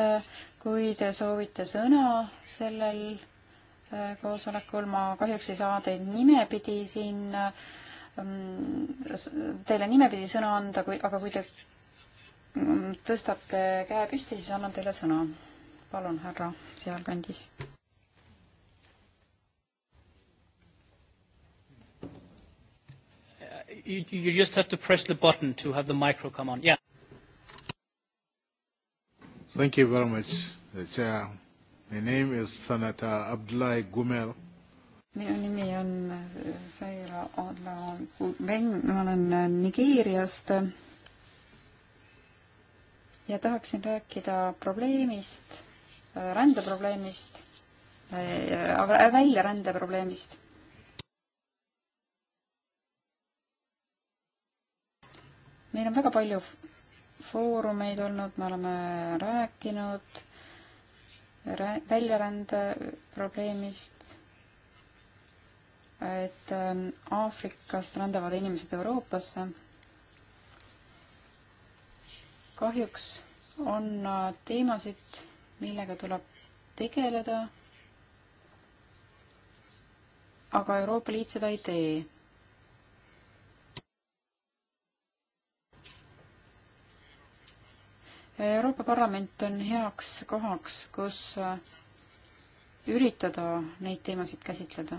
kui te soovite sõna sellel äh, koosolekul, ma kahjuks ei saa teid nimepidi siin, ähm, teile nimepidi sõna anda, kui, aga kui te mm, tõstate käe püsti, siis annan teile sõna. palun, härra sealkandis you, you just have to press the button to have the micro come on. Yeah. Thank you very much, uh, Chair. My name is Senator Abdullahi Gumel. minu nimi on uh, Saira Odla-Beng, ma olen uh, Nigeeriast ja tahaksin rääkida probleemist, rändeprobleemist, väljarände probleemist meil on väga palju foorumeid olnud, me oleme rääkinud rää-, väljarände probleemist, et ähm, Aafrikast rändavad inimesed Euroopasse. kahjuks on teemasid, millega tuleb tegeleda, aga Euroopa Liit seda ei tee Euroopa Parlament on heaks kohaks, kus äh, üritada neid teemasid käsitleda.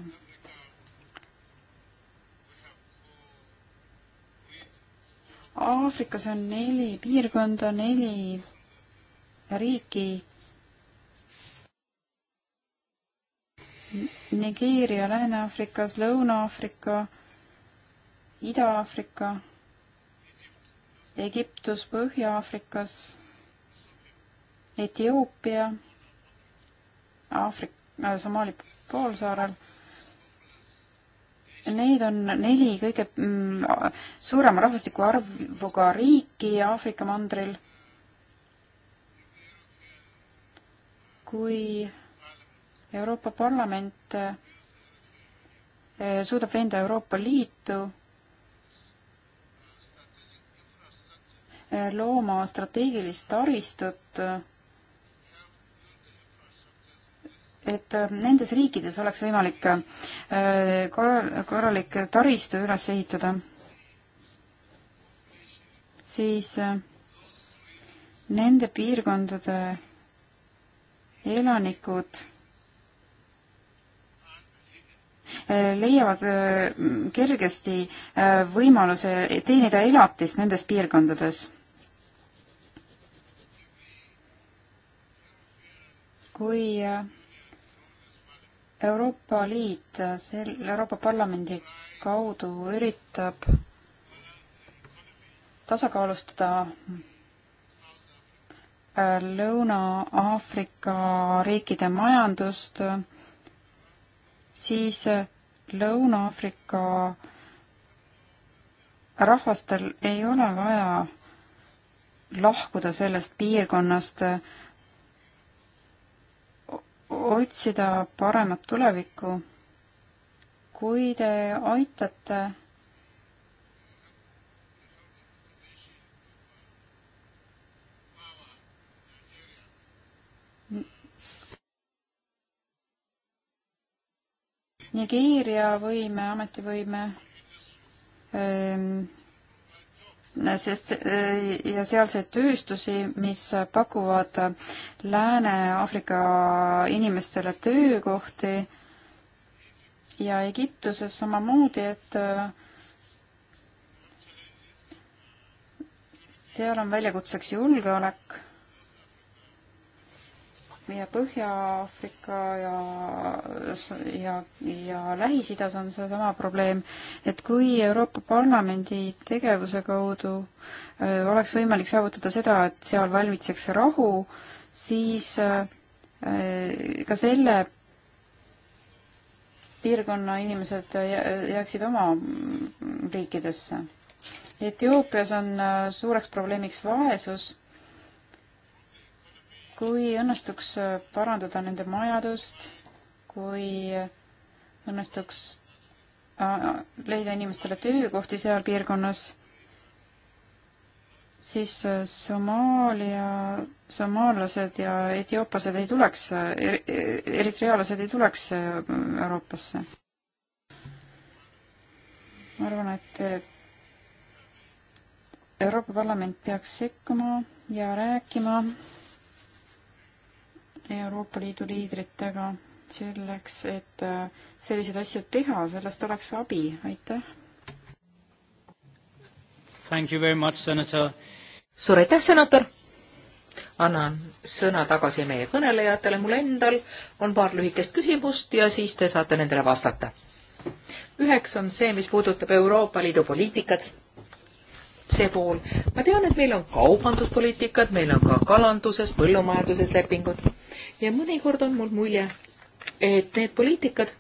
Aafrikas on neli piirkonda, neli riiki. Nigeeria, Lääne-Aafrikas, Lõuna-Aafrika, Ida-Aafrika, Egiptus, Põhja-Aafrikas Etioopia, Aafrika, äh, Somaali poolsaarel. Neid on neli kõige mm, suurema rahvastiku arvuga riiki Aafrika mandril. kui Euroopa Parlament äh, suudab veenda Euroopa Liitu äh, looma strateegilist taristut et äh, nendes riikides oleks võimalik äh, korral, korralik taristu üles ehitada, siis äh, nende piirkondade elanikud leiavad kergesti võimaluse teenida elatist nendes piirkondades. kui Euroopa Liit sel, Euroopa Parlamendi kaudu üritab tasakaalustada äh, Lõuna-Aafrika riikide majandust, siis äh, Lõuna-Aafrika rahvastel ei ole vaja lahkuda sellest piirkonnast, äh, otsida paremat tulevikku. kui te aitate Nigeeria võime, ametivõime ähm, sest äh, ja sealseid tööstusi, mis pakuvad Lääne-Aafrika inimestele töökohti ja Egiptuses samamoodi, et äh, seal on väljakutseks julgeolek meie Põhja-Aafrika ja, ja, ja Lähis-Idas on seesama probleem, et kui Euroopa Parlamendi tegevuse kaudu äh, oleks võimalik saavutada seda, et seal valmitseks rahu, siis äh, äh, ka selle piirkonna inimesed jääksid oma riikidesse. Etioopias on suureks probleemiks vaesus kui õnnestuks äh, parandada nende majandust, kui õnnestuks äh, äh, leida inimestele töökohti seal piirkonnas, siis Somaalia, somaallased ja etiooplased ei tuleks er,, eritrealased ei tuleks Euroopasse. ma arvan, et Euroopa Parlament peaks sekkuma ja rääkima Euroopa Liidu liidritega selleks, et äh, selliseid asju teha, sellest oleks abi, aitäh. suur aitäh, senator! annan sõna tagasi meie kõnelejatele, mul endal on paar lühikest küsimust ja siis te saate nendele vastata. üheks on see, mis puudutab Euroopa Liidu poliitikat see pool. ma tean, et meil on kaubanduspoliitikat, meil on ka kalanduses, põllumajanduses lepingud ja mõnikord on mul mulje, et need poliitikad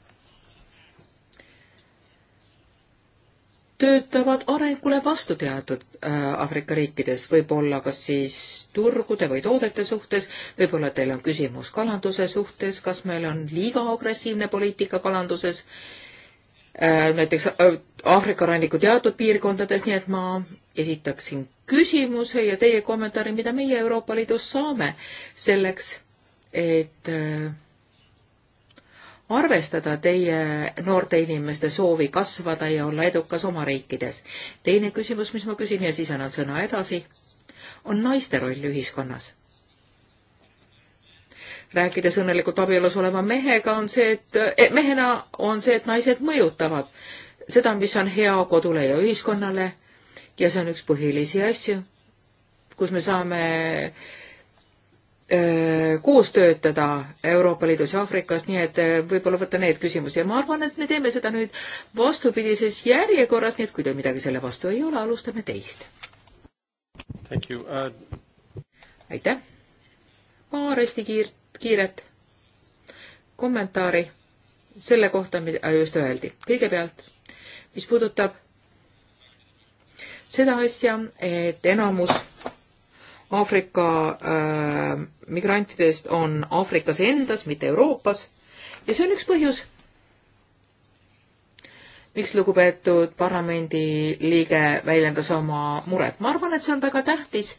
töötavad arengule vastu teatud äh, Aafrika äh, riikides, võib-olla kas siis turgude või toodete suhtes, võib-olla teil on küsimus kalanduse suhtes, kas meil on liiga agressiivne poliitika kalanduses äh, Äh, näiteks äh, Aafrika ranniku teatud piirkondades, nii et ma esitaksin küsimuse ja teie kommentaari, mida meie Euroopa Liidus saame selleks, et äh, arvestada teie noorte inimeste soovi kasvada ja olla edukas oma riikides. teine küsimus, mis ma küsin ja siis annan sõna edasi, on naiste roll ühiskonnas rääkides õnnelikult abielus oleva mehega, on see, et eh, mehena on see, et naised mõjutavad seda, mis on hea kodule ja ühiskonnale ja see on üks põhilisi asju, kus me saame öö, eh, koos töötada Euroopa Liidus ja Aafrikas, nii et eh, võib-olla võtta need küsimusi ja ma arvan, et me teeme seda nüüd vastupidises järjekorras, nii et kui teil midagi selle vastu ei ole, alustame teist. Uh... aitäh! paar hästi kiirt kiiret kommentaari selle kohta, mida just öeldi. kõigepealt, mis puudutab seda asja, et enamus Aafrika äh, migrantidest on Aafrikas endas, mitte Euroopas ja see on üks põhjus, miks lugupeetud parlamendi liige väljendas oma muret. ma arvan, et see on väga tähtis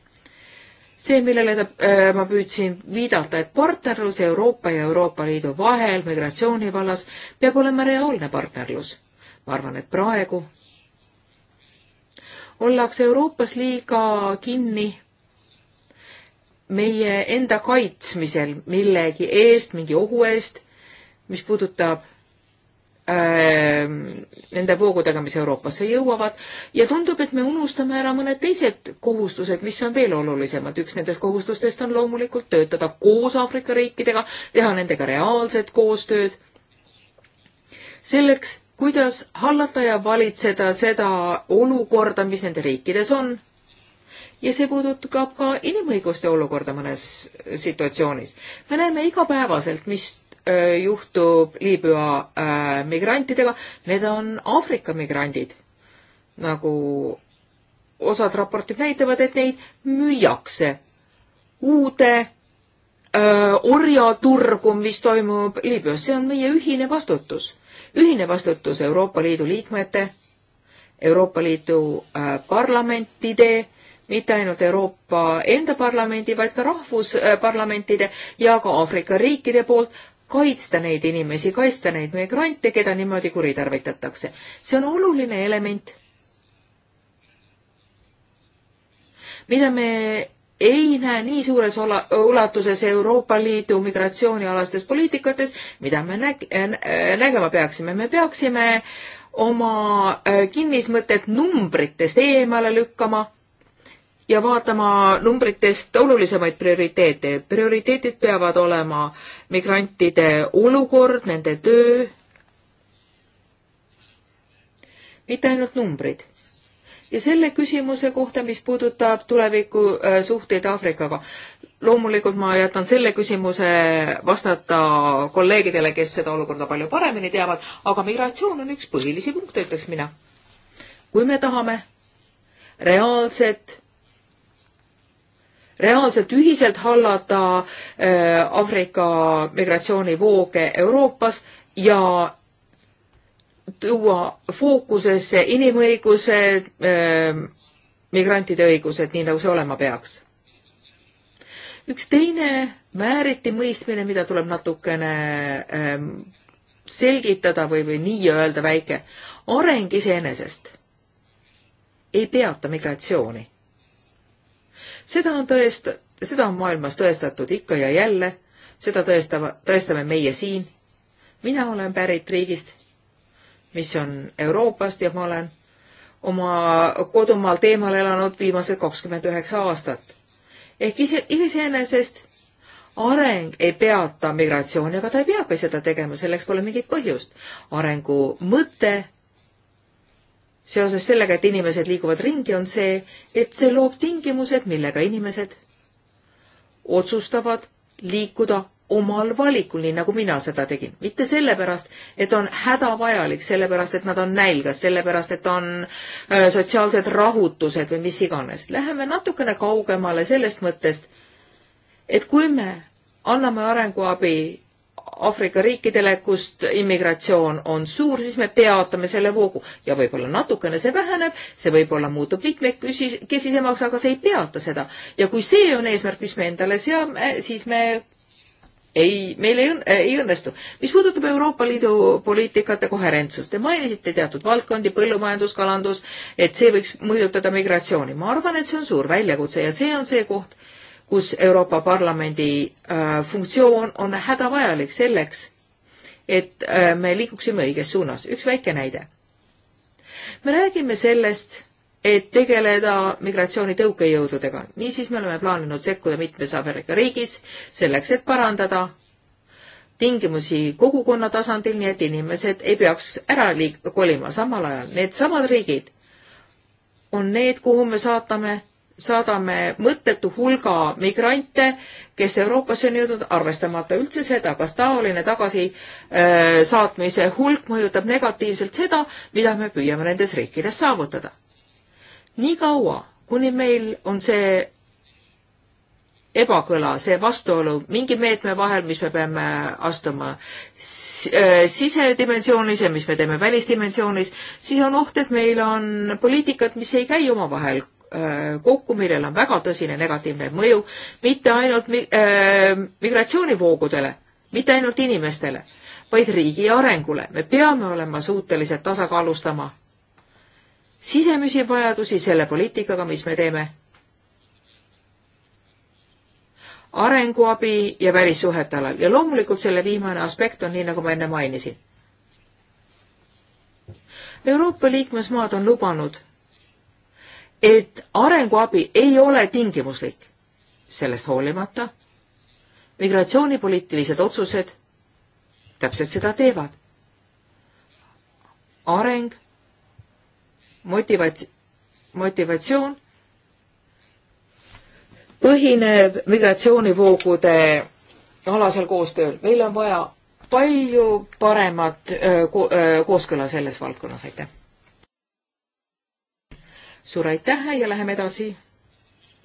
see, millele ta, äh, ma püüdsin viidata, et partnerlus Euroopa ja Euroopa Liidu vahel migratsiooni vallas peab olema reaalne partnerlus. ma arvan, et praegu ollakse Euroopas liiga kinni meie enda kaitsmisel millegi eest, mingi ohu eest, mis puudutab Äh, nende voogudega, mis Euroopasse jõuavad ja tundub, et me unustame ära mõned teised kohustused, mis on veel olulisemad. üks nendest kohustustest on loomulikult töötada koos Aafrika riikidega, teha nendega reaalset koostööd. selleks, kuidas hallata ja valitseda seda olukorda, mis nende riikides on ja see puudutab ka inimõiguste olukorda mõnes situatsioonis. me näeme igapäevaselt, mis Äh, juhtub Liibüa äh, migrantidega, need on Aafrika migrandid, nagu osad raportid näitavad, et neid müüakse uude äh, orjaturgu, mis toimub Liibüas, see on meie ühine vastutus. ühine vastutus Euroopa Liidu liikmete, Euroopa Liidu parlamentide, mitte ainult Euroopa enda parlamendi, vaid ka rahvusparlamentide ja ka Aafrika riikide poolt kaitsta neid inimesi, kaitsta neid migrante, keda niimoodi kuritarvitatakse. see on oluline element, mida me ei näe nii suures ola, ulatuses Euroopa Liidu migratsioonialastes poliitikates, mida me näg-, nägema peaksime. me peaksime oma äh, kinnismõtet numbritest eemale lükkama ja vaatama numbritest olulisemaid prioriteete. prioriteedid peavad olema migrantide olukord, nende töö, mitte ainult numbrid. ja selle küsimuse kohta, mis puudutab tuleviku äh, suhteid Aafrikaga, loomulikult ma jätan selle küsimuse vastata kolleegidele, kes seda olukorda palju paremini teavad, aga migratsioon on üks põhilisi punkte, ütleks mina. kui me tahame reaalset reaalselt ühiselt hallata äh, Aafrika migratsioonivooge Euroopas ja tuua fookusesse inimõigused, äh, migrantide õigused, nii nagu see olema peaks. üks teine määritimõistmine, mida tuleb natukene ähm, selgitada või, või nii-öelda väike areng iseenesest ei peata migratsiooni seda on tõest-, seda on maailmas tõestatud ikka ja jälle, seda tõestava, tõestame meie siin. mina olen pärit riigist, mis on Euroopast ja ma olen oma kodumaalt eemal elanud viimased kakskümmend üheksa aastat. ehk ise, iseenesest areng ei peata migratsiooni, aga ta ei peagi seda tegema, selleks pole mingit põhjust. arengu mõte seoses sellega, et inimesed liiguvad ringi, on see, et see loob tingimused, millega inimesed otsustavad liikuda omal valikul, nii nagu mina seda tegin. mitte sellepärast, et on hädavajalik, sellepärast et nad on nälgas, sellepärast et on äh, sotsiaalsed rahutused või mis iganes. Läheme natukene kaugemale sellest mõttest, et kui me anname arenguabi Aafrika riikidele, kust immigratsioon on suur, siis me peatame selle voogu ja võib-olla natukene see väheneb, see võib-olla muutub mitmekesisemaks, aga see ei peata seda. ja kui see on eesmärk, mis me endale seame, siis me ei, meil ei, ei õnnestu. mis puudutab Euroopa Liidu poliitikate koherentsust, te mainisite teatud valdkondi, põllumajandus, kalandus, et see võiks mõjutada migratsiooni. ma arvan, et see on suur väljakutse ja see on see koht, kus Euroopa Parlamendi äh, funktsioon on hädavajalik selleks, et äh, me liiguksime õiges suunas. üks väike näide. me räägime sellest, et tegeleda migratsiooni tõukejõududega. niisiis me oleme plaaninud sekkuda mitmes Ameerika riigis selleks, et parandada tingimusi kogukonna tasandil, nii et inimesed ei peaks ära liik-, kolima samal ajal. Needsamad riigid on need, kuhu me saatame saadame mõttetu hulga migrante, kes Euroopasse on jõudnud, arvestamata üldse seda, kas taoline tagasisaatmise äh, hulk mõjutab negatiivselt seda, mida me püüame nendes riikides saavutada. niikaua, kuni meil on see ebakõla, see vastuolu mingi meetme vahel, mis me peame astuma äh, sisedimensioonis ja mis me teeme välisdimensioonis, siis on oht, et meil on poliitikat, mis ei käi omavahel Äh, kokku, millel on väga tõsine negatiivne mõju mitte ainult äh, migratsioonivoogudele, mitte ainult inimestele, vaid riigi arengule. me peame olema suutelised tasakaalustama sisemisi vajadusi selle poliitikaga, mis me teeme arenguabi ja välissuhete alal ja loomulikult selle viimane aspekt on nii, nagu ma enne mainisin. Euroopa liikmesmaad on lubanud et arenguabi ei ole tingimuslik. sellest hoolimata migratsioonipoliitilised otsused täpselt seda teevad. areng, motivats-, motivatsioon põhineb migratsioonivoogude alasel koostööl. meil on vaja palju paremat öö, äh, ko öö, äh, kooskõla selles valdkonnas, aitäh! suur aitäh ja läheme edasi.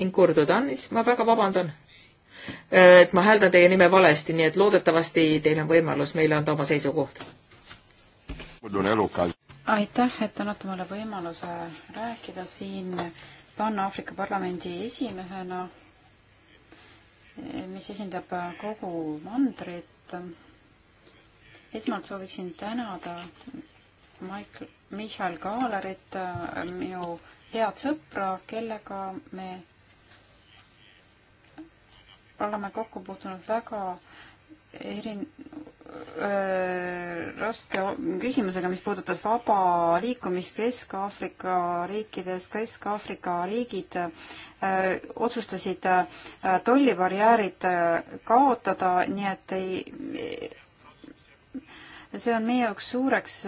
Inkurdudanis, ma väga vabandan, äh, et ma hääldan teie nime valesti, nii et loodetavasti teil on võimalus meile anda oma seisukoht. aitäh, et annate mulle võimaluse rääkida siin Pan-Aafrika Parlamendi esimehena, mis esindab kogu mandrit. esmalt sooviksin tänada Michael, Michal Kaalerit, minu head sõpra, kellega me oleme kokku puutunud väga erin-, raske küsimusega, mis puudutas vaba liikumist Kesk-Aafrika riikides. Kesk-Aafrika riigid öö, otsustasid tollibarjäärid kaotada, nii et ei, see on meie jaoks suureks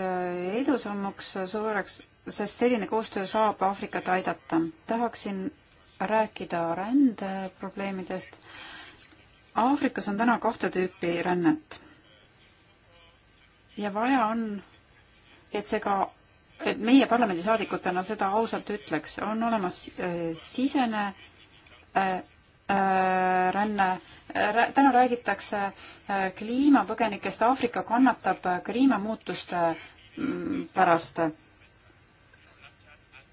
edusammuks, suureks sest selline koostöö saab Aafrikat aidata. tahaksin rääkida rändeprobleemidest. Aafrikas on täna kahte tüüpi rännet. ja vaja on, et see ka, et meie parlamendisaadikutena seda ausalt ütleks, on olemas äh, sisene äh, äh ränne. täna räägitakse äh, kliimapõgenikest, Aafrika kannatab kliimamuutuste mm, pärast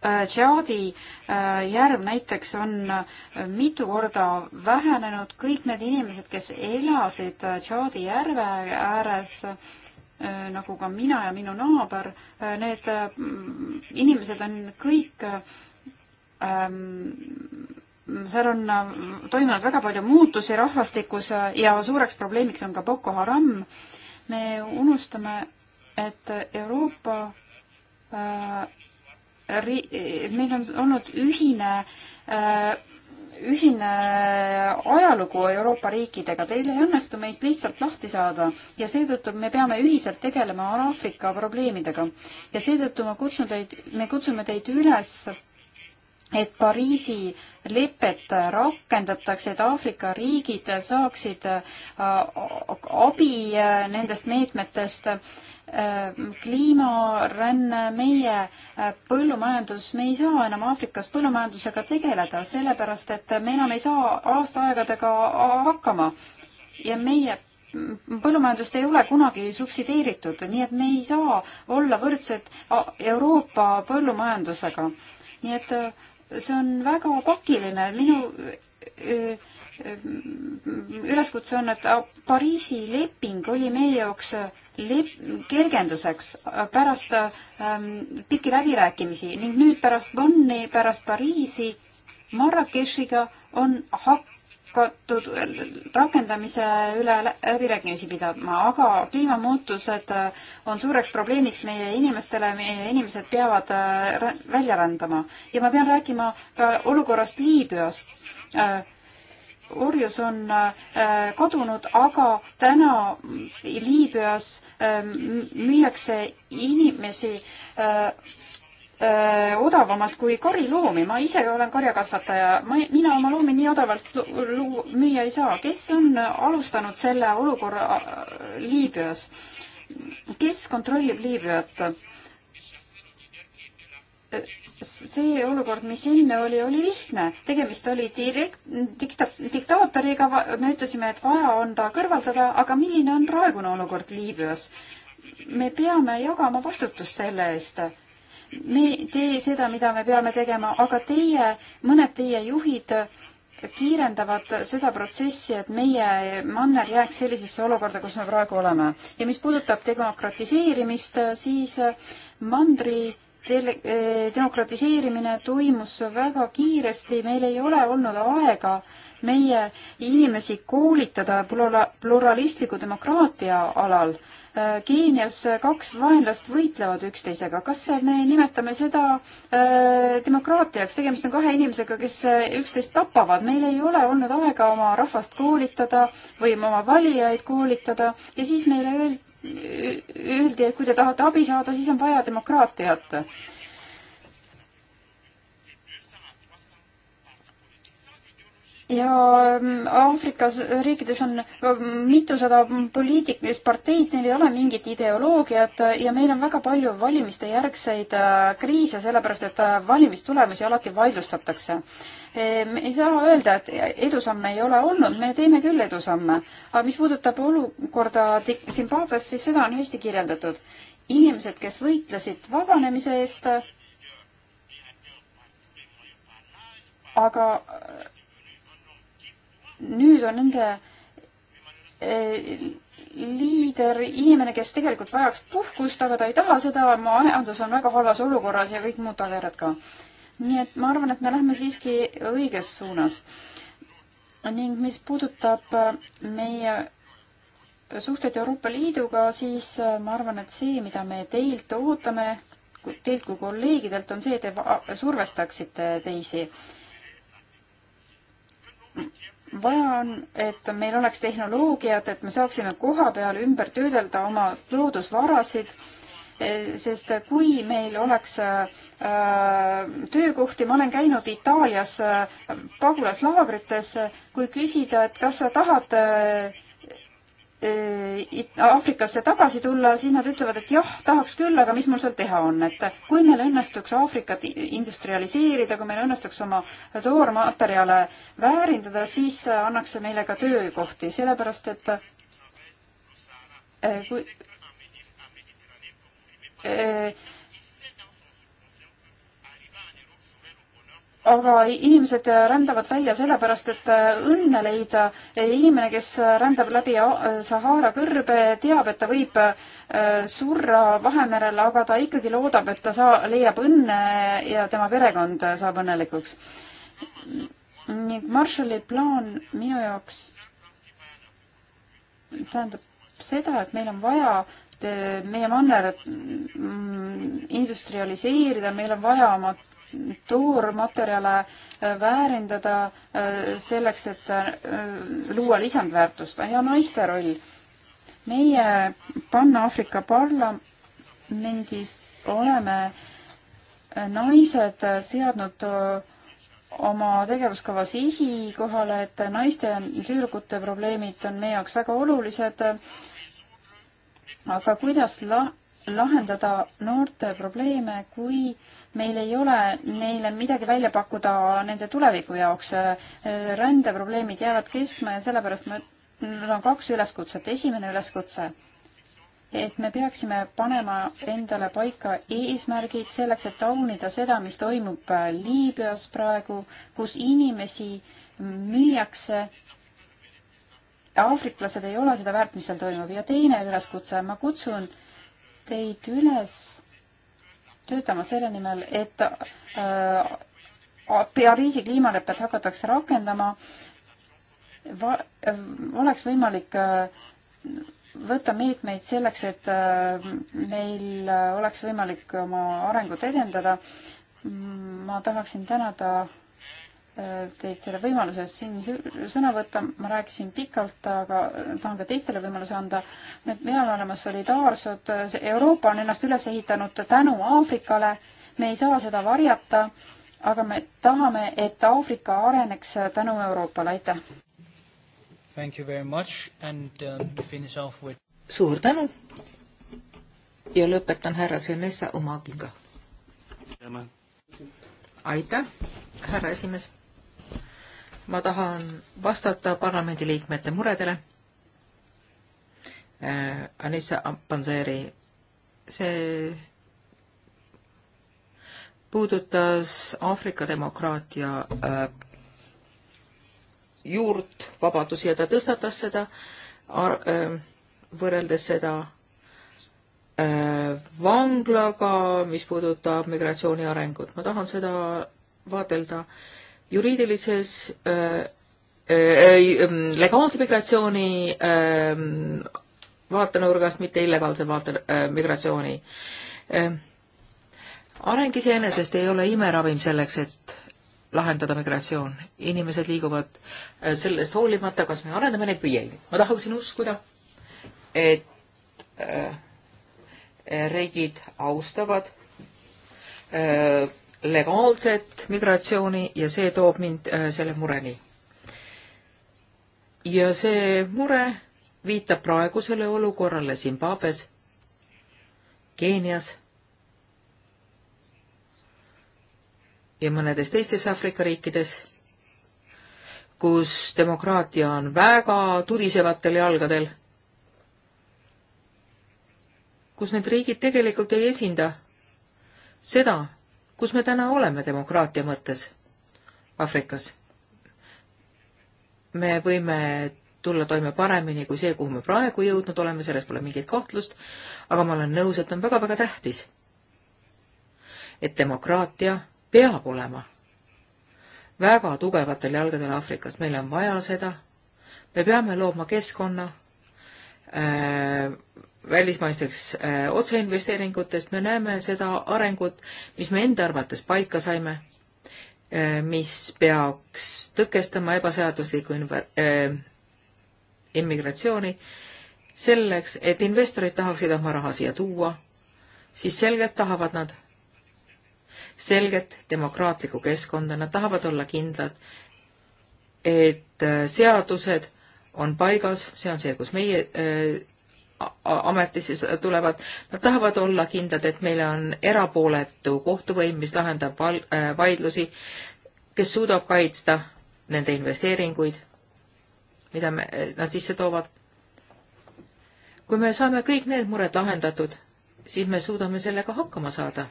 Äh, Tšaadi äh, järv näiteks on äh, mitu korda vähenenud, kõik need inimesed, kes elasid Tšaadi järve ääres, nagu ka mina ja minu naaber, need inimesed on kõik ähm, seal on toimunud väga palju muutusi rahvastikus ja suureks probleemiks on ka Boko Haram. me unustame, et Euroopa äh, et meil on olnud ühine äh, ühine ajalugu Euroopa riikidega, teil ei õnnestu meist lihtsalt lahti saada ja seetõttu me peame ühiselt tegelema Aafrika probleemidega. ja seetõttu ma kutsun teid, me kutsume teid üles, et Pariisi lepet rakendatakse, et Aafrika riigid saaksid äh, abi äh, nendest meetmetest Äh, kliimaränne, meie äh, põllumajandus, me ei saa enam Aafrikas põllumajandusega tegeleda, sellepärast et me enam ei saa aastaaegadega hakkama. ja meie põllumajandust ei ole kunagi subsideeritud, nii et me ei saa olla võrdsed Euroopa põllumajandusega. nii et äh, see on väga pakiline, minu öö, üleskutse on, et Pariisi leping oli meie jaoks kergenduseks pärast ähm, pikki läbirääkimisi ning nüüd pärast Bonni, pärast Pariisi Marrakechiga on hakatud rakendamise üle läbirääkimisi pidama, aga kliimamuutused äh, on suureks probleemiks meie inimestele, meie inimesed peavad äh, välja rändama ja ma pean rääkima ka äh, olukorrast Liibüast orjus on äh, kadunud, aga täna Liibüas ähm, müüakse inimesi äh, äh, odavamalt kui kariloomi. ma ise olen karjakasvataja, ma, mina oma loomi nii odavalt müüa ei saa. kes on alustanud selle olukorra Liibüas? kes kontrollib Liibüat? see olukord, mis enne oli, oli lihtne. tegemist oli direkt-, dikta-, diktaatoriga, me ütlesime, et vaja on ta kõrvaldada, aga milline on praegune olukord Liibüas? me peame jagama vastutust selle eest. me ei tee seda, mida me peame tegema, aga teie, mõned teie juhid kiirendavad seda protsessi, et meie manner jääks sellisesse olukorda, kus me praegu oleme. ja mis puudutab demokratiseerimist, siis mandri äh, dele-, eh, demokratiseerimine toimus väga kiiresti, meil ei ole olnud aega meie inimesi koolitada plura-, pluralistliku demokraatia alal. Eh, Keenias kaks vaenlast võitlevad üksteisega, kas me nimetame seda äh, demokraatiaks, tegemist on kahe inimesega, kes üksteist tapavad, meil ei ole olnud aega oma rahvast koolitada või oma valijaid koolitada ja siis meile öeldi, öeldi, et kui te tahate abi saada, siis on vaja demokraatiat. ja mm, Aafrikas riikides on mm, mitusada poliitilist parteid, neil ei ole mingit ideoloogiat ja meil on väga palju valimiste järgseid äh, kriise, sellepärast et äh, valimistulemusi alati vaidlustatakse. me ehm, ei saa öelda, et edusamme ei ole olnud, me teeme küll edusamme, aga mis puudutab olukorda Zimbabwe's, siis seda on hästi kirjeldatud. inimesed, kes võitlesid vabanemise eest, aga nüüd on nende eh, liider, inimene, kes tegelikult vajaks puhkust, aga ta ei taha seda, majandus on väga halvas olukorras ja kõik muud tagajärjed ka. nii et ma arvan, et me lähme siiski õiges suunas. ning mis puudutab eh, meie suhteid Euroopa Liiduga, siis eh, ma arvan, et see, mida me teilt ootame, teilt kui kolleegidelt, on see, et te survestaksite teisi vaja on, et meil oleks tehnoloogiat, et me saaksime koha peal ümber töödelda oma loodusvarasid, e, sest kui meil oleks äh, töökohti, ma olen käinud Itaalias äh, pagulaslaagrites, kui küsida, et kas sa tahad äh, Äh, Aafrikasse tagasi tulla, siis nad ütlevad, et jah, tahaks küll, aga mis mul seal teha on, et kui meil õnnestuks Aafrikat industrialiseerida, kui meil õnnestuks oma toormaterjale väärindada, siis äh, annaks see meile ka töökohti, sellepärast et äh, kui aga inimesed rändavad välja sellepärast, et äh, õnne leida. inimene, kes rändab läbi Sahara kõrbe, teab, et ta võib äh, surra Vahemerel, aga ta ikkagi loodab, et ta saa-, leiab õnne ja tema perekond saab õnnelikuks. ning Marshalli plaan minu jaoks tähendab seda, et meil on vaja äh, meie manner mm, industrialiseerida, meil on vaja oma toormaterjale äh, väärindada äh, selleks, et äh, luua lisandväärtust ja naiste roll. meie Panna-Aafrika parlamendis oleme naised seadnud oma tegevuskavas esikohale, et naiste ja tüdrukute probleemid on meie jaoks väga olulised. aga kuidas la-, lahendada noorte probleeme, kui äh, meil ei ole neile midagi välja pakkuda nende tuleviku jaoks. rändeprobleemid jäävad kestma ja sellepärast ma, mul on kaks üleskutset. esimene üleskutse, et me peaksime panema endale paika eesmärgid selleks, et taunida seda, mis toimub Liibüas praegu, kus inimesi müüakse aafriklased ei ole seda väärt, mis seal toimub ja teine üleskutse, ma kutsun teid üles töötama selle nimel, et äh, Pariisi kliimalepet hakatakse rakendama, äh, oleks võimalik äh, võtta meetmeid selleks, et äh, meil äh, oleks võimalik oma arengut edendada. Mm, ma tahaksin tänada teid selle võimaluse eest siin sõna võtta. ma rääkisin pikalt, aga tahan ka teistele võimaluse anda. me peame olema solidaarsed. Euroopa on ennast üles ehitanud tänu Aafrikale. me ei saa seda varjata, aga me tahame, et Aafrika areneks tänu Euroopale. aitäh! Thank you very much and um, finish off with suur tänu ja lõpetan härra Senessa omagiga. aitäh, härra esimees ma tahan vastata parlamendiliikmete muredele. Äh, Anissa Ampanzeri, see puudutas Aafrika demokraatia äh, juurt vabadusi ja ta tõstatas seda ar, äh, võrreldes seda äh, vanglaga, mis puudutab migratsiooni arengut. ma tahan seda vaadelda äh, juriidilises äh, äh, ähm, legaalse migratsiooni äh, vaatenurgast, mitte illegaalse vaate äh, migratsiooni äh,. areng iseenesest ei ole imeravim selleks, et lahendada migratsioon. inimesed liiguvad äh, sellest hoolimata, kas me arendame neid või ei. ma tahaksin uskuda, et äh, äh riigid austavad äh, legaalset migratsiooni ja see toob mind äh, selle mureni. ja see mure viitab praegusele olukorrale Zimbabwes, Keenias ja mõnedes teistes Aafrika riikides, kus demokraatia on väga turisevatel jalgadel, kus need riigid tegelikult ei esinda seda, kus me täna oleme demokraatia mõttes Aafrikas. me võime tulla toime paremini kui see, kuhu me praegu jõudnud oleme, selles pole mingit kahtlust, aga ma olen nõus, et on väga-väga tähtis, et demokraatia peab olema väga tugevatel jalgadel Aafrikas, meil on vaja seda, me peame looma keskkonna äh,, välismaisteks äh, otseinvesteeringutest, me näeme seda arengut, mis me enda arvates paika saime, äh, mis peaks tõkestama ebaseaduslikku äh, immigratsiooni, selleks, et investorid tahaksid oma raha siia tuua, siis selgelt tahavad nad selget demokraatlikku keskkonda, nad tahavad olla kindlad, et seadused on paigas, see on see, kus meie äh, ametisse tulevad, nad tahavad olla kindlad, et meil on erapooletu kohtuvõim, mis lahendab val-, äh, vaidlusi, kes suudab kaitsta nende investeeringuid, mida me, äh, nad sisse toovad. kui me saame kõik need mured lahendatud, siis me suudame sellega hakkama saada.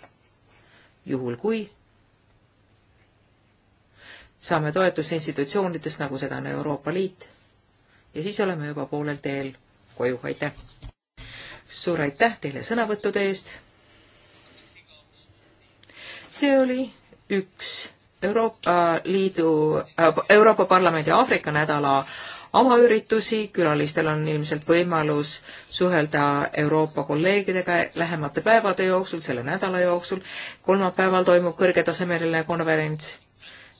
juhul kui saame toetust institutsioonidest, nagu seda on Euroopa Liit, ja siis oleme juba poolel teel koju, aitäh! suur aitäh teile sõnavõttude eest! see oli üks Euroopa Liidu, äh, Euroopa Parlamendi Aafrika nädala oma üritusi, külalistel on ilmselt võimalus suhelda Euroopa kolleegidega lähemate päevade jooksul, selle nädala jooksul. kolmapäeval toimub kõrgetasemeline konverents.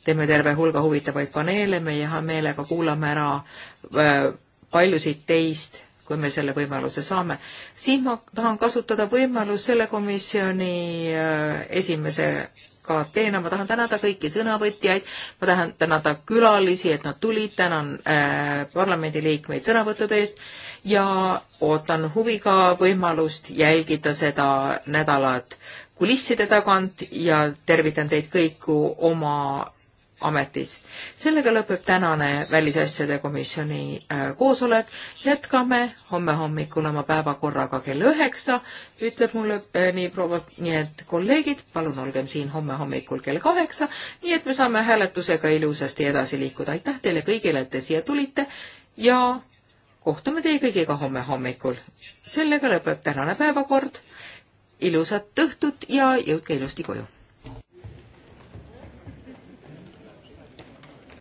teeme terve hulga huvitavaid paneele, me hea meelega kuulame ära äh, paljusid teist kui me selle võimaluse saame. siin ma tahan kasutada võimalust selle komisjoni äh, esimese karanteena, ma tahan tänada kõiki sõnavõtjaid, ma tahan tänada külalisi, et nad tulid, tänan äh, parlamendiliikmeid sõnavõttude eest ja ootan huviga võimalust jälgida seda nädalat kulisside tagant ja tervitan teid kõik oma ametis. sellega lõpeb tänane Välisasjade Komisjoni äh, koosolek. jätkame homme hommikul oma päevakorraga kell üheksa, ütleb mulle äh, nii proua, nii et kolleegid, palun olgem siin homme hommikul kell kaheksa, nii et me saame hääletusega ilusasti edasi liikuda. aitäh teile kõigile, et te siia tulite ja kohtume teie kõigiga homme hommikul. sellega lõpeb tänane päevakord. ilusat õhtut ja jõudke ilusti koju